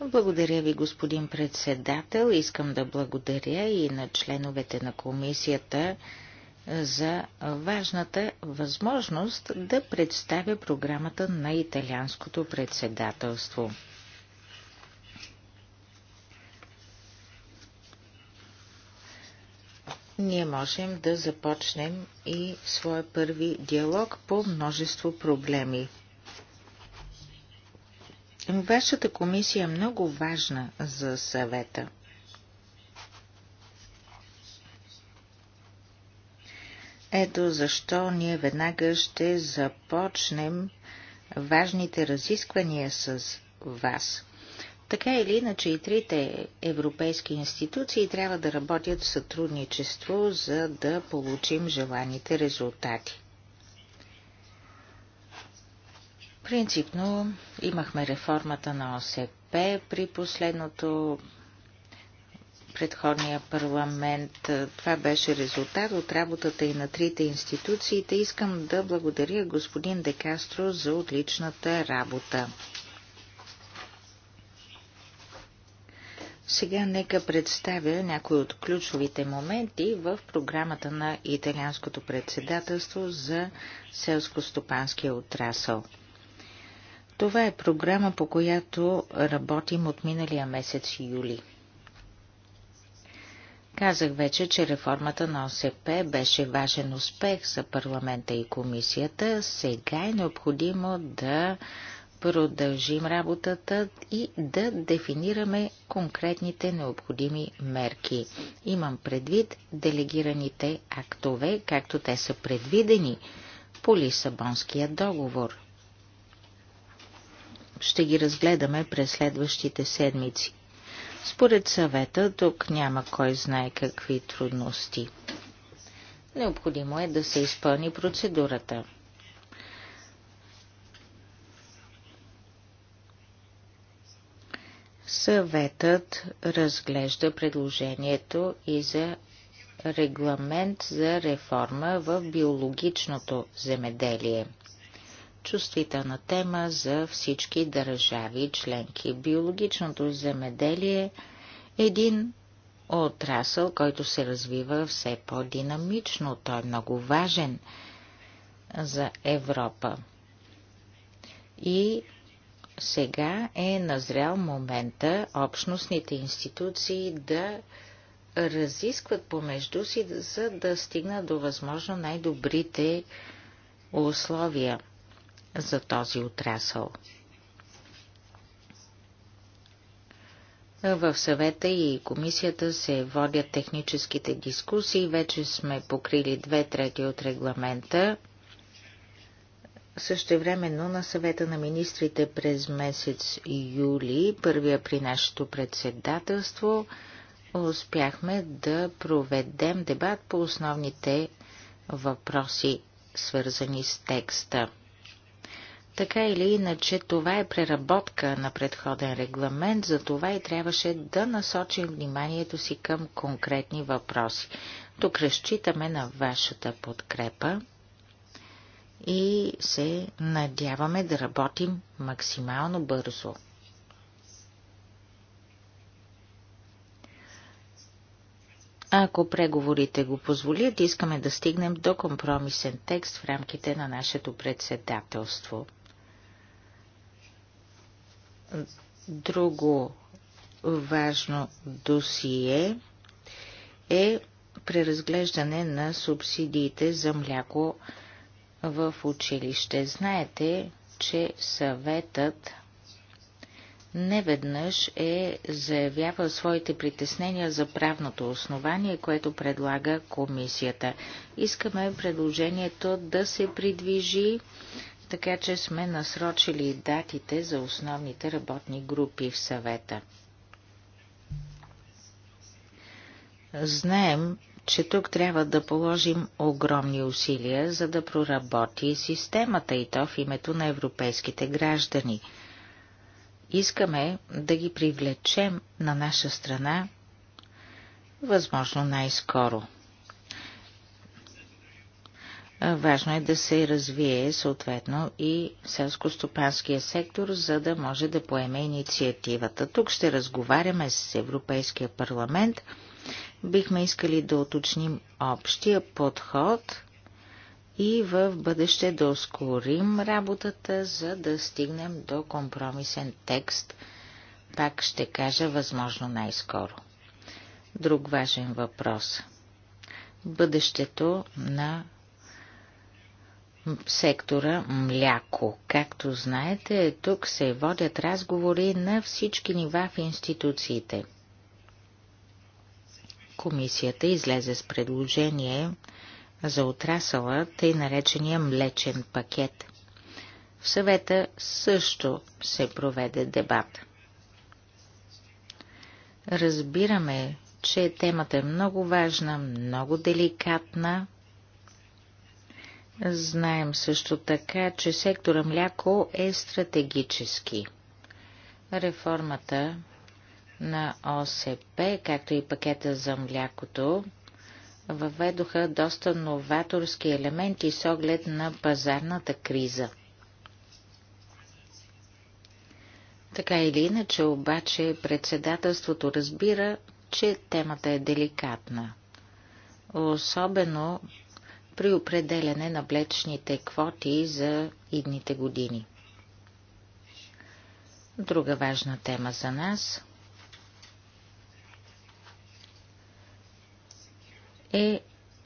Благодаря ви, господин председател. Искам да благодаря и на членовете на комисията за важната възможност да представя програмата на италианското председателство. ние можем да започнем и своя първи диалог по множество проблеми. Вашата комисия е много важна за съвета. Ето защо ние веднага ще започнем важните разисквания с вас. Така или иначе и трите европейски институции трябва да работят в сътрудничество, за да получим желаните резултати. Принципно имахме реформата на ОСП при последното предходния парламент. Това беше резултат от работата и на трите институциите. Искам да благодаря господин Декастро за отличната работа. Сега нека представя някои от ключовите моменти в програмата на италианското председателство за селско-стопанския отрасъл. Това е програма, по която работим от миналия месец юли. Казах вече, че реформата на ОСП беше важен успех за парламента и комисията. Сега е необходимо да продължим работата и да дефинираме конкретните необходими мерки. Имам предвид делегираните актове, както те са предвидени по Лисабонския договор. Ще ги разгледаме през следващите седмици. Според съвета тук няма кой знае какви трудности. Необходимо е да се изпълни процедурата. Съветът разглежда предложението и за регламент за реформа в биологичното земеделие. Чувствителна тема за всички държави членки. Биологичното земеделие е един отрасъл, който се развива все по-динамично. Той е много важен за Европа. И сега е назрял момента общностните институции да разискват помежду си, за да стигнат до възможно най-добрите условия за този отрасъл. В съвета и комисията се водят техническите дискусии. Вече сме покрили две трети от регламента. Същевременно на съвета на министрите през месец юли, първия при нашето председателство, успяхме да проведем дебат по основните въпроси, свързани с текста. Така или иначе, това е преработка на предходен регламент, за това и трябваше да насочим вниманието си към конкретни въпроси. Тук разчитаме на вашата подкрепа и се надяваме да работим максимално бързо. Ако преговорите го позволят, искаме да стигнем до компромисен текст в рамките на нашето председателство. Друго важно досие е преразглеждане на субсидиите за мляко в училище. Знаете, че съветът неведнъж е заявявал своите притеснения за правното основание, което предлага комисията. Искаме предложението да се придвижи, така че сме насрочили датите за основните работни групи в съвета. Знаем, че тук трябва да положим огромни усилия, за да проработи системата и то в името на европейските граждани. Искаме да ги привлечем на наша страна, възможно най-скоро. Важно е да се развие съответно и селско-стопанския сектор, за да може да поеме инициативата. Тук ще разговаряме с Европейския парламент – бихме искали да уточним общия подход и в бъдеще да ускорим работата, за да стигнем до компромисен текст, пак ще кажа възможно най-скоро. Друг важен въпрос. Бъдещето на сектора мляко. Както знаете, тук се водят разговори на всички нива в институциите – Комисията излезе с предложение за отрасъла, тъй наречения млечен пакет. В съвета също се проведе дебат. Разбираме, че темата е много важна, много деликатна. Знаем също така, че сектора мляко е стратегически. Реформата на ОСП, както и пакета за млякото, въведоха доста новаторски елементи с оглед на пазарната криза. Така или иначе, обаче, председателството разбира, че темата е деликатна. Особено при определене на блечните квоти за идните години. Друга важна тема за нас е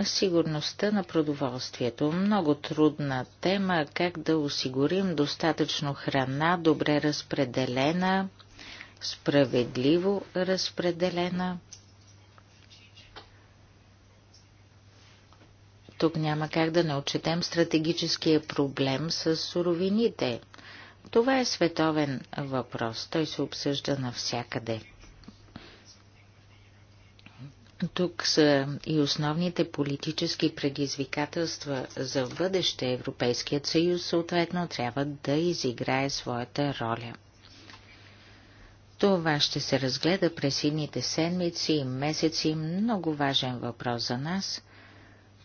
сигурността на продоволствието. Много трудна тема, как да осигурим достатъчно храна, добре разпределена, справедливо разпределена. Тук няма как да не отчетем стратегическия проблем с суровините. Това е световен въпрос. Той се обсъжда навсякъде. Тук са и основните политически предизвикателства за бъдеще. Европейският съюз съответно трябва да изиграе своята роля. Това ще се разгледа през едните седмици и месеци. Много важен въпрос за нас,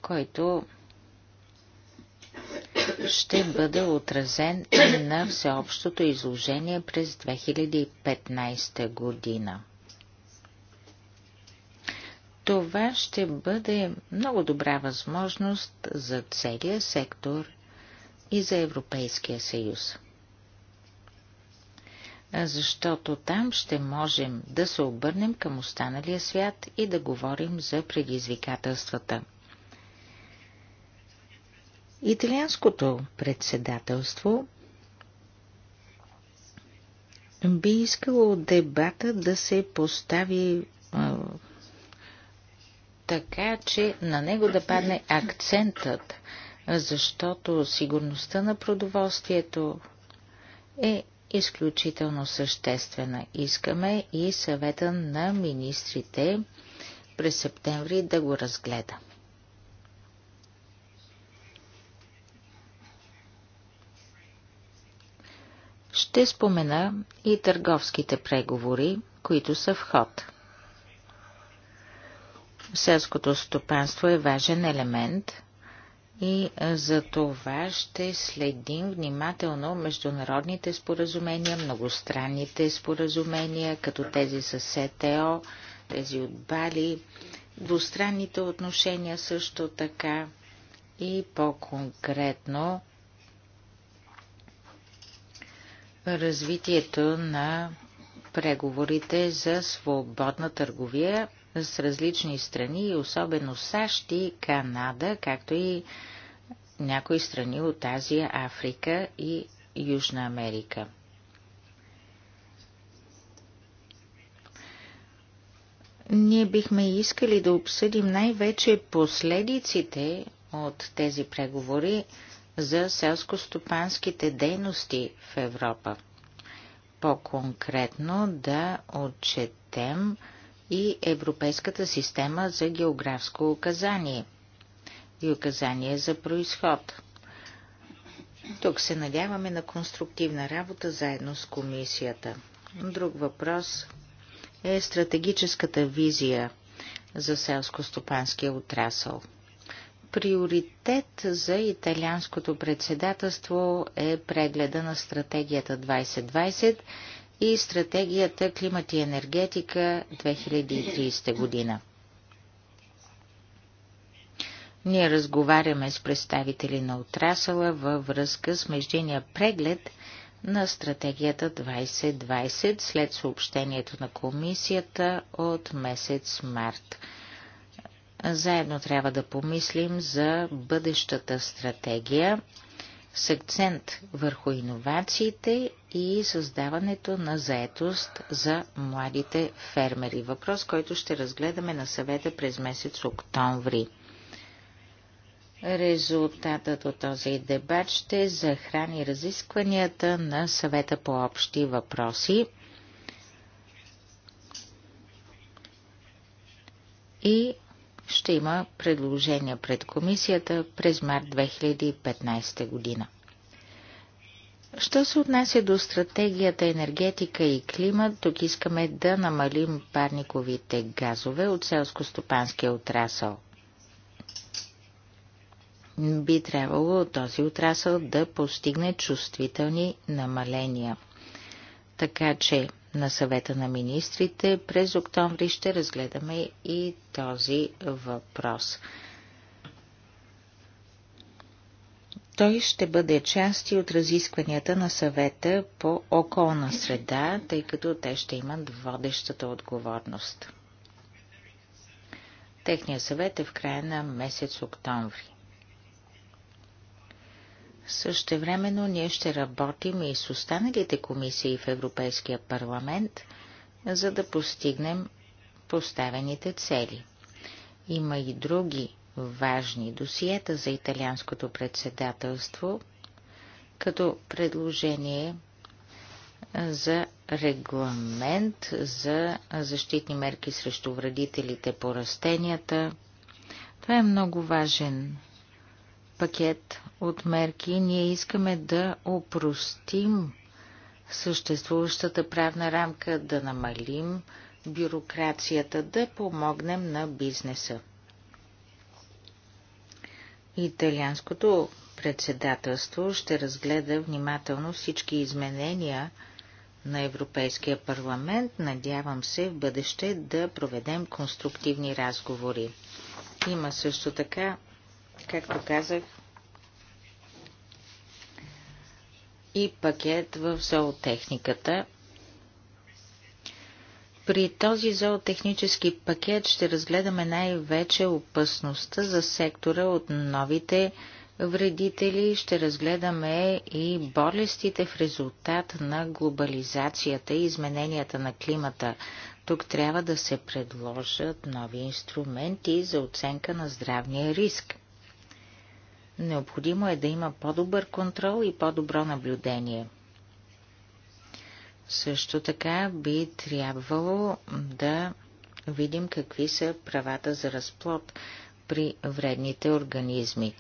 който ще бъде отразен и на всеобщото изложение през 2015 година. Това ще бъде много добра възможност за целия сектор и за Европейския съюз. Защото там ще можем да се обърнем към останалия свят и да говорим за предизвикателствата. Италианското председателство би искало дебата да се постави така че на него да падне акцентът, защото сигурността на продоволствието е изключително съществена. Искаме и съвета на министрите през септември да го разгледа. Ще спомена и търговските преговори, които са в ход – Селското стопанство е важен елемент и за това ще следим внимателно международните споразумения, многостранните споразумения, като тези с СТО, тези от Бали, двустранните отношения също така и по-конкретно развитието на преговорите за свободна търговия с различни страни, особено САЩ и Канада, както и някои страни от Азия, Африка и Южна Америка. Ние бихме искали да обсъдим най-вече последиците от тези преговори за селско-стопанските дейности в Европа. По-конкретно да отчетем и Европейската система за географско указание и указание за происход. Тук се надяваме на конструктивна работа заедно с комисията. Друг въпрос е стратегическата визия за селско-стопанския отрасъл. Приоритет за италианското председателство е прегледа на стратегията 2020 и стратегията Климат и енергетика 2030 година. Ние разговаряме с представители на отрасъла във връзка с междиния преглед на стратегията 2020 след съобщението на комисията от месец март. Заедно трябва да помислим за бъдещата стратегия с акцент върху иновациите и създаването на заетост за младите фермери. Въпрос, който ще разгледаме на съвета през месец октомври. Резултатът от този дебат ще захрани разискванията на съвета по общи въпроси. И ще има предложения пред комисията през март 2015 година. Що се отнася до стратегията енергетика и климат, тук искаме да намалим парниковите газове от селско-стопанския отрасъл. Би трябвало този отрасъл да постигне чувствителни намаления. Така че на съвета на министрите. През октомври ще разгледаме и този въпрос. Той ще бъде част от разискванията на съвета по околна среда, тъй като те ще имат водещата отговорност. Техният съвет е в края на месец октомври. Същевременно ние ще работим и с останалите комисии в Европейския парламент, за да постигнем поставените цели. Има и други важни досиета за италианското председателство, като предложение за регламент за защитни мерки срещу вредителите по растенията. Това е много важен пакет от мерки ние искаме да опростим съществуващата правна рамка, да намалим бюрокрацията, да помогнем на бизнеса. Италианското председателство ще разгледа внимателно всички изменения на Европейския парламент. Надявам се в бъдеще да проведем конструктивни разговори. Има също така както казах, и пакет в зоотехниката. При този зоотехнически пакет ще разгледаме най-вече опасността за сектора от новите вредители, ще разгледаме и болестите в резултат на глобализацията и измененията на климата. Тук трябва да се предложат нови инструменти за оценка на здравния риск. Необходимо е да има по-добър контрол и по-добро наблюдение. Също така би трябвало да видим какви са правата за разплод при вредните организми.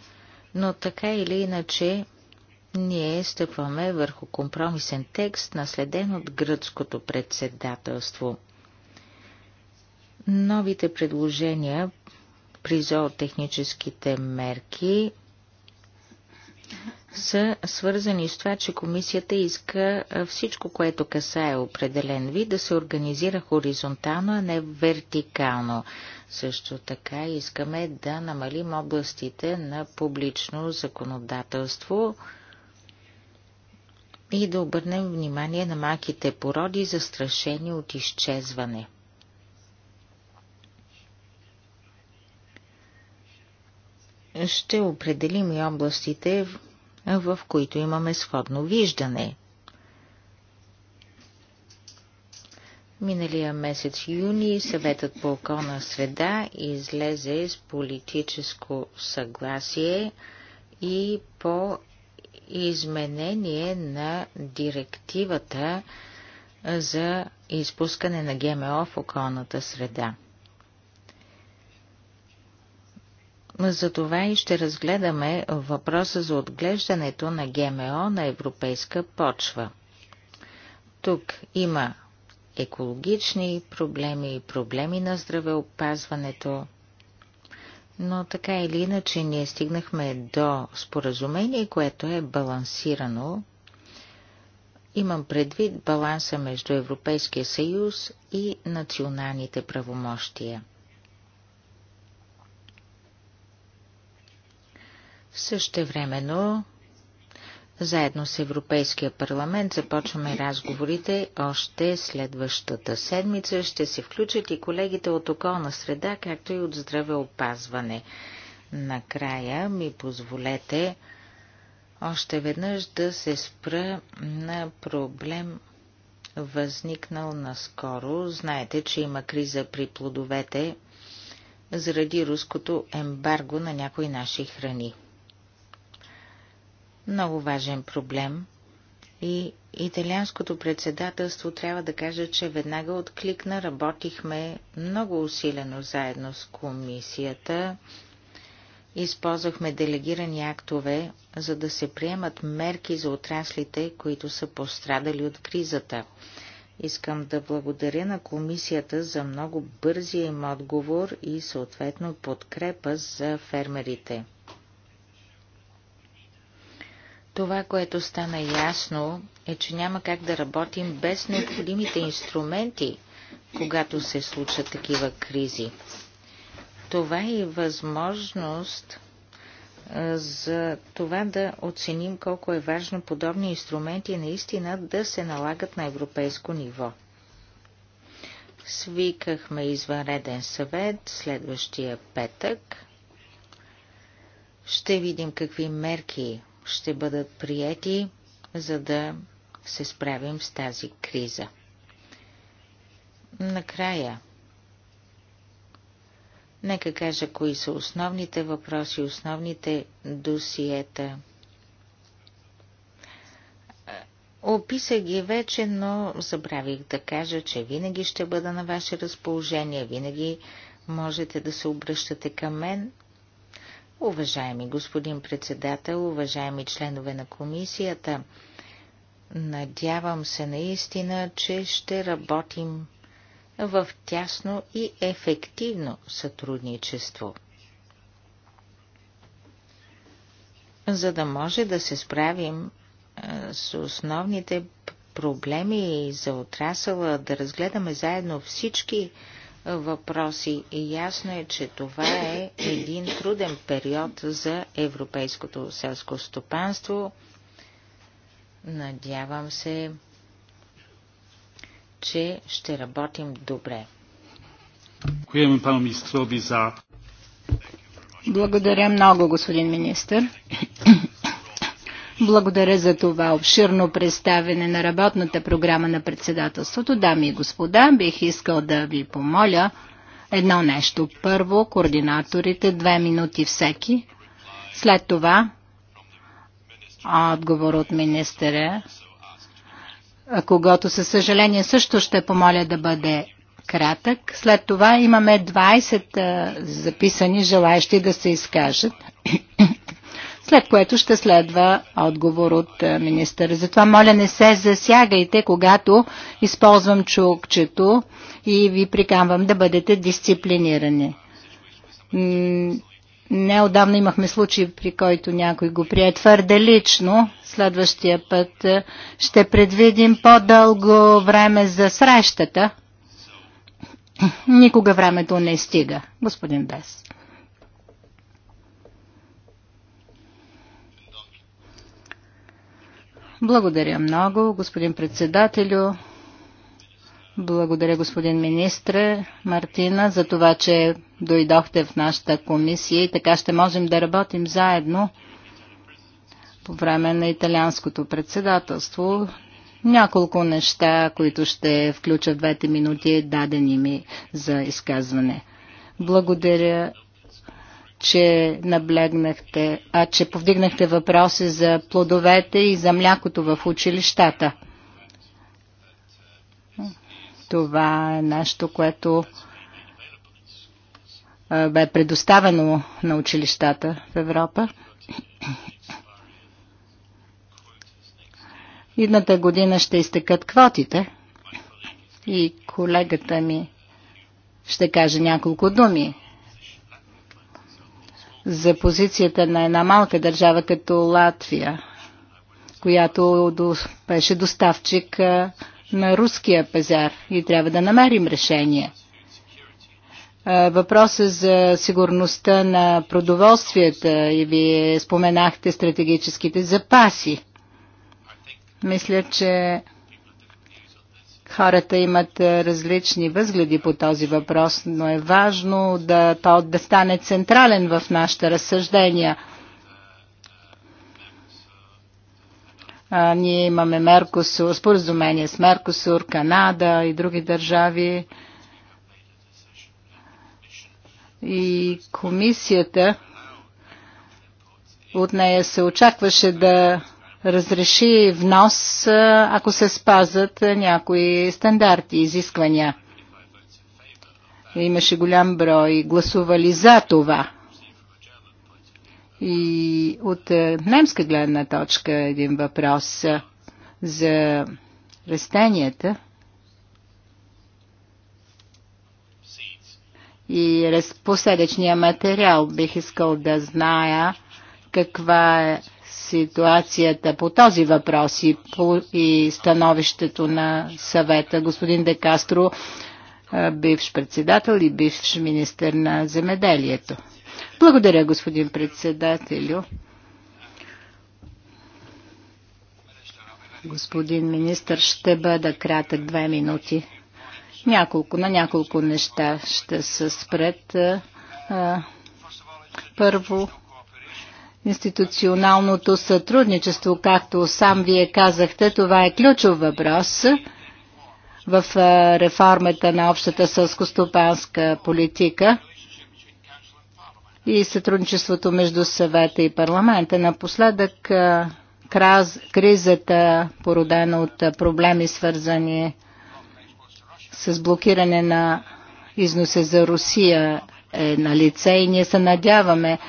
Но така или иначе, ние стъпваме върху компромисен текст, наследен от гръцкото председателство. Новите предложения при зоотехническите мерки са свързани с това, че комисията иска всичко, което касае определен вид, да се организира хоризонтално, а не вертикално. Също така искаме да намалим областите на публично законодателство и да обърнем внимание на малките породи, застрашени от изчезване. ще определим и областите, в които имаме сходно виждане. Миналия месец юни съветът по околна среда излезе с политическо съгласие и по изменение на директивата за изпускане на ГМО в околната среда. Затова и ще разгледаме въпроса за отглеждането на ГМО на европейска почва. Тук има екологични проблеми, проблеми на здравеопазването, но така или иначе ние стигнахме до споразумение, което е балансирано. Имам предвид баланса между Европейския съюз и националните правомощия. Същевременно, заедно с Европейския парламент започваме разговорите още следващата седмица. Ще се включат и колегите от околна среда, както и от здравеопазване. Накрая ми позволете още веднъж да се спра на проблем възникнал наскоро. Знаете, че има криза при плодовете заради руското ембарго на някои наши храни. Много важен проблем. И италианското председателство трябва да кажа, че веднага откликна. Работихме много усилено заедно с комисията. Използвахме делегирани актове, за да се приемат мерки за отраслите, които са пострадали от кризата. Искам да благодаря на комисията за много бързия им отговор и съответно подкрепа за фермерите. Това, което стана ясно, е, че няма как да работим без необходимите инструменти, когато се случат такива кризи. Това е възможност за това да оценим колко е важно подобни инструменти наистина да се налагат на европейско ниво. Свикахме извънреден съвет следващия петък. Ще видим какви мерки ще бъдат приети, за да се справим с тази криза. Накрая, нека кажа кои са основните въпроси, основните досиета. Описах ги вече, но забравих да кажа, че винаги ще бъда на ваше разположение, винаги можете да се обръщате към мен Уважаеми господин председател, уважаеми членове на комисията, надявам се наистина, че ще работим в тясно и ефективно сътрудничество. За да може да се справим с основните проблеми за отрасъла, да разгледаме заедно всички въпроси. И ясно е, че това е един труден период за европейското селско стопанство. Надявам се, че ще работим добре. Благодаря много, господин министр. Благодаря за това обширно представене на работната програма на председателството. Дами и господа, бих искал да ви помоля едно нещо. Първо, координаторите, две минути всеки. След това, отговор от министъра, когато със съжаление също ще помоля да бъде кратък. След това имаме 20 записани желаящи да се изкажат след което ще следва отговор от е, министър. Затова моля не се засягайте, когато използвам чукчето и ви приканвам да бъдете дисциплинирани. Неодавна имахме случай, при който някой го прие твърде лично. Следващия път е, ще предвидим по-дълго време за срещата. Никога времето не стига, господин Бес. Благодаря много, господин председателю. Благодаря, господин министре Мартина, за това, че дойдохте в нашата комисия и така ще можем да работим заедно по време на италианското председателство. Няколко неща, които ще включа в двете минути, дадени ми за изказване. Благодаря че наблегнахте, а че повдигнахте въпроси за плодовете и за млякото в училищата. Това е нещо, което бе предоставено на училищата в Европа. Идната година ще изтекат квотите и колегата ми ще каже няколко думи за позицията на една малка държава като Латвия, която беше доставчик на руския пазар и трябва да намерим решение. Въпроса за сигурността на продоволствията и вие споменахте стратегическите запаси. Мисля, че Хората имат е, различни възгледи по този въпрос, но е важно да, то да стане централен в нашите разсъждения. А, ние имаме Меркосур, споразумение с Меркосур, Канада и други държави. И комисията от нея се очакваше да разреши внос, ако се спазат някои стандарти, изисквания. Имаше голям брой гласували за това. И от немска гледна точка един въпрос за растенията и посадъчния материал. Бих искал да зная каква е ситуацията по този въпрос и, по, и становището на съвета. Господин Декастро, бивш председател и бивш министър на земеделието. Благодаря, господин председателю. Господин министър, ще бъда кратък две минути. Няколко, на няколко неща ще се спред. Първо, институционалното сътрудничество, както сам вие казахте, това е ключов въпрос в реформата на общата сълскостопанска политика и сътрудничеството между съвета и парламента. Напоследък кризата, породена от проблеми свързани с блокиране на износа за Русия е на лице и ние се надяваме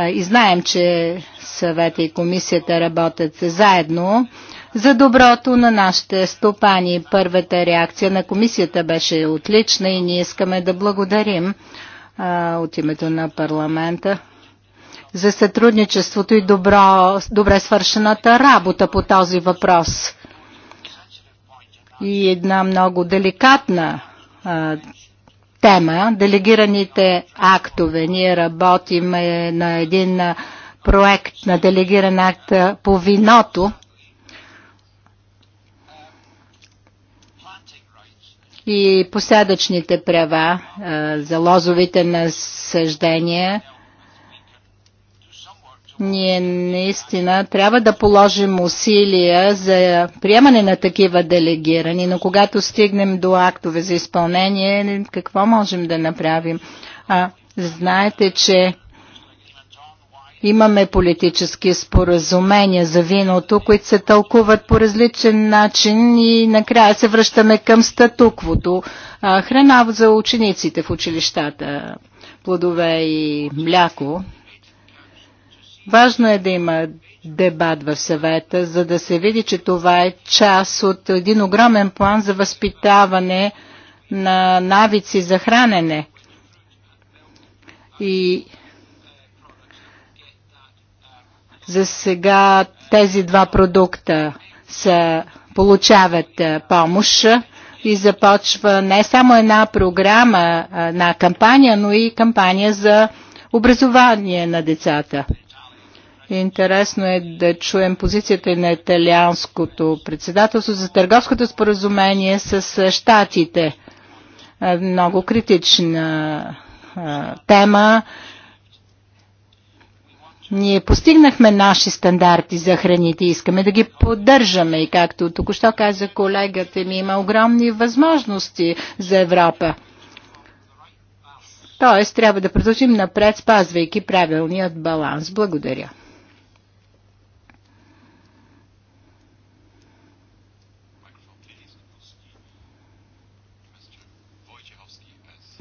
и знаем, че съвета и комисията работят заедно за доброто на нашите стопани. Първата реакция на комисията беше отлична и ние искаме да благодарим а, от името на парламента за сътрудничеството и добро, добре свършената работа по този въпрос. И една много деликатна а, тема. Делегираните актове. Ние работим е, на един проект на делегиран акт по виното. И посадъчните права за лозовите насъждения – ние наистина трябва да положим усилия за приемане на такива делегирани, но когато стигнем до актове за изпълнение, какво можем да направим? А, знаете, че имаме политически споразумения за виното, които се тълкуват по различен начин и накрая се връщаме към статуквото. храна за учениците в училищата, плодове и мляко. Важно е да има дебат в съвета, за да се види, че това е част от един огромен план за възпитаване на навици за хранене. И за сега тези два продукта са, получават помощ и започва не само една програма, една кампания, но и кампания за образование на децата. Интересно е да чуем позицията на италианското председателство за търговското споразумение с щатите. Е, много критична тема. Ние постигнахме наши стандарти за храните, искаме да ги поддържаме и както току-що каза колегата ми, има огромни възможности за Европа. Тоест, трябва да продължим напред, спазвайки правилният баланс. Благодаря.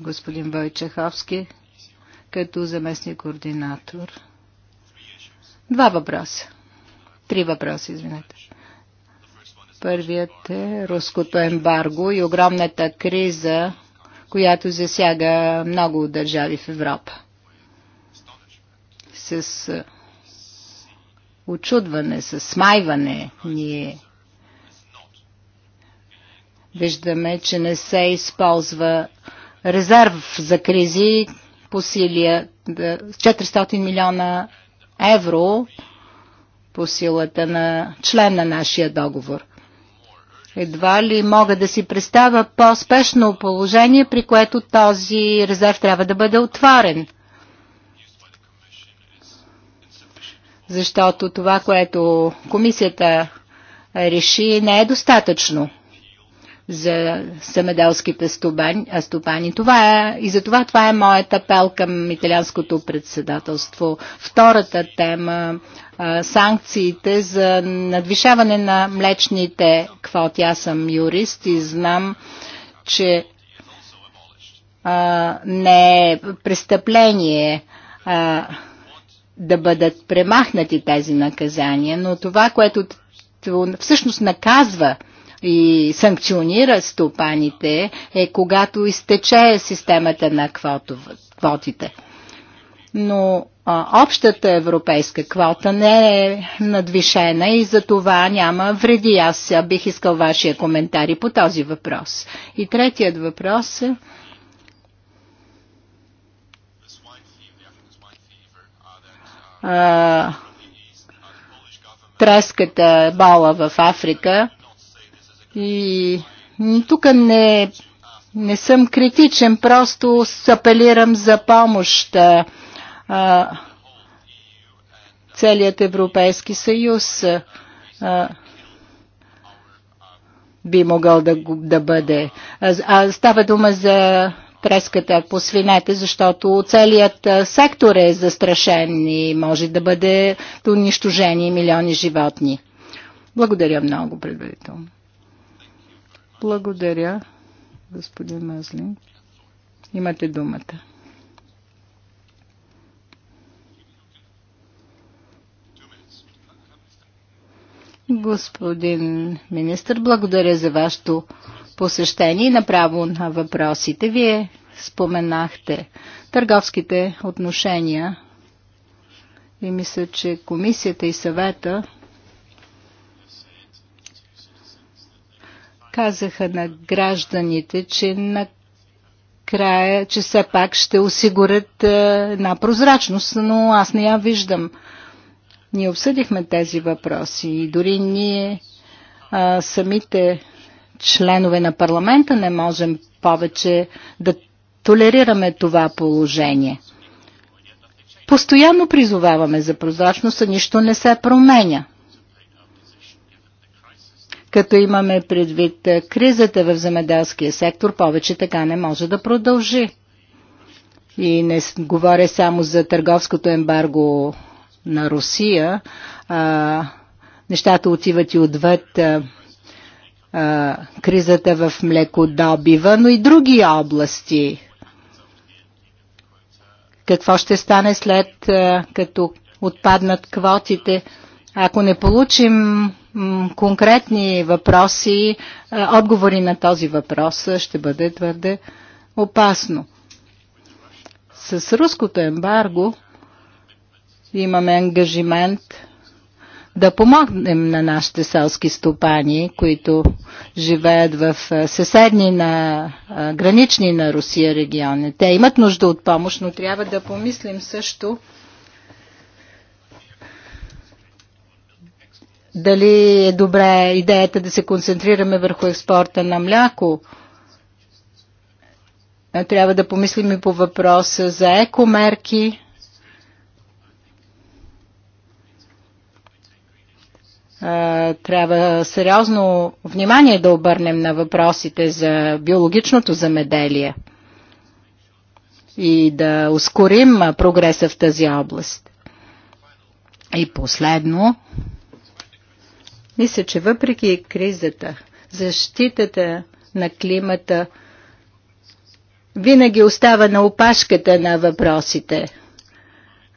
господин Войчеховски като заместник координатор. Два въпроса. Три въпроса, извинете. Първият е руското ембарго и огромната криза, която засяга много държави в Европа. С е, очудване, с смайване ние виждаме, че не се използва резерв за кризи по силия 400 е, милиона евро по силата на член на нашия договор. Едва ли мога да си представя по-спешно положение, при което този резерв трябва да бъде отварен. Защото това, което комисията реши, не е достатъчно за самеделските стопани. Това е, и за това това е моят апел към италианското председателство. Втората тема – санкциите за надвишаване на млечните квоти. Аз съм юрист и знам, че а, не е престъпление а, да бъдат премахнати тези наказания, но това, което всъщност наказва и санкционира стопаните е когато изтече системата на квотите. Но а, общата европейска квота не е надвишена и за това няма вреди. Аз бих искал вашия коментар по този въпрос. И третият въпрос е... А, треската бала в Африка и тук не, не съм критичен, просто апелирам за помощ. А, целият Европейски съюз а, би могъл да, да бъде. А, а става дума за треската по свинете, защото целият сектор е застрашен и може да бъде унищожени милиони животни. Благодаря много предварително. Благодаря, господин Мазлин. Имате думата. Господин министр, благодаря за вашето посещение и направо на въпросите. Вие споменахте търговските отношения и мисля, че комисията и съвета казаха на гражданите, че на края, че все пак ще осигурят е, една прозрачност, но аз не я виждам. Ние обсъдихме тези въпроси и дори ние а, самите членове на парламента не можем повече да толерираме това положение. Постоянно призоваваме за прозрачност, а нищо не се променя. Като имаме предвид е, кризата в земеделския сектор, повече така не може да продължи. И не говоря само за търговското ембарго на Русия. А, нещата отиват и отвъд а, е, а, е, кризата в млекодобива, но и други области. Какво ще стане след а, като отпаднат квотите? Ако не получим конкретни въпроси, е, отговори на този въпрос е, ще бъде твърде опасно. С руското ембарго имаме ангажимент да помогнем на нашите селски стопани, които живеят в е, съседни на гранични на Русия региони. Те имат нужда от помощ, но трябва да помислим също Дали е добре идеята да се концентрираме върху експорта на мляко? Трябва да помислим и по въпроса за екомерки. трябва сериозно внимание да обърнем на въпросите за биологичното замеделие и да ускорим прогреса в тази област. И последно, мисля, че въпреки кризата, защитата на климата винаги остава на опашката на въпросите.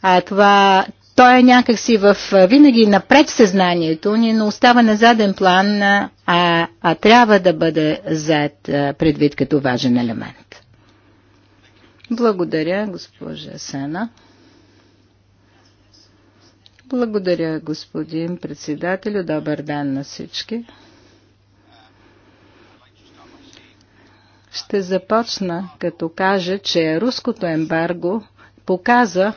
А това, той е някакси в, винаги напред съзнанието ни, но остава на заден план, а, а трябва да бъде зад предвид като важен елемент. Благодаря, госпожа Сена. Благодаря, господин председателю. Добър ден на всички. Ще започна като кажа, че руското ембарго показа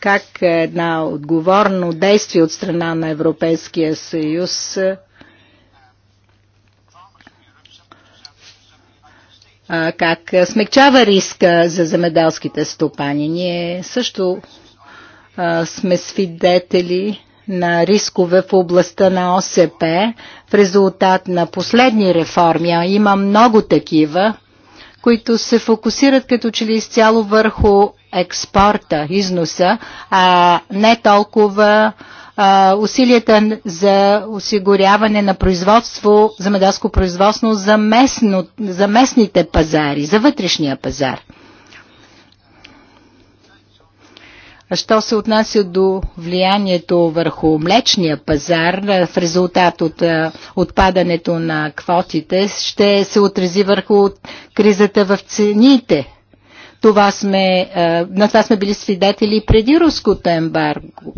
как една отговорно действие от страна на Европейския съюз как смекчава риска за земеделските стопани. Ние също сме свидетели на рискове в областта на ОСП в резултат на последни реформи, а има много такива, които се фокусират като че ли изцяло върху експорта, износа, а не толкова а, усилията за осигуряване на производство, земеделско производство за, местно, за местните пазари, за вътрешния пазар. Що се отнася до влиянието върху млечния пазар в резултат от отпадането на квотите, ще се отрази върху кризата в цените. Това сме, на това сме били свидетели преди руското ембарго.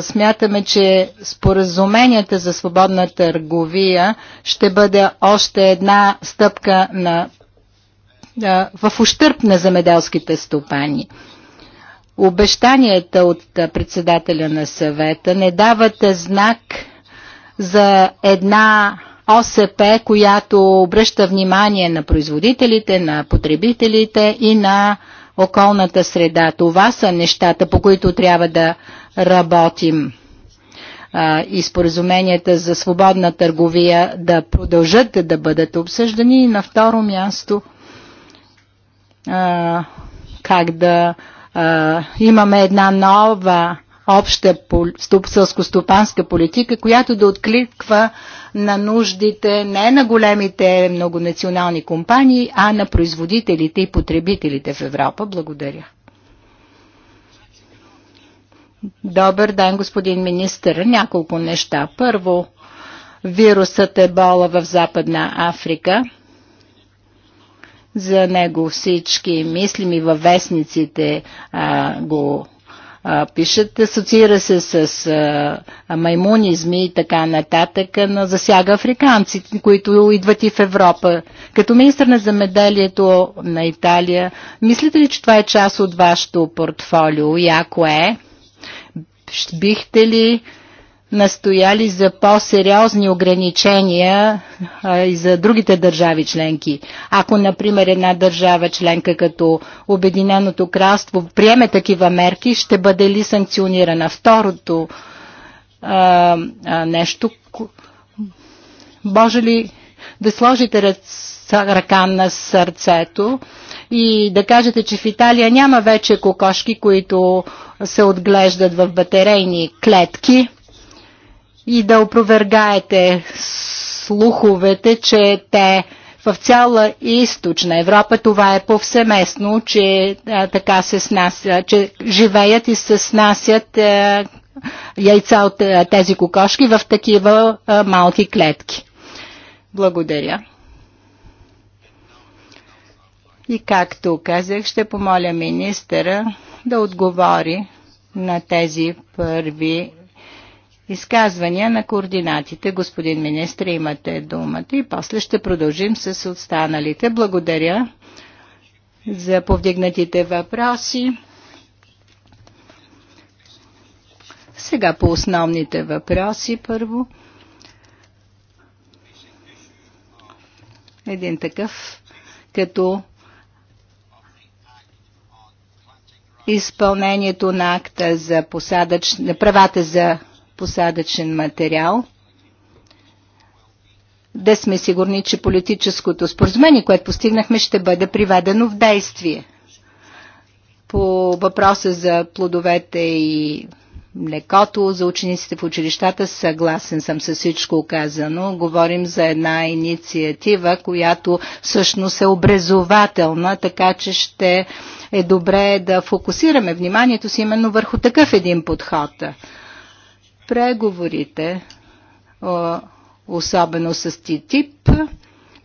Смятаме, че споразуменията за свободна търговия ще бъде още една стъпка на, в ущърп на земеделските стопани обещанията от председателя на съвета не дават знак за една ОСП, която обръща внимание на производителите, на потребителите и на околната среда. Това са нещата, по които трябва да работим и споразуменията за свободна търговия да продължат да бъдат обсъждани и на второ място как да имаме една нова обща сълскостопанска политика, която да откликва на нуждите не на големите многонационални компании, а на производителите и потребителите в Европа. Благодаря. Добър ден, господин министър. Няколко неща. Първо, вирусът Ебола в Западна Африка – за него всички мислим и във вестниците а, го а, пишат. Асоциира се с а, маймунизми и така нататък, но засяга африканците, които идват и в Европа. Като министр на замеделието на Италия, мислите ли, че това е част от вашето портфолио и ако е, бихте ли настояли за по-сериозни ограничения а, и за другите държави членки. Ако, например, една държава членка като Обединеното кралство приеме такива мерки, ще бъде ли санкционирана? Второто а, а, нещо, може ли да сложите ръка на сърцето и да кажете, че в Италия няма вече кокошки, които се отглеждат в батерейни клетки, и да опровергаете слуховете, че те в цяла източна Европа това е повсеместно, че а, така се снася, че живеят и се снасят а, яйца от а, тези кокошки в такива а, малки клетки. Благодаря. И както казах, ще помоля министъра да отговори на тези първи изказвания на координатите. Господин министр, имате думата и после ще продължим с останалите. Благодаря за повдигнатите въпроси. Сега по основните въпроси първо. Един такъв като изпълнението на акта за посадъч, на правата за посадъчен материал – да сме сигурни, че политическото споразумение, което постигнахме, ще бъде приведено в действие. По въпроса за плодовете и млекото, за учениците в училищата, съгласен съм с всичко казано. Говорим за една инициатива, която всъщност е образователна, така че ще е добре да фокусираме вниманието си именно върху такъв един подход преговорите, особено с ТИТИП,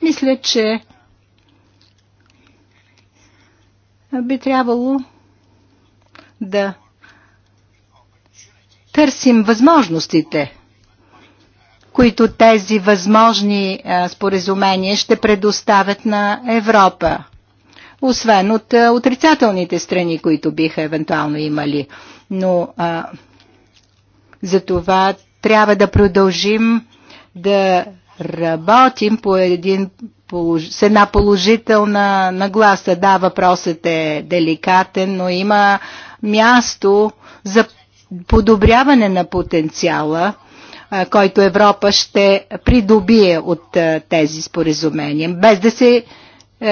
мисля, че би трябвало да търсим възможностите, които тези възможни споразумения ще предоставят на Европа, освен от отрицателните страни, които биха евентуално имали. Но а, затова трябва да продължим да работим по един, с една положителна нагласа. Да, въпросът е деликатен, но има място за подобряване на потенциала, който Европа ще придобие от тези споразумения, без да се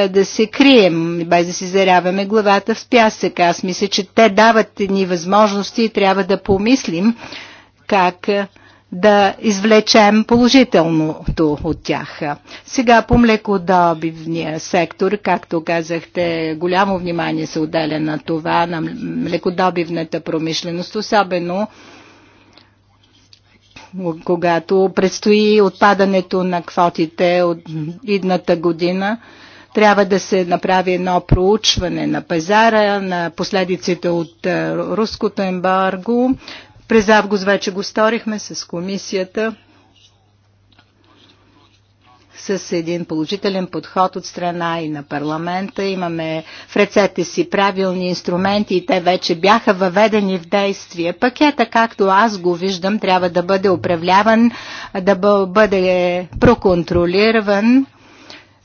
да се крием, без да си заряваме главата в пясък. Аз мисля, че те дават ни възможности и трябва да помислим как е, да извлечем положителното от тях. Сега по млекодобивния сектор, както казахте, голямо внимание се отделя на това, на млекодобивната промишленост, особено когато предстои отпадането на квотите от идната година трябва да се направи едно проучване на пазара, на последиците от е, руското ембарго, през август вече го сторихме с комисията с един положителен подход от страна и на парламента. Имаме в ръцете си правилни инструменти и те вече бяха въведени в действие. Пакета, както аз го виждам, трябва да бъде управляван, да бъде проконтролиран,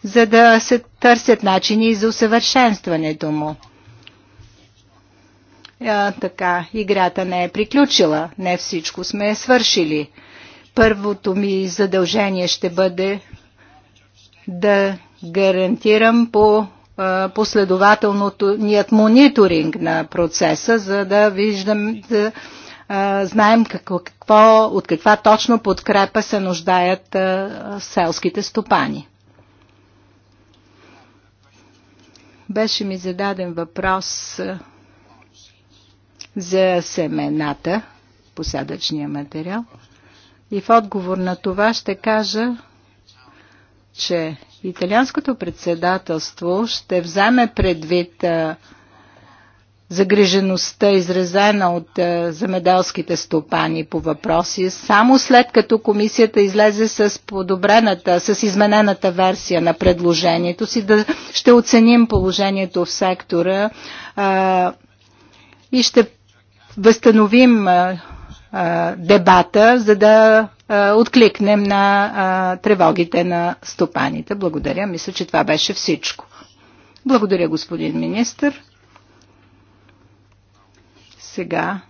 за да се търсят начини за усъвършенстването му а, така, играта не е приключила, не всичко сме свършили. Първото ми задължение ще бъде да гарантирам по последователното ният мониторинг на процеса, за да виждам, да а, знаем какво, какво, от каква точно подкрепа се нуждаят а, селските стопани. Беше ми зададен въпрос за семената, посадъчния материал. И в отговор на това ще кажа, че италианското председателство ще вземе предвид а, загрижеността, изразена от а, замедалските стопани по въпроси, само след като комисията излезе с подобрената, с изменената версия на предложението си, да ще оценим положението в сектора а, и ще възстановим дебата, за да откликнем на тревогите на стопаните. Благодаря. Мисля, че това беше всичко. Благодаря, господин министр. Сега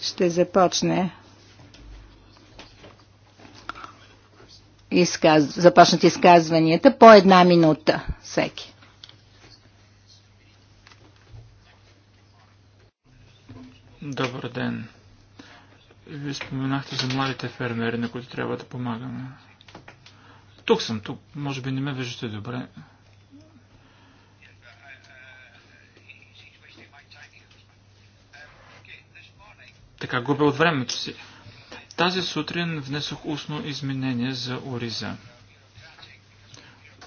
ще започне изказ... започнат изказванията по една минута всеки. Добър ден. Вие споменахте за младите фермери, на които трябва да помагаме. Тук съм, тук. Може би не ме виждате добре. Така губя от времето си. Тази сутрин внесох устно изменение за Ориза.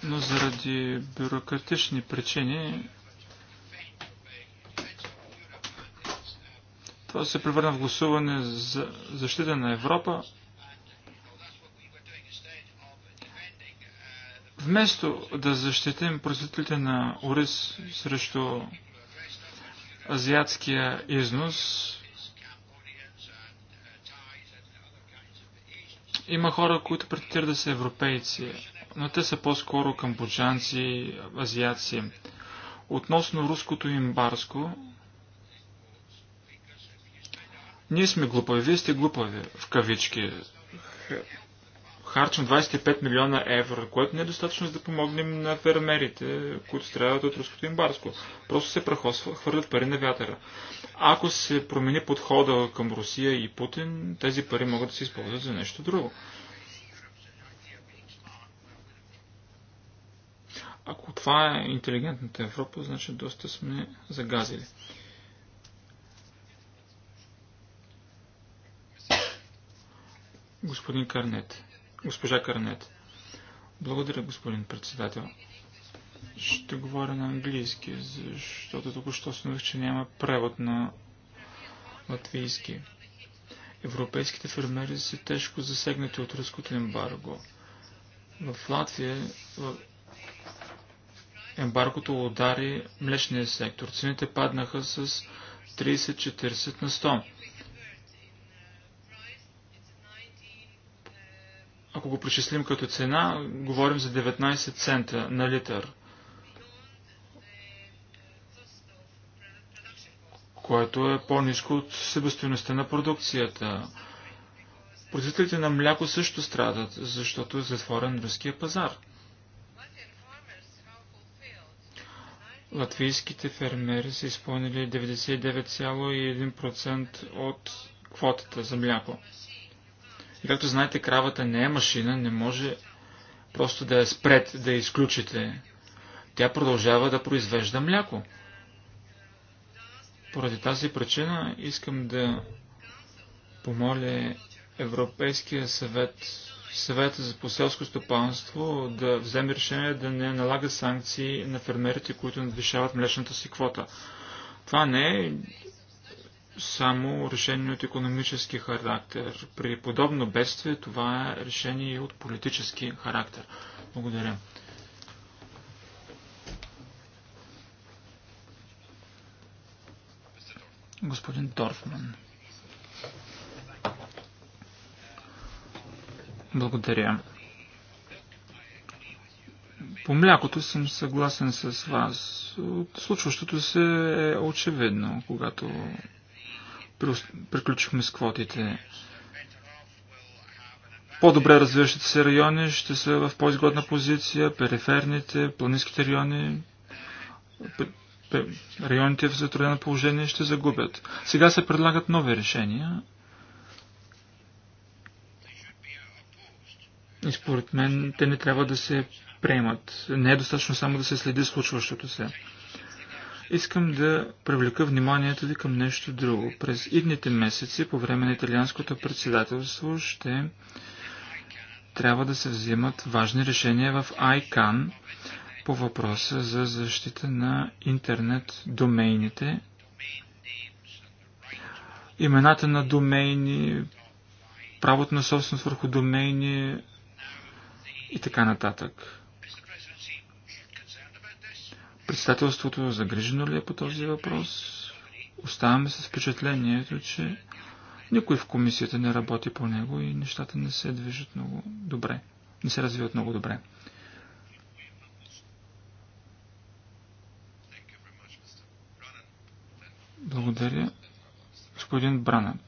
Но заради бюрократични причини Това се превърна в гласуване за защита на Европа. Вместо да защитим производителите на Орис срещу азиатския износ, има хора, които претендират да са европейци, но те са по-скоро камбоджанци, азиаци. Относно руското имбарско, ние сме глупави, вие сте глупави, в кавички. Харчим 25 милиона евро, което не е достатъчно за да помогнем на фермерите, които страдат от руското имбарско. Просто се прахосва, хвърлят пари на вятъра. Ако се промени подхода към Русия и Путин, тези пари могат да се използват за нещо друго. Ако това е интелигентната Европа, значи доста сме загазили. Господин Карнет. Госпожа Карнет. Благодаря, господин председател. Ще говоря на английски, защото току-що установих, че няма превод на латвийски. Европейските фермери са тежко засегнати от руското ембарго. В Латвия ембаргото удари млечния сектор. Цените паднаха с 30-40 на 100. ако го причислим като цена, говорим за 19 цента на литър, което е по-низко от себестоеността на продукцията. Производителите на мляко също страдат, защото е затворен руския пазар. Латвийските фермери са изпълнили 99,1% от квотата за мляко. И както знаете, кравата не е машина, не може просто да я спрет, да я изключите. Тя продължава да произвежда мляко. Поради тази причина искам да помоля Европейския съвет, съвет за поселско стопанство да вземе решение да не налага санкции на фермерите, които надвишават млечната си квота. Това не е само решение от економически характер. При подобно бедствие това е решение и от политически характер. Благодаря. Господин Торфман. Благодаря. По млякото съм съгласен с вас. От случващото се е очевидно, когато приключихме с квотите. По-добре развиващите се райони ще са в по-изгодна позиция, периферните, планинските райони, районите в затруднено положение ще загубят. Сега се предлагат нови решения. И според мен те не трябва да се приемат. Не е достатъчно само да се следи случващото се. Искам да привлека вниманието ви към нещо друго. През идните месеци, по време на италианското председателство, ще трябва да се взимат важни решения в ICANN по въпроса за защита на интернет домейните, имената на домейни, правото на собственост върху домейни и така нататък. Председателството загрижено ли е по този въпрос? Оставаме с впечатлението, че никой в комисията не работи по него и нещата не се движат много добре. Не се развиват много добре. Благодаря. Господин Бранан.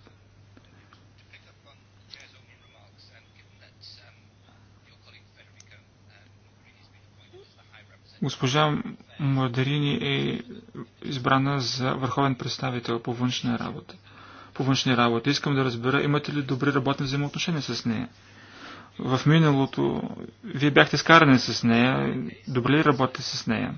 Госпожа Младарини е избрана за върховен представител по външна работа. По външни работи. Искам да разбера, имате ли добри работни взаимоотношения с нея? В миналото вие бяхте скарани с нея, добре ли работите с нея?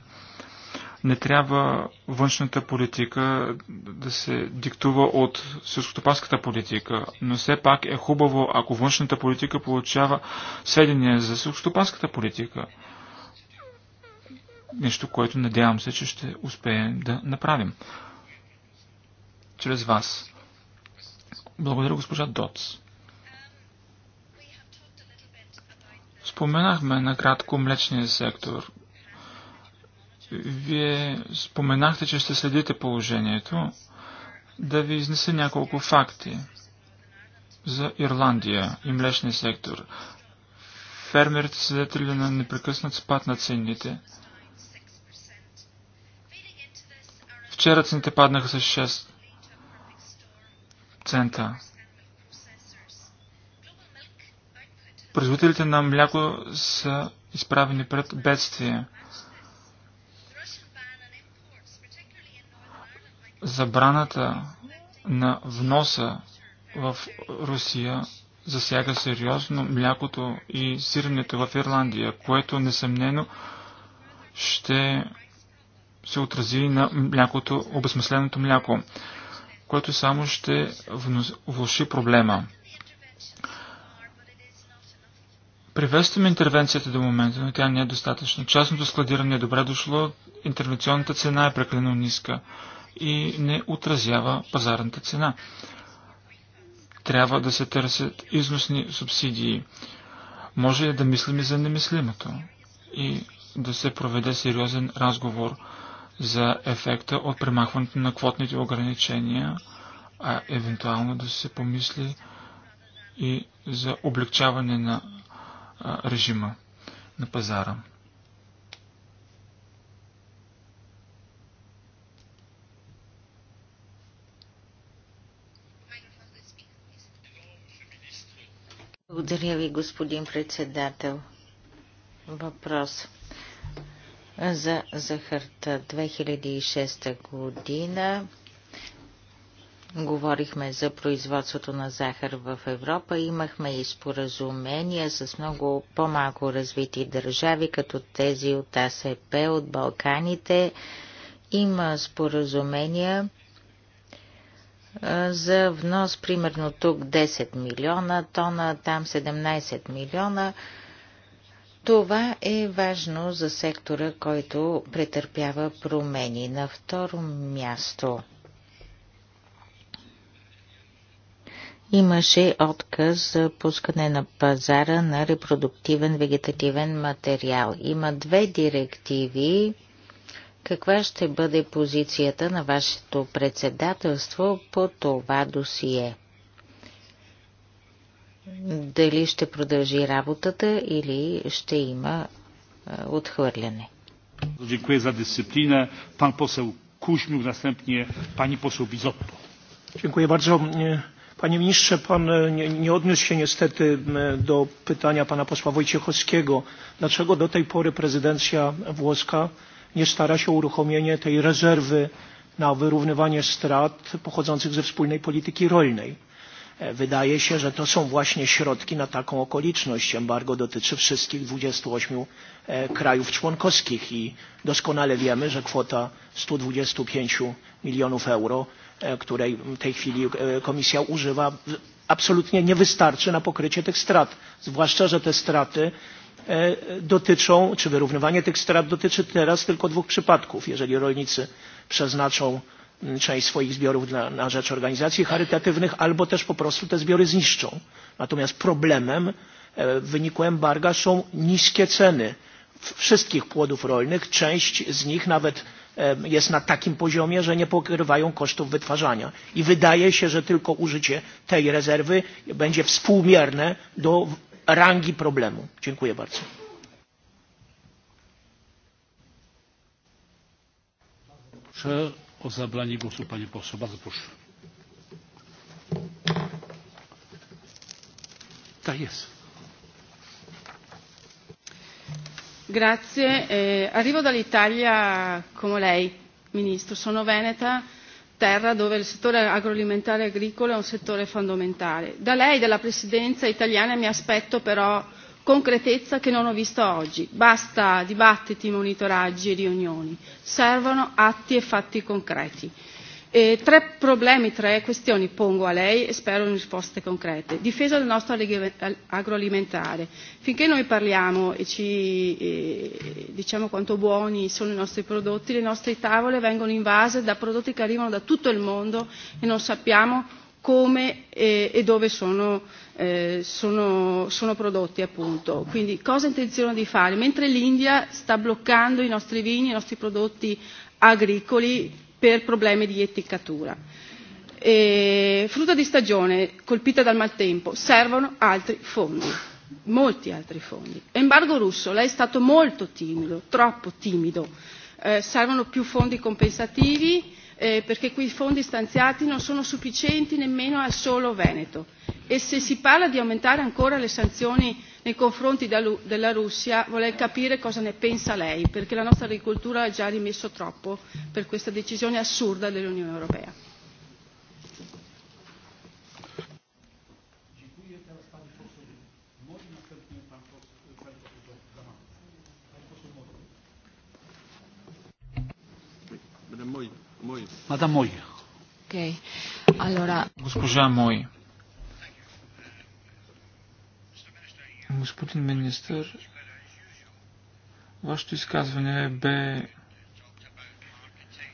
Не трябва външната политика да се диктува от сълскотопанската политика, но все пак е хубаво, ако външната политика получава сведения за сълскотопанската политика. Нещо, което надявам се, че ще успеем да направим. Чрез вас. Благодаря, госпожа Доц. Споменахме накратко млечния сектор. Вие споменахте, че ще следите положението. Да ви изнеса няколко факти за Ирландия и млечния сектор. Фермерите свидетели на непрекъснат спад на цените – Вчера цените паднаха с 6 цента. Производителите на мляко са изправени пред бедствие. Забраната на вноса в Русия засяга сериозно млякото и сиренето в Ирландия, което несъмнено ще се отрази на млякото, обезмисленото мляко, което само ще влуши проблема. Приветстваме интервенцията до момента, но тя не е достатъчна. Частното складиране е добре дошло, интервенционната цена е прекалено ниска и не отразява пазарната цена. Трябва да се търсят износни субсидии. Може и да мислим и за немислимото и да се проведе сериозен разговор за ефекта от премахването на квотните ограничения, а евентуално да се помисли и за облегчаване на режима на пазара. Благодаря ви, господин председател. Въпрос за захарта 2006 година. Говорихме за производството на захар в Европа. Имахме и споразумения с много по-малко развити държави, като тези от АСП, от Балканите. Има споразумения за внос, примерно тук 10 милиона тона, там 17 милиона тона това е важно за сектора, който претърпява промени. На второ място имаше отказ за пускане на пазара на репродуктивен вегетативен материал. Има две директиви. Каква ще бъде позицията на вашето председателство по това досие? дали ще продължи работата или ще има отхвърляне. Dziękuję za dyscyplinę. Pan poseł Кушмюк, następnie pani poseł Бизотто. Dziękuję bardzo. Panie ministrze, pan nie odniósł się niestety do pytania pana posła Wojciechowskiego. Dlaczego do tej pory prezydencja włoska nie stara się o uruchomienie tej rezerwy na wyrównywanie strat pochodzących ze wspólnej polityki rolnej? Wydaje się, że to są właśnie środki na taką okoliczność. Embargo dotyczy wszystkich 28 krajów członkowskich i doskonale wiemy, że kwota 125 milionów euro, której w tej chwili Komisja używa, absolutnie nie wystarczy na pokrycie tych strat. Zwłaszcza, że te straty dotyczą, czy wyrównywanie tych strat dotyczy teraz tylko dwóch przypadków. Jeżeli rolnicy przeznaczą część swoich zbiorów na, na rzecz organizacji charytatywnych, albo też po prostu te zbiory zniszczą. Natomiast problemem w wyniku embarga są niskie ceny wszystkich płodów rolnych. Część z nich nawet jest na takim poziomie, że nie pokrywają kosztów wytwarzania. I wydaje się, że tylko użycie tej rezerwy będzie współmierne do rangi problemu. Dziękuję bardzo. Proszę o zabranie głosu panie poseł. Bardzo proszę. Tak jest. Grazie. Eh, arrivo dall'Italia come lei, Ministro. Sono veneta, terra dove il settore agroalimentare e agricolo è un settore fondamentale. Da lei, dalla Presidenza italiana, mi aspetto però concretezza che non ho visto oggi. Basta dibattiti, monitoraggi e riunioni. Servono atti e fatti concreti. E tre problemi, tre questioni pongo a lei e spero in risposte concrete. Difesa del nostro agroalimentare. Finché noi parliamo e ci eh, diciamo quanto buoni sono i nostri prodotti, le nostre tavole vengono invase da prodotti che arrivano da tutto il mondo e non sappiamo come e, e dove sono, eh, sono, sono prodotti appunto. Quindi cosa intenzionano di fare? Mentre l'India sta bloccando i nostri vini, i nostri prodotti agricoli per problemi di etichettatura. E, frutta di stagione colpita dal maltempo, servono altri fondi, molti altri fondi. Embargo russo, lei è stato molto timido, troppo timido, eh, servono più fondi compensativi, eh, perché quei fondi stanziati non sono sufficienti nemmeno al solo Veneto. E se si parla di aumentare ancora le sanzioni nei confronti della Russia, vorrei capire cosa ne pensa lei, perché la nostra agricoltura ha già rimesso troppo per questa decisione assurda dell'Unione Europea. Мадам Мой. Okay. Allora... Госпожа Мой. Господин министър, вашето изказване бе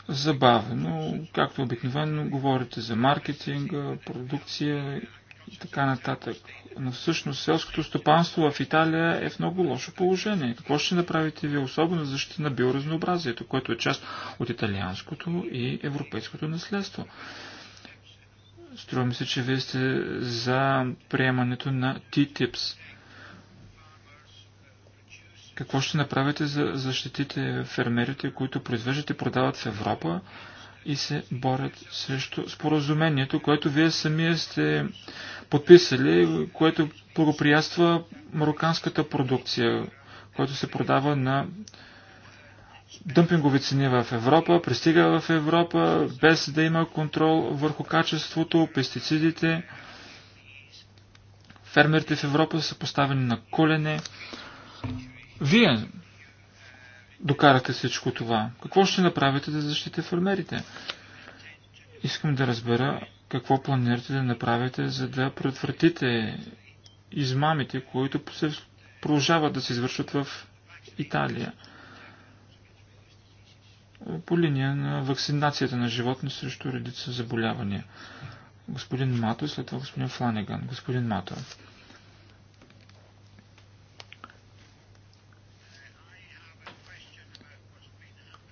забавено. Както обикновено говорите за маркетинга, продукция и така нататък. Но всъщност селското стопанство в Италия е в много лошо положение. Какво ще направите ви, особено защита на биоразнообразието, което е част от италианското и европейското наследство? Струва ми се, че вие сте за приемането на ТИТИПС. Какво ще направите за защитите фермерите, които произвеждат и продават в Европа, и се борят срещу споразумението, което вие самия сте подписали, което благоприятства мароканската продукция, която се продава на дъмпингови цени в Европа, пристига в Европа без да има контрол върху качеството, пестицидите. Фермерите в Европа са поставени на колене. Вие докарате всичко това? Какво ще направите да защитите фермерите? Искам да разбера какво планирате да направите, за да предотвратите измамите, които се продължават да се извършват в Италия по линия на вакцинацията на животни срещу редица заболявания. Господин Мато, след това господин Фланеган. Господин Мато.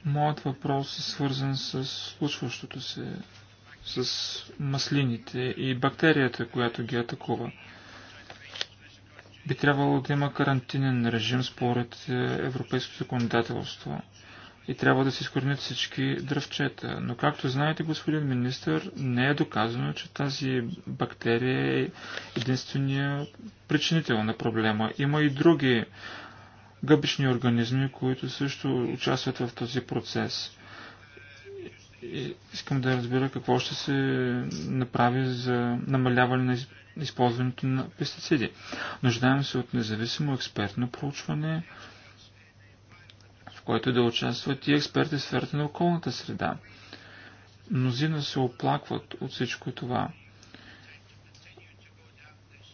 Моят въпрос е свързан с случващото се с маслините и бактерията, която ги атакува. Би трябвало да има карантинен режим според е, европейското законодателство и трябва да се изкоренят всички дръвчета. Но както знаете, господин министр, не е доказано, че тази бактерия е единствения причинител на проблема. Има и други гъбични организми, които също участват в този процес. И искам да разбира какво ще се направи за намаляване на използването на пестициди. Нуждаем се от независимо експертно проучване, в което да участват и експерти в сферата на околната среда. Мнозина се оплакват от всичко това.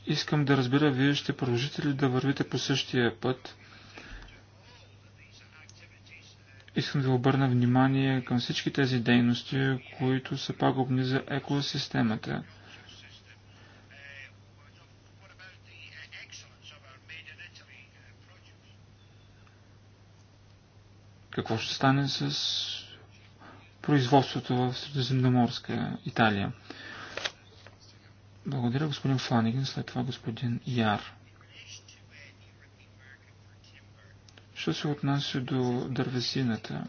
Искам да разбира, вие ще продължите ли да вървите по същия път, Искам да обърна внимание към всички тези дейности, които са пагубни за екосистемата. Какво ще стане с производството в Средиземноморска Италия? Благодаря господин Фланигин, след това господин Яр. Що се отнася до дървесината?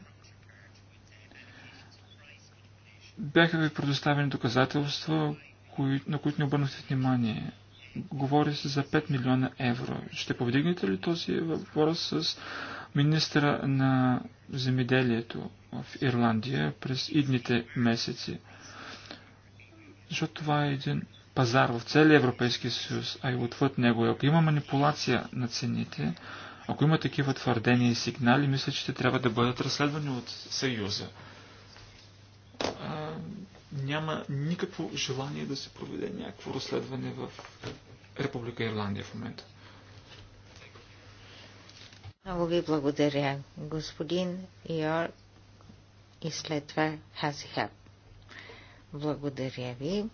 Бяха ви предоставени доказателства, кои, на които не обърнахте внимание. Говори се за 5 милиона евро. Ще повдигнете ли този въпрос с министра на земеделието в Ирландия през идните месеци? Защото това е един пазар в целия Европейския съюз, а и отвъд него. Ако има манипулация на цените, ако има такива твърдения и сигнали, мисля, че те трябва да бъдат разследвани от Съюза. А, няма никакво желание да се проведе някакво разследване в Република Ирландия в момента. Много ви благодаря, господин Йор, и след това Хазихаб. Благодаря ви.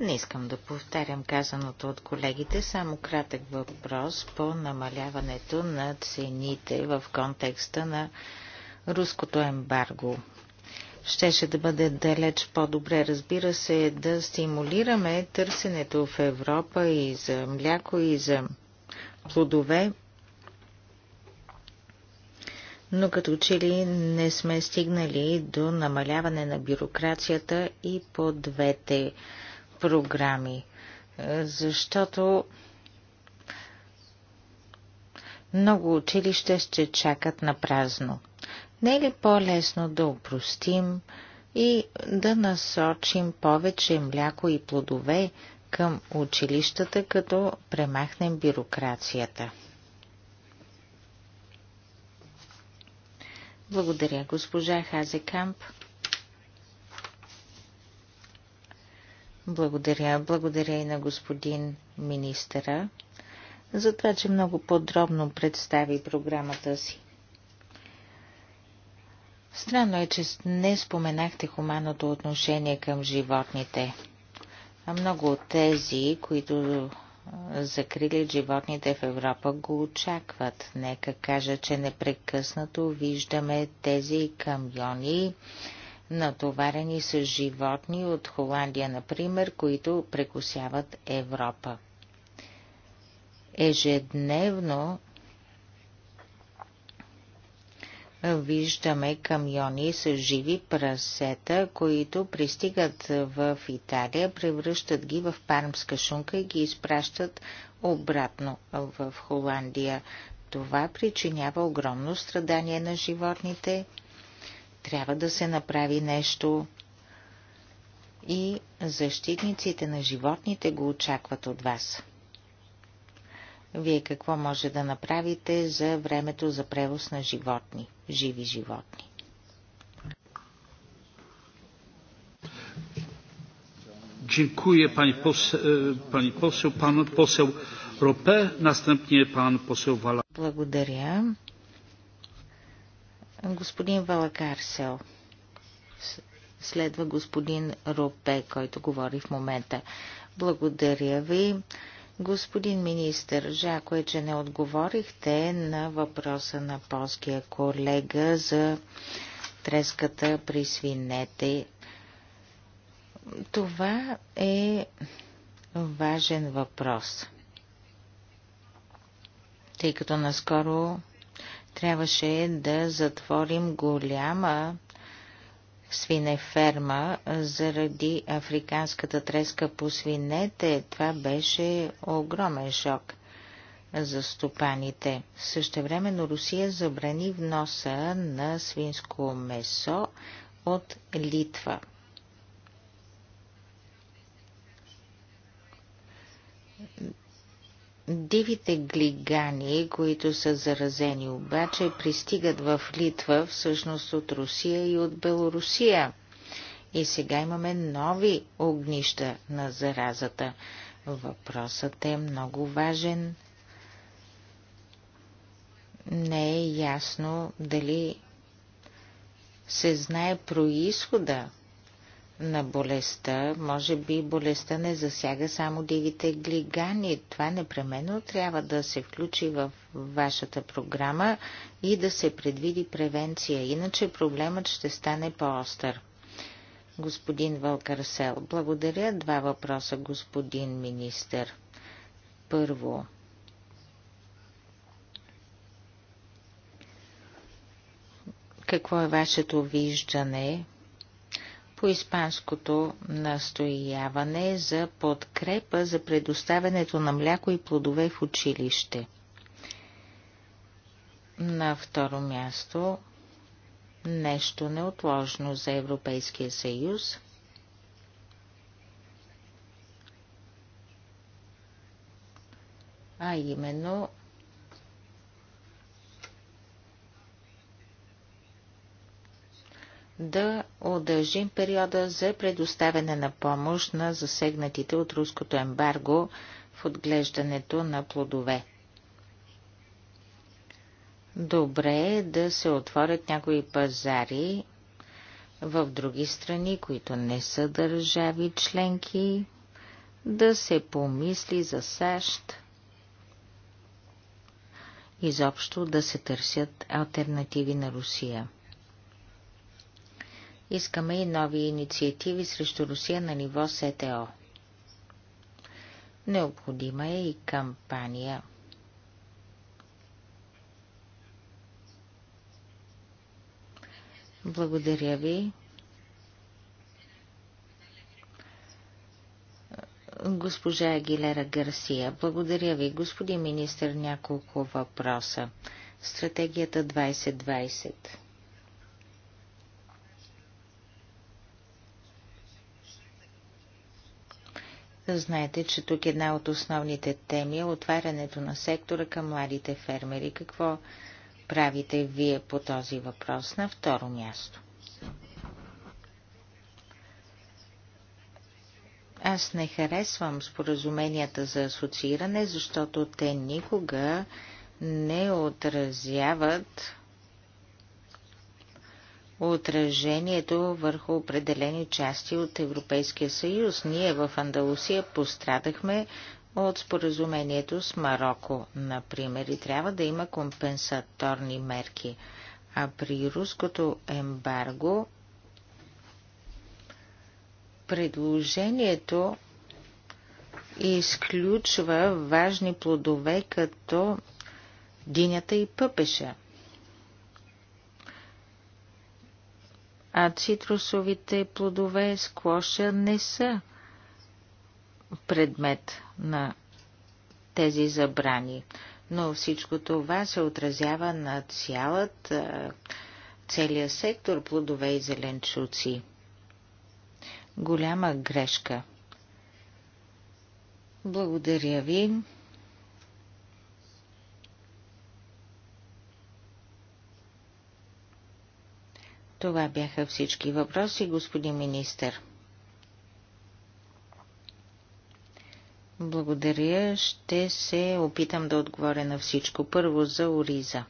Не искам да повтарям казаното от колегите, само кратък въпрос по намаляването на цените в контекста на руското ембарго. Щеше да бъде далеч по-добре, разбира се, да стимулираме търсенето в Европа и за мляко, и за плодове, но като че ли не сме стигнали до намаляване на бюрокрацията и по двете програми, е, защото много училища ще чакат на празно. Не е ли по-лесно да упростим и да насочим повече мляко и плодове към училищата, като премахнем бюрокрацията? Благодаря, госпожа Хазекамп. Благодаря. Благодаря и на господин министъра за това, че много подробно представи програмата си. Странно е, че не споменахте хуманното отношение към животните. А много от тези, които закрили животните в Европа, го очакват. Нека кажа, че непрекъснато виждаме тези камиони натоварени с животни от Холандия, например, които прекусяват Европа. Ежедневно виждаме камиони с живи прасета, които пристигат в Италия, превръщат ги в пармска шунка и ги изпращат обратно в Холандия. Това причинява огромно страдание на животните – трябва да се направи нещо и защитниците на животните го очакват от вас. Вие какво може да направите за времето за превоз на животни, живи животни? Dziękuję pani poseł, e, pani poseł, pan poseł Rope, następnie pan poseł Wala. Благодаря. Господин Валакарсел. Следва господин Ропе, който говори в момента. Благодаря ви. Господин министър, жако е, че не отговорихте на въпроса на полския колега за треската при свинете. Това е важен въпрос, тъй като наскоро трябваше да затворим голяма свинеферма заради африканската треска по свинете. Това беше огромен шок за стопаните. Същевременно Русия забрани вноса на свинско месо от Литва. Дивите глигани, които са заразени обаче, пристигат в Литва всъщност от Русия и от Белорусия. И сега имаме нови огнища на заразата. Въпросът е много важен. Не е ясно дали се знае происхода на болестта, може би болестта не засяга само дивите глигани. Това непременно трябва да се включи в вашата програма и да се предвиди превенция, иначе проблемът ще стане по-остър. Господин Вълкарсел, благодаря. Два въпроса, господин министър. Първо, какво е вашето виждане по испанското настояване за подкрепа за предоставянето на мляко и плодове в училище. На второ място нещо неотложно за Европейския съюз. А именно да удължим периода за предоставяне на помощ на засегнатите от руското ембарго в отглеждането на плодове. Добре е да се отворят някои пазари в други страни, които не са държави членки, да се помисли за САЩ, изобщо да се търсят альтернативи на Русия. Искаме и нови инициативи срещу Русия на ниво СТО. Необходима е и кампания. Благодаря ви. Госпожа Агилера Гарсия, благодаря ви. Господин министр, няколко въпроса. Стратегията 2020. Знаете, че тук е една от основните теми е отварянето на сектора към младите фермери. Какво правите вие по този въпрос на второ място? Аз не харесвам споразуменията за асоцииране, защото те никога не отразяват отражението върху определени части от Европейския съюз. Ние в Андалусия пострадахме от споразумението с Марокко, например, и трябва да има компенсаторни мерки. А при руското ембарго предложението изключва важни плодове като динята и пъпеша – а цитрусовите плодове сквоша не са предмет на тези забрани. Но всичко това се отразява на цялът, целият сектор плодове и зеленчуци. Голяма грешка. Благодаря ви. Това бяха всички въпроси, господин министър. Благодаря. Ще се опитам да отговоря на всичко. Първо за Ориза.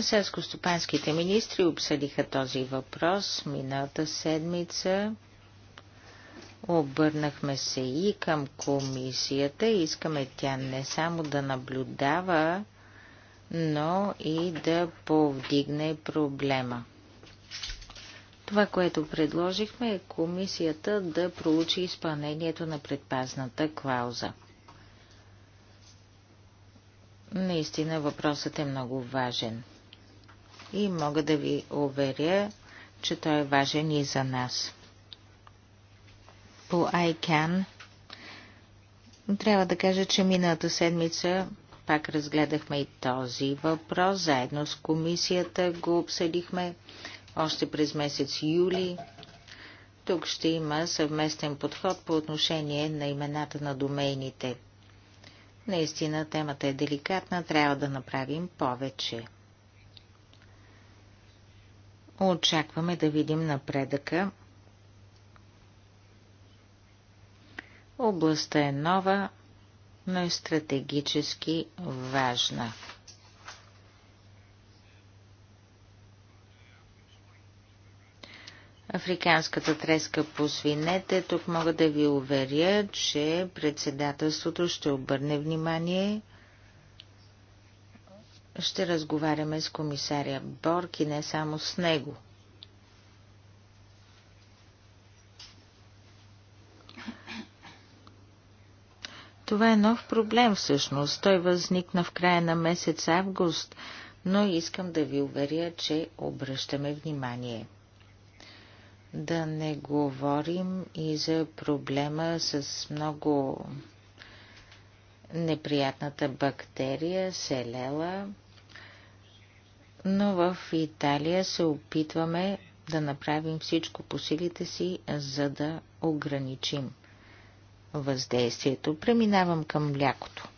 Селскостопанските министри обсъдиха този въпрос миналата седмица. Обърнахме се и към комисията. Искаме тя не само да наблюдава, но и да повдигне проблема. Това, което предложихме е комисията да проучи изпълнението на предпазната клауза. Наистина въпросът е много важен. И мога да ви уверя, че той е важен и за нас по ICANN. Трябва да кажа, че миналата седмица пак разгледахме и този въпрос. Заедно с комисията го обсъдихме още през месец юли. Тук ще има съвместен подход по отношение на имената на домейните. Наистина темата е деликатна, трябва да направим повече. Очакваме да видим напредъка Областта е нова, но е стратегически важна. Африканската треска по свинете, тук мога да ви уверя, че председателството ще обърне внимание. Ще разговаряме с комисаря Борг и не само с него – Това е нов проблем всъщност. Той възникна в края на месец август, но искам да ви уверя, че обръщаме внимание. Да не говорим и за проблема с много неприятната бактерия, селела, но в Италия се опитваме да направим всичко по силите си, за да ограничим въздействието. Преминавам към млякото.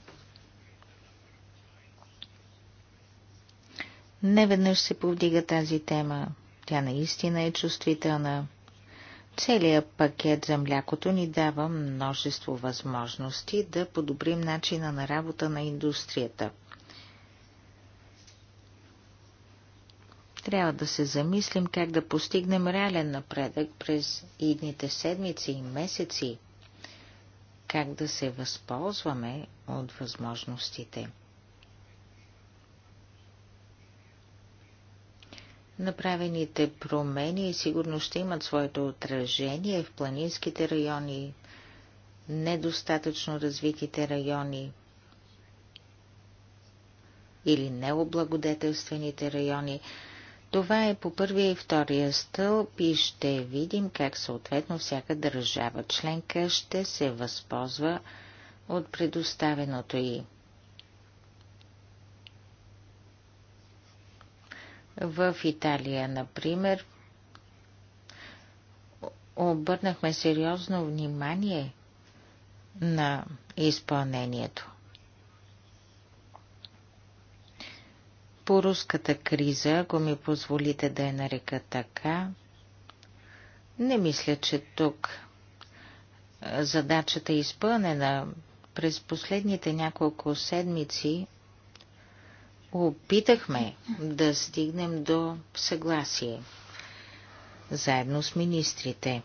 Неведнъж се повдига тази тема. Тя наистина е чувствителна. Целият пакет за млякото ни дава множество възможности да подобрим начина на работа на индустрията. Трябва да се замислим как да постигнем реален напредък през идните седмици и месеци – как да се възползваме от възможностите. Направените промени сигурно ще имат своето отражение в планинските райони, недостатъчно развитите райони или необлагодетелствените райони – това е по първия и втория стълб и ще видим как съответно всяка държава членка ще се възползва от предоставеното й. В Италия, например, обърнахме сериозно внимание на изпълнението. по руската криза, ако ми позволите да я нарека така, не мисля, че тук задачата е изпълнена. През последните няколко седмици опитахме да стигнем до съгласие заедно с министрите.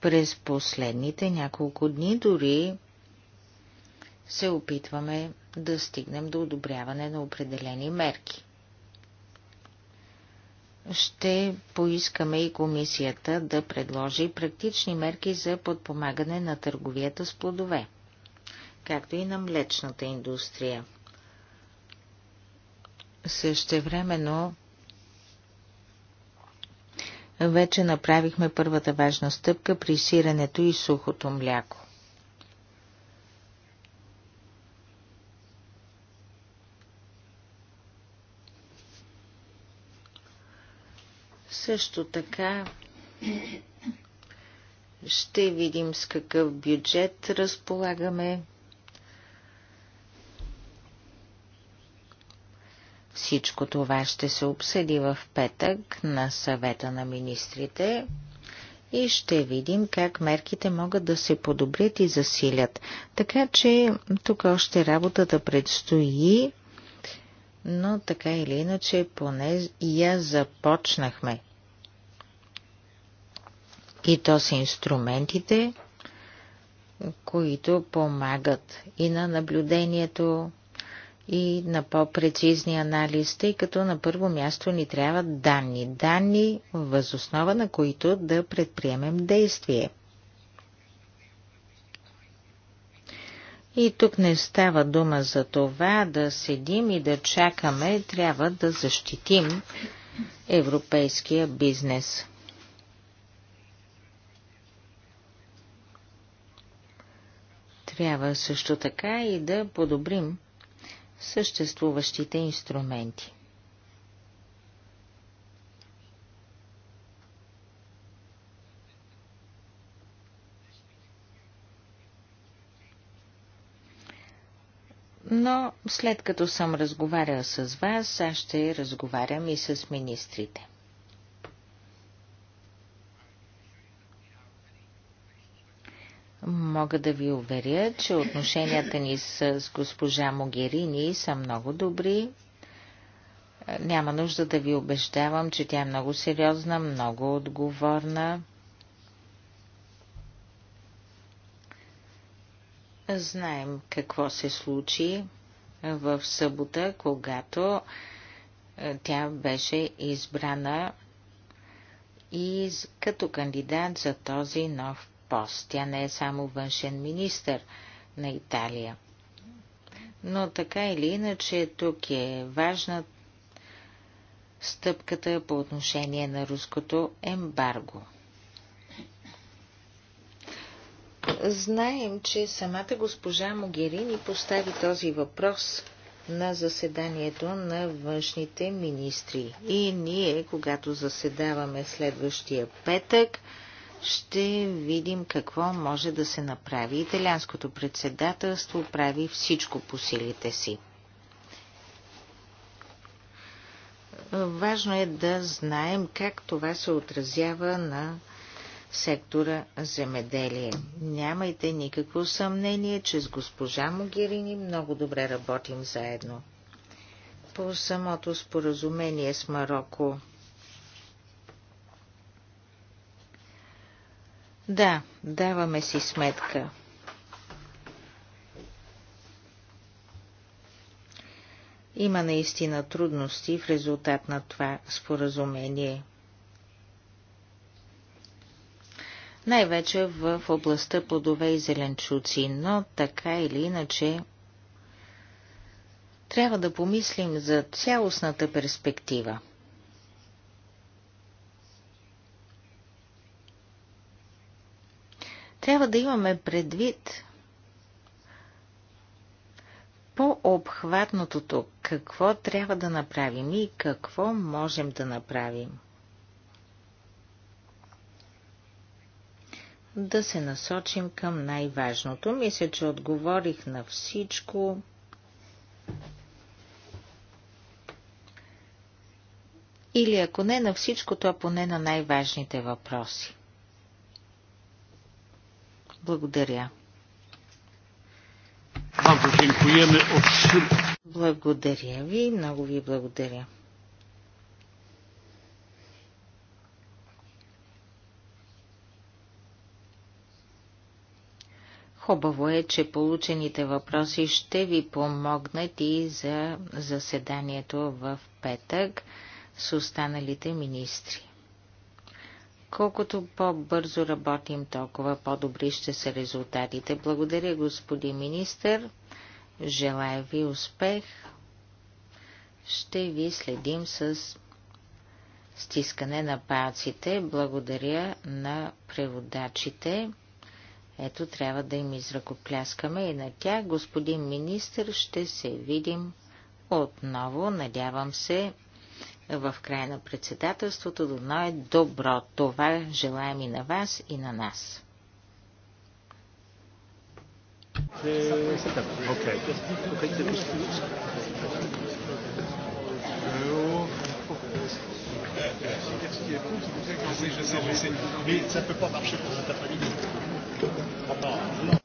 През последните няколко дни дори се опитваме да стигнем до одобряване на определени мерки. Ще поискаме и комисията да предложи практични мерки за подпомагане на търговията с плодове, както и на млечната индустрия. Същевременно вече направихме първата важна стъпка при сиренето и сухото мляко. Също така ще видим с какъв бюджет разполагаме. Всичко това ще се обсъди в петък на съвета на министрите и ще видим как мерките могат да се подобрят и засилят. Така че тук още работата предстои, но така или иначе поне я започнахме. И то са инструментите, които помагат и на наблюдението, и на по-прецизни анализ, тъй като на първо място ни трябват данни. Данни, възоснова на които да предприемем действие. И тук не става дума за това да седим и да чакаме, трябва да защитим европейския бизнес. Трябва също така и да подобрим съществуващите инструменти. Но след като съм разговарял с вас, аз ще разговарям и с министрите. Мога да ви уверя, че отношенията ни с госпожа Могерини са много добри. Няма нужда да ви убеждавам, че тя е много сериозна, много отговорна. Знаем какво се случи в събота, когато е, тя беше избрана и като кандидат за този нов пост. Тя не е само външен министр на Италия. Но така или иначе, тук е важна стъпката по отношение на руското ембарго. Знаем, че самата госпожа Могерини постави този въпрос на заседанието на външните министри. И ние, когато заседаваме следващия петък, ще видим какво може да се направи. Италианското председателство прави всичко по силите си. Важно е да знаем как това се отразява на сектора земеделие. Нямайте никакво съмнение, че с госпожа Могерини много добре работим заедно. По самото споразумение с Марокко Да, даваме си сметка. Има наистина трудности в резултат на това споразумение. Най-вече в областта плодове и зеленчуци, но така или иначе трябва да помислим за цялостната перспектива. Трябва да имаме предвид по-обхватното тук, какво трябва да направим и какво можем да направим. Да се насочим към най-важното. Мисля, че отговорих на всичко. Или ако не на всичко, то поне на най-важните въпроси. Благодаря. Благодаря ви, много ви благодаря. Хубаво е, че получените въпроси ще ви помогнат и за заседанието в петък с останалите министри. Колкото по-бързо работим, толкова по-добри ще са резултатите. Благодаря, господин министър. Желая ви успех. Ще ви следим с стискане на палците. Благодаря на преводачите. Ето, трябва да им изръкопляскаме и на тях. Господин министр, ще се видим отново. Надявам се в края на председателството. Дано е добро. Това желаем и на вас, и на нас. Okay. Oui, je sais, je sais. Mais ça ne peut pas marcher pour cet après-midi.